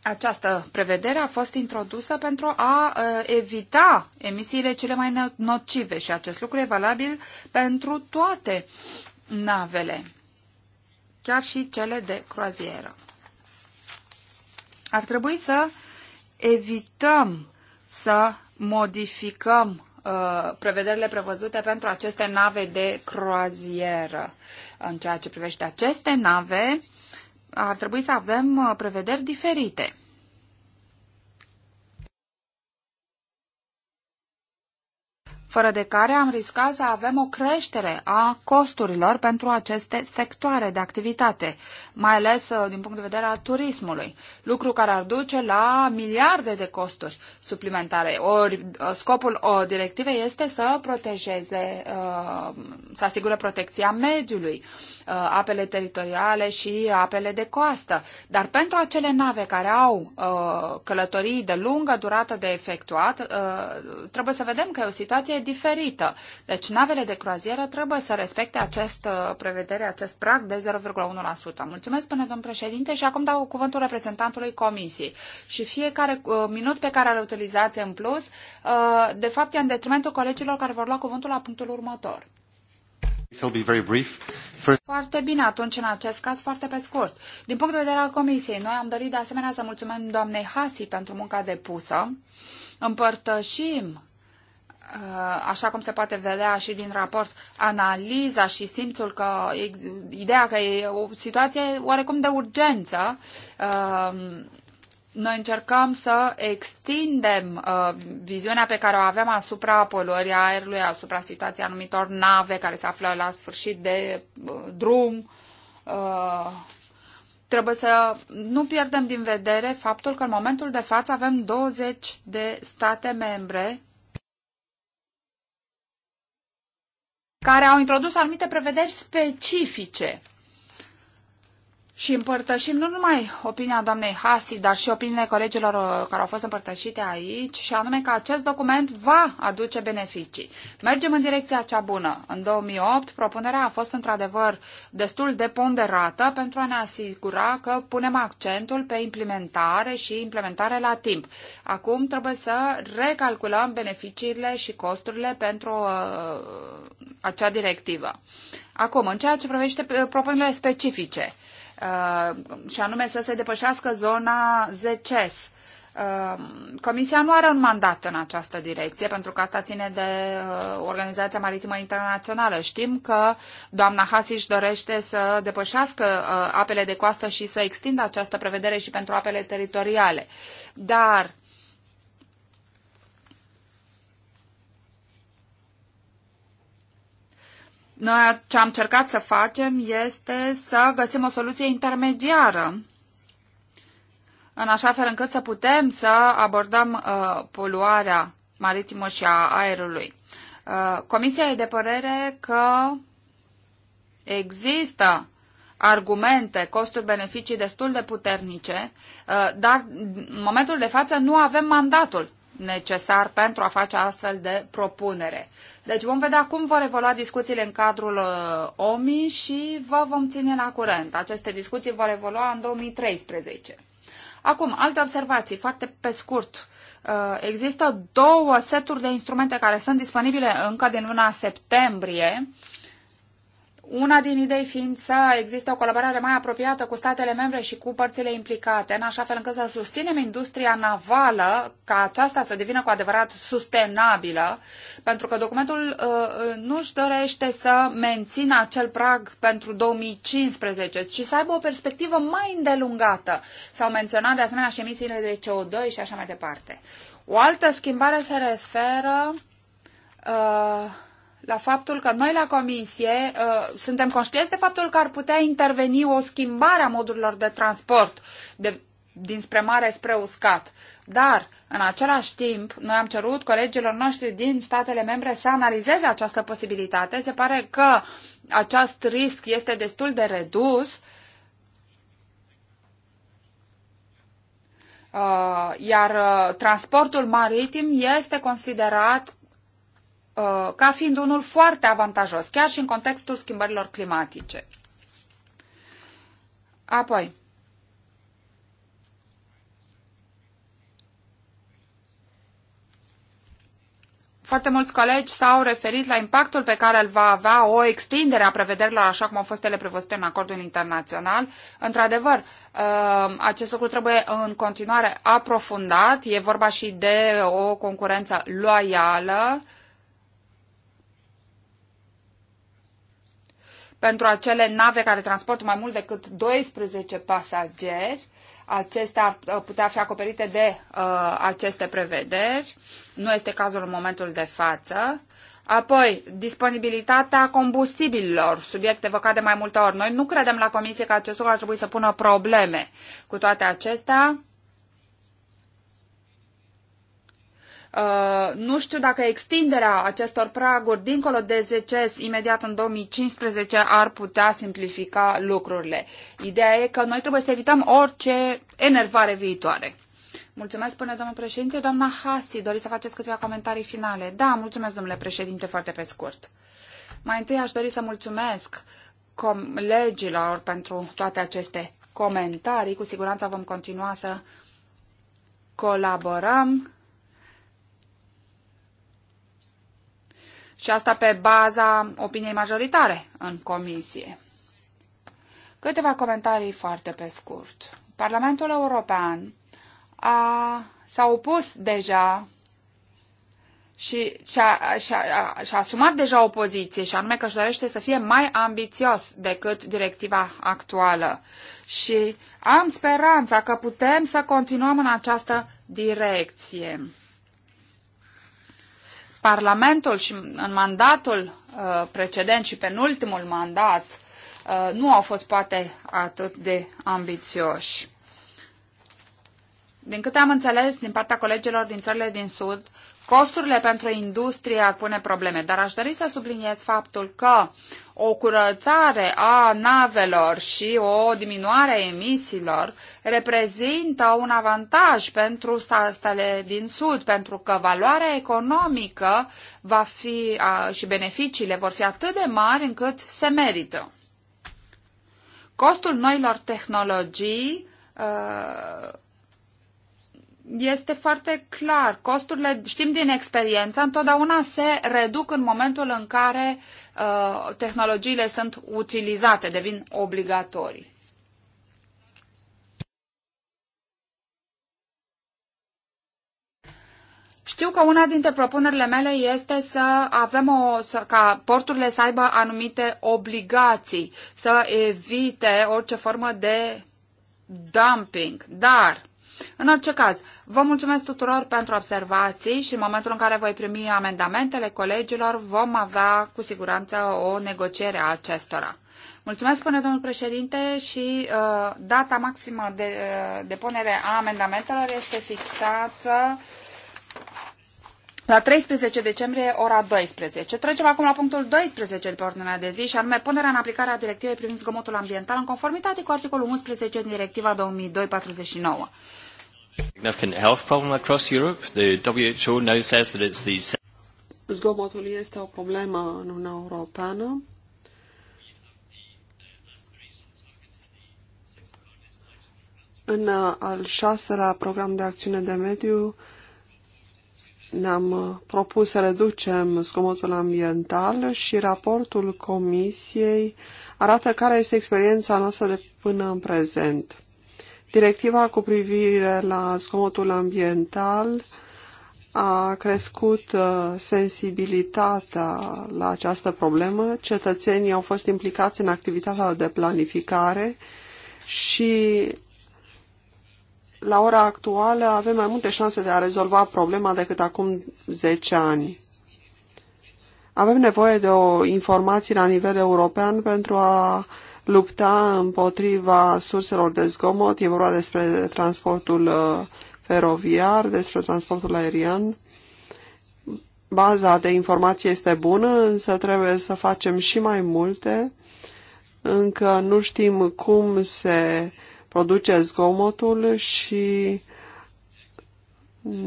Această prevedere a fost introdusă pentru a uh, evita emisiile cele mai nocive și acest lucru e valabil pentru toate navele, chiar și cele de croazieră. Ar trebui să evităm să modificăm Uh, prevederile prevăzute pentru aceste nave de croazieră. În ceea ce privește aceste nave, ar trebui să avem uh, prevederi diferite. fără de care am riscat să avem o creștere a costurilor pentru aceste sectoare de activitate, mai ales uh, din punct de vedere al turismului, lucru care ar duce la miliarde de costuri suplimentare. Ori uh, scopul o directivei este să protejeze, uh, să asigure protecția mediului, apele teritoriale și apele de coastă. Dar pentru acele nave care au călătorii de lungă durată de efectuat, trebuie să vedem că e o situație diferită. Deci navele de croazieră trebuie să respecte acest uh, prevedere, acest prag de 0,1%. Mulțumesc, până domn președinte, și acum dau cuvântul reprezentantului Comisiei. Și fiecare uh, minut pe care îl utilizați în plus, uh, de fapt, e în detrimentul colegilor care vor lua cuvântul la punctul următor. Foarte bine, atunci în acest caz foarte pe scurt. Din punct de vedere al Comisiei, noi am dorit de asemenea să mulțumim doamnei Hasi pentru munca depusă. Împărtășim Uh, așa cum se poate vedea și din raport, analiza și simțul că ideea că e o situație oarecum de urgență, uh, noi încercăm să extindem uh, viziunea pe care o avem asupra poluării aerului, asupra situației anumitor nave care se află la sfârșit de uh, drum. Uh, trebuie să nu pierdem din vedere faptul că în momentul de față avem 20 de state membre care au introdus anumite prevederi specifice și împărtășim nu numai opinia doamnei Hasi, dar și opiniile colegilor uh, care au fost împărtășite aici, și anume că acest document va aduce beneficii. Mergem în direcția cea bună. În 2008, propunerea a fost într-adevăr destul de ponderată pentru a ne asigura că punem accentul pe implementare și implementare la timp. Acum trebuie să recalculăm beneficiile și costurile pentru uh, acea directivă. Acum, în ceea ce privește uh, propunerile specifice, uh, Uh, și anume să se depășească zona ZCS. Uh, Comisia nu are un mandat în această direcție, pentru că asta ține de uh, Organizația Maritimă Internațională. Știm că doamna Hasiș dorește să depășească apele de coastă și să extindă această prevedere și pentru apele teritoriale. Dar Noi ce am încercat să facem este să găsim o soluție intermediară în așa fel încât să putem să abordăm uh, poluarea maritimă și a aerului. Uh, comisia e de părere că există argumente, costuri-beneficii destul de puternice, uh, dar în momentul de față nu avem mandatul necesar pentru a face astfel de propunere. Deci vom vedea cum vor evolua discuțiile în cadrul uh, OMI și vă vom ține la curent. Aceste discuții vor evolua în 2013. Acum, alte observații, foarte pe scurt. Uh, există două seturi de instrumente care sunt disponibile încă din luna septembrie una din idei fiind să există o colaborare mai apropiată cu statele membre și cu părțile implicate, în așa fel încât să susținem industria navală, ca aceasta să devină cu adevărat sustenabilă, pentru că documentul uh, uh nu își dorește să mențină acel prag pentru 2015, ci să aibă o perspectivă mai îndelungată. S-au menționat de asemenea și emisiile de CO2 și așa mai departe. O altă schimbare se referă uh, la faptul că noi la comisie uh, suntem conștienți de faptul că ar putea interveni o schimbare a modurilor de transport de, dinspre mare spre uscat. Dar, în același timp, noi am cerut colegilor noștri din statele membre să analizeze această posibilitate. Se pare că acest risc este destul de redus Uh, iar uh, transportul maritim este considerat Uh, ca fiind unul foarte avantajos, chiar și în contextul schimbărilor climatice. Apoi, Foarte mulți colegi s-au referit la impactul pe care îl va avea o extindere a prevederilor așa cum au fost ele prevăzute în acordul internațional. Într-adevăr, uh, acest lucru trebuie în continuare aprofundat. E vorba și de o concurență loială pentru acele nave care transportă mai mult decât 12 pasageri. Acestea ar uh, putea fi acoperite de uh, aceste prevederi. Nu este cazul în momentul de față. Apoi, disponibilitatea combustibililor, subiect evocat de mai multe ori. Noi nu credem la Comisie că acest lucru ar trebui să pună probleme. Cu toate acestea, Uh, nu știu dacă extinderea acestor praguri dincolo de 10 imediat în 2015 ar putea simplifica lucrurile. Ideea e că noi trebuie să evităm orice enervare viitoare. Mulțumesc, spune domnul președinte. Doamna Hasi, doriți să faceți câteva comentarii finale? Da, mulțumesc, domnule președinte, foarte pe scurt. Mai întâi aș dori să mulțumesc colegilor pentru toate aceste comentarii. Cu siguranță vom continua să colaborăm Și asta pe baza opiniei majoritare în comisie. Câteva comentarii foarte pe scurt. Parlamentul European a, s-a opus deja și și-a, și-a, și-a asumat deja o poziție, și anume că își dorește să fie mai ambițios decât directiva actuală. Și am speranța că putem să continuăm în această direcție. Parlamentul și în mandatul uh, precedent și penultimul mandat uh, nu au fost poate atât de ambițioși. Din câte am înțeles din partea colegilor din țările din Sud, costurile pentru industrie ar pune probleme, dar aș dori să subliniez faptul că o curățare a navelor și o diminuare a emisiilor reprezintă un avantaj pentru statele din Sud, pentru că valoarea economică va fi, a, și beneficiile vor fi atât de mari încât se merită. Costul noilor tehnologii este foarte clar. Costurile, știm din experiență, întotdeauna se reduc în momentul în care uh, tehnologiile sunt utilizate, devin obligatorii. Știu că una dintre propunerile mele este să avem o, să, ca porturile să aibă anumite obligații, să evite orice formă de dumping, dar în orice caz, vă mulțumesc tuturor pentru observații și în momentul în care voi primi amendamentele colegilor, vom avea cu siguranță o negociere a acestora. Mulțumesc, spune domnul președinte, și uh, data maximă de uh, depunere a amendamentelor este fixată la 13 decembrie, ora 12. Trecem acum la punctul 12 de pe ordinea de zi, și anume punerea în aplicare a directivei privind zgomotul ambiental în conformitate cu articolul 11 din Directiva 2002-49. Zgomotul este o problemă în Uniunea Europeană. În uh, al șaselea program de acțiune de mediu ne-am uh, propus să reducem zgomotul ambiental și raportul comisiei arată care este experiența noastră de până în prezent. Directiva cu privire la zgomotul ambiental a crescut uh, sensibilitatea la această problemă. Cetățenii au fost implicați în activitatea de planificare și la ora actuală avem mai multe șanse de a rezolva problema decât acum 10 ani. Avem nevoie de o informație la nivel european pentru a lupta împotriva surselor de zgomot. E vorba despre transportul uh, feroviar, despre transportul aerian. Baza de informație este bună, însă trebuie să facem și mai multe. Încă nu știm cum se produce zgomotul și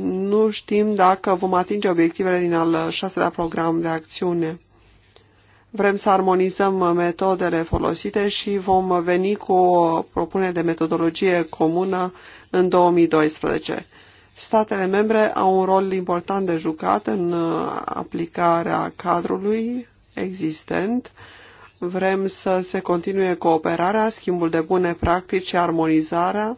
nu știm dacă vom atinge obiectivele din al șaselea program de acțiune. Vrem să armonizăm metodele folosite și vom veni cu o propunere de metodologie comună în 2012. Statele membre au un rol important de jucat în uh, aplicarea cadrului existent. Vrem să se continue cooperarea, schimbul de bune practici și armonizarea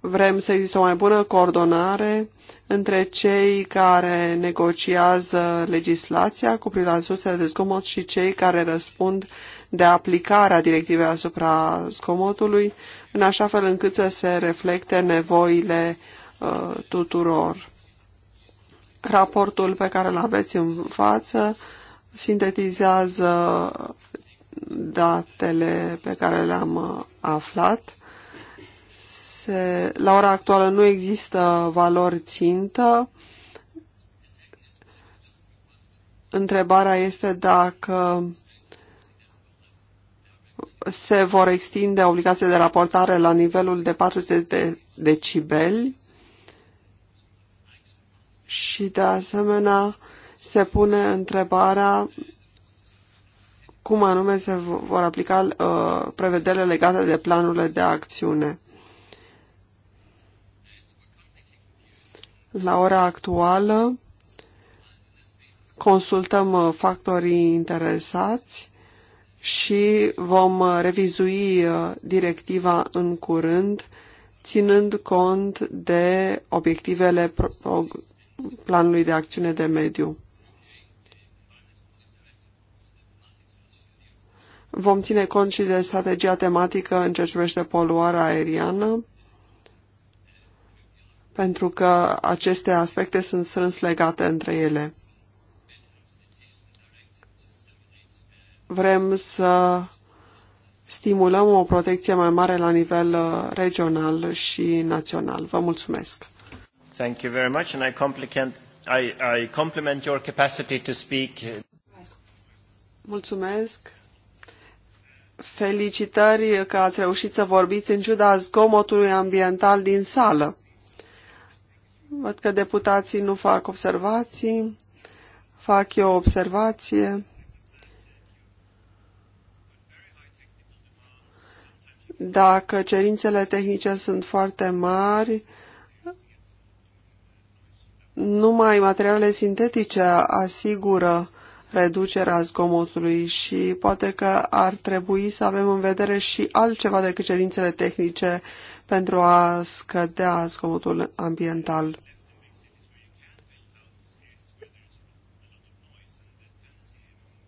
Vrem să existe o mai bună coordonare între cei care negociază legislația cu privire la sursele de zgomot și cei care răspund de aplicarea directivei asupra zgomotului, în așa fel încât să se reflecte nevoile uh, tuturor. Raportul pe care îl aveți în față sintetizează datele pe care le-am uh, aflat se, la ora actuală nu există valori țintă. Întrebarea este dacă se vor extinde obligații de raportare la nivelul de 400 de decibeli și de asemenea se pune întrebarea cum anume se vor aplica uh, prevederile legate de planurile de acțiune. La ora actuală consultăm uh, factorii interesați și vom uh, revizui uh, directiva în curând, ținând cont de obiectivele planului de acțiune de mediu. Vom ține cont și de strategia tematică în ce privește poluarea aeriană pentru că aceste aspecte sunt strâns legate între ele. Vrem să stimulăm o protecție mai mare la nivel uh, regional și național. Vă mulțumesc. Thank you very much and I compliment, I, I compliment your capacity to speak. Mulțumesc. Felicitări că ați reușit să vorbiți în ciuda zgomotului ambiental din sală. Văd că deputații nu fac observații. Fac eu o observație. Dacă cerințele tehnice sunt foarte mari, numai materialele sintetice asigură reducerea zgomotului și poate că ar trebui să avem în vedere și altceva decât cerințele tehnice pentru a scădea zgomotul ambiental.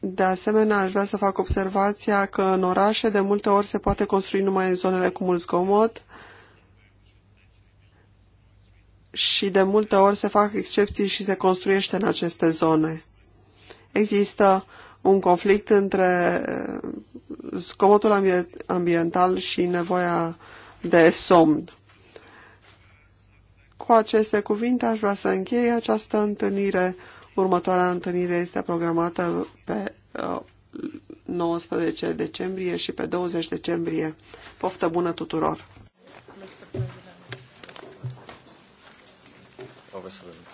De asemenea, aș vrea să fac observația că în orașe de multe ori se poate construi numai în zonele cu mult zgomot și de multe ori se fac excepții și se construiește în aceste zone. Există un conflict între eh, zgomotul ambiental și nevoia de somn. Cu aceste cuvinte aș vrea să închei această întâlnire Următoarea întâlnire este programată pe 19 uh, decembrie și pe 20 decembrie. Poftă bună tuturor! Mr. President.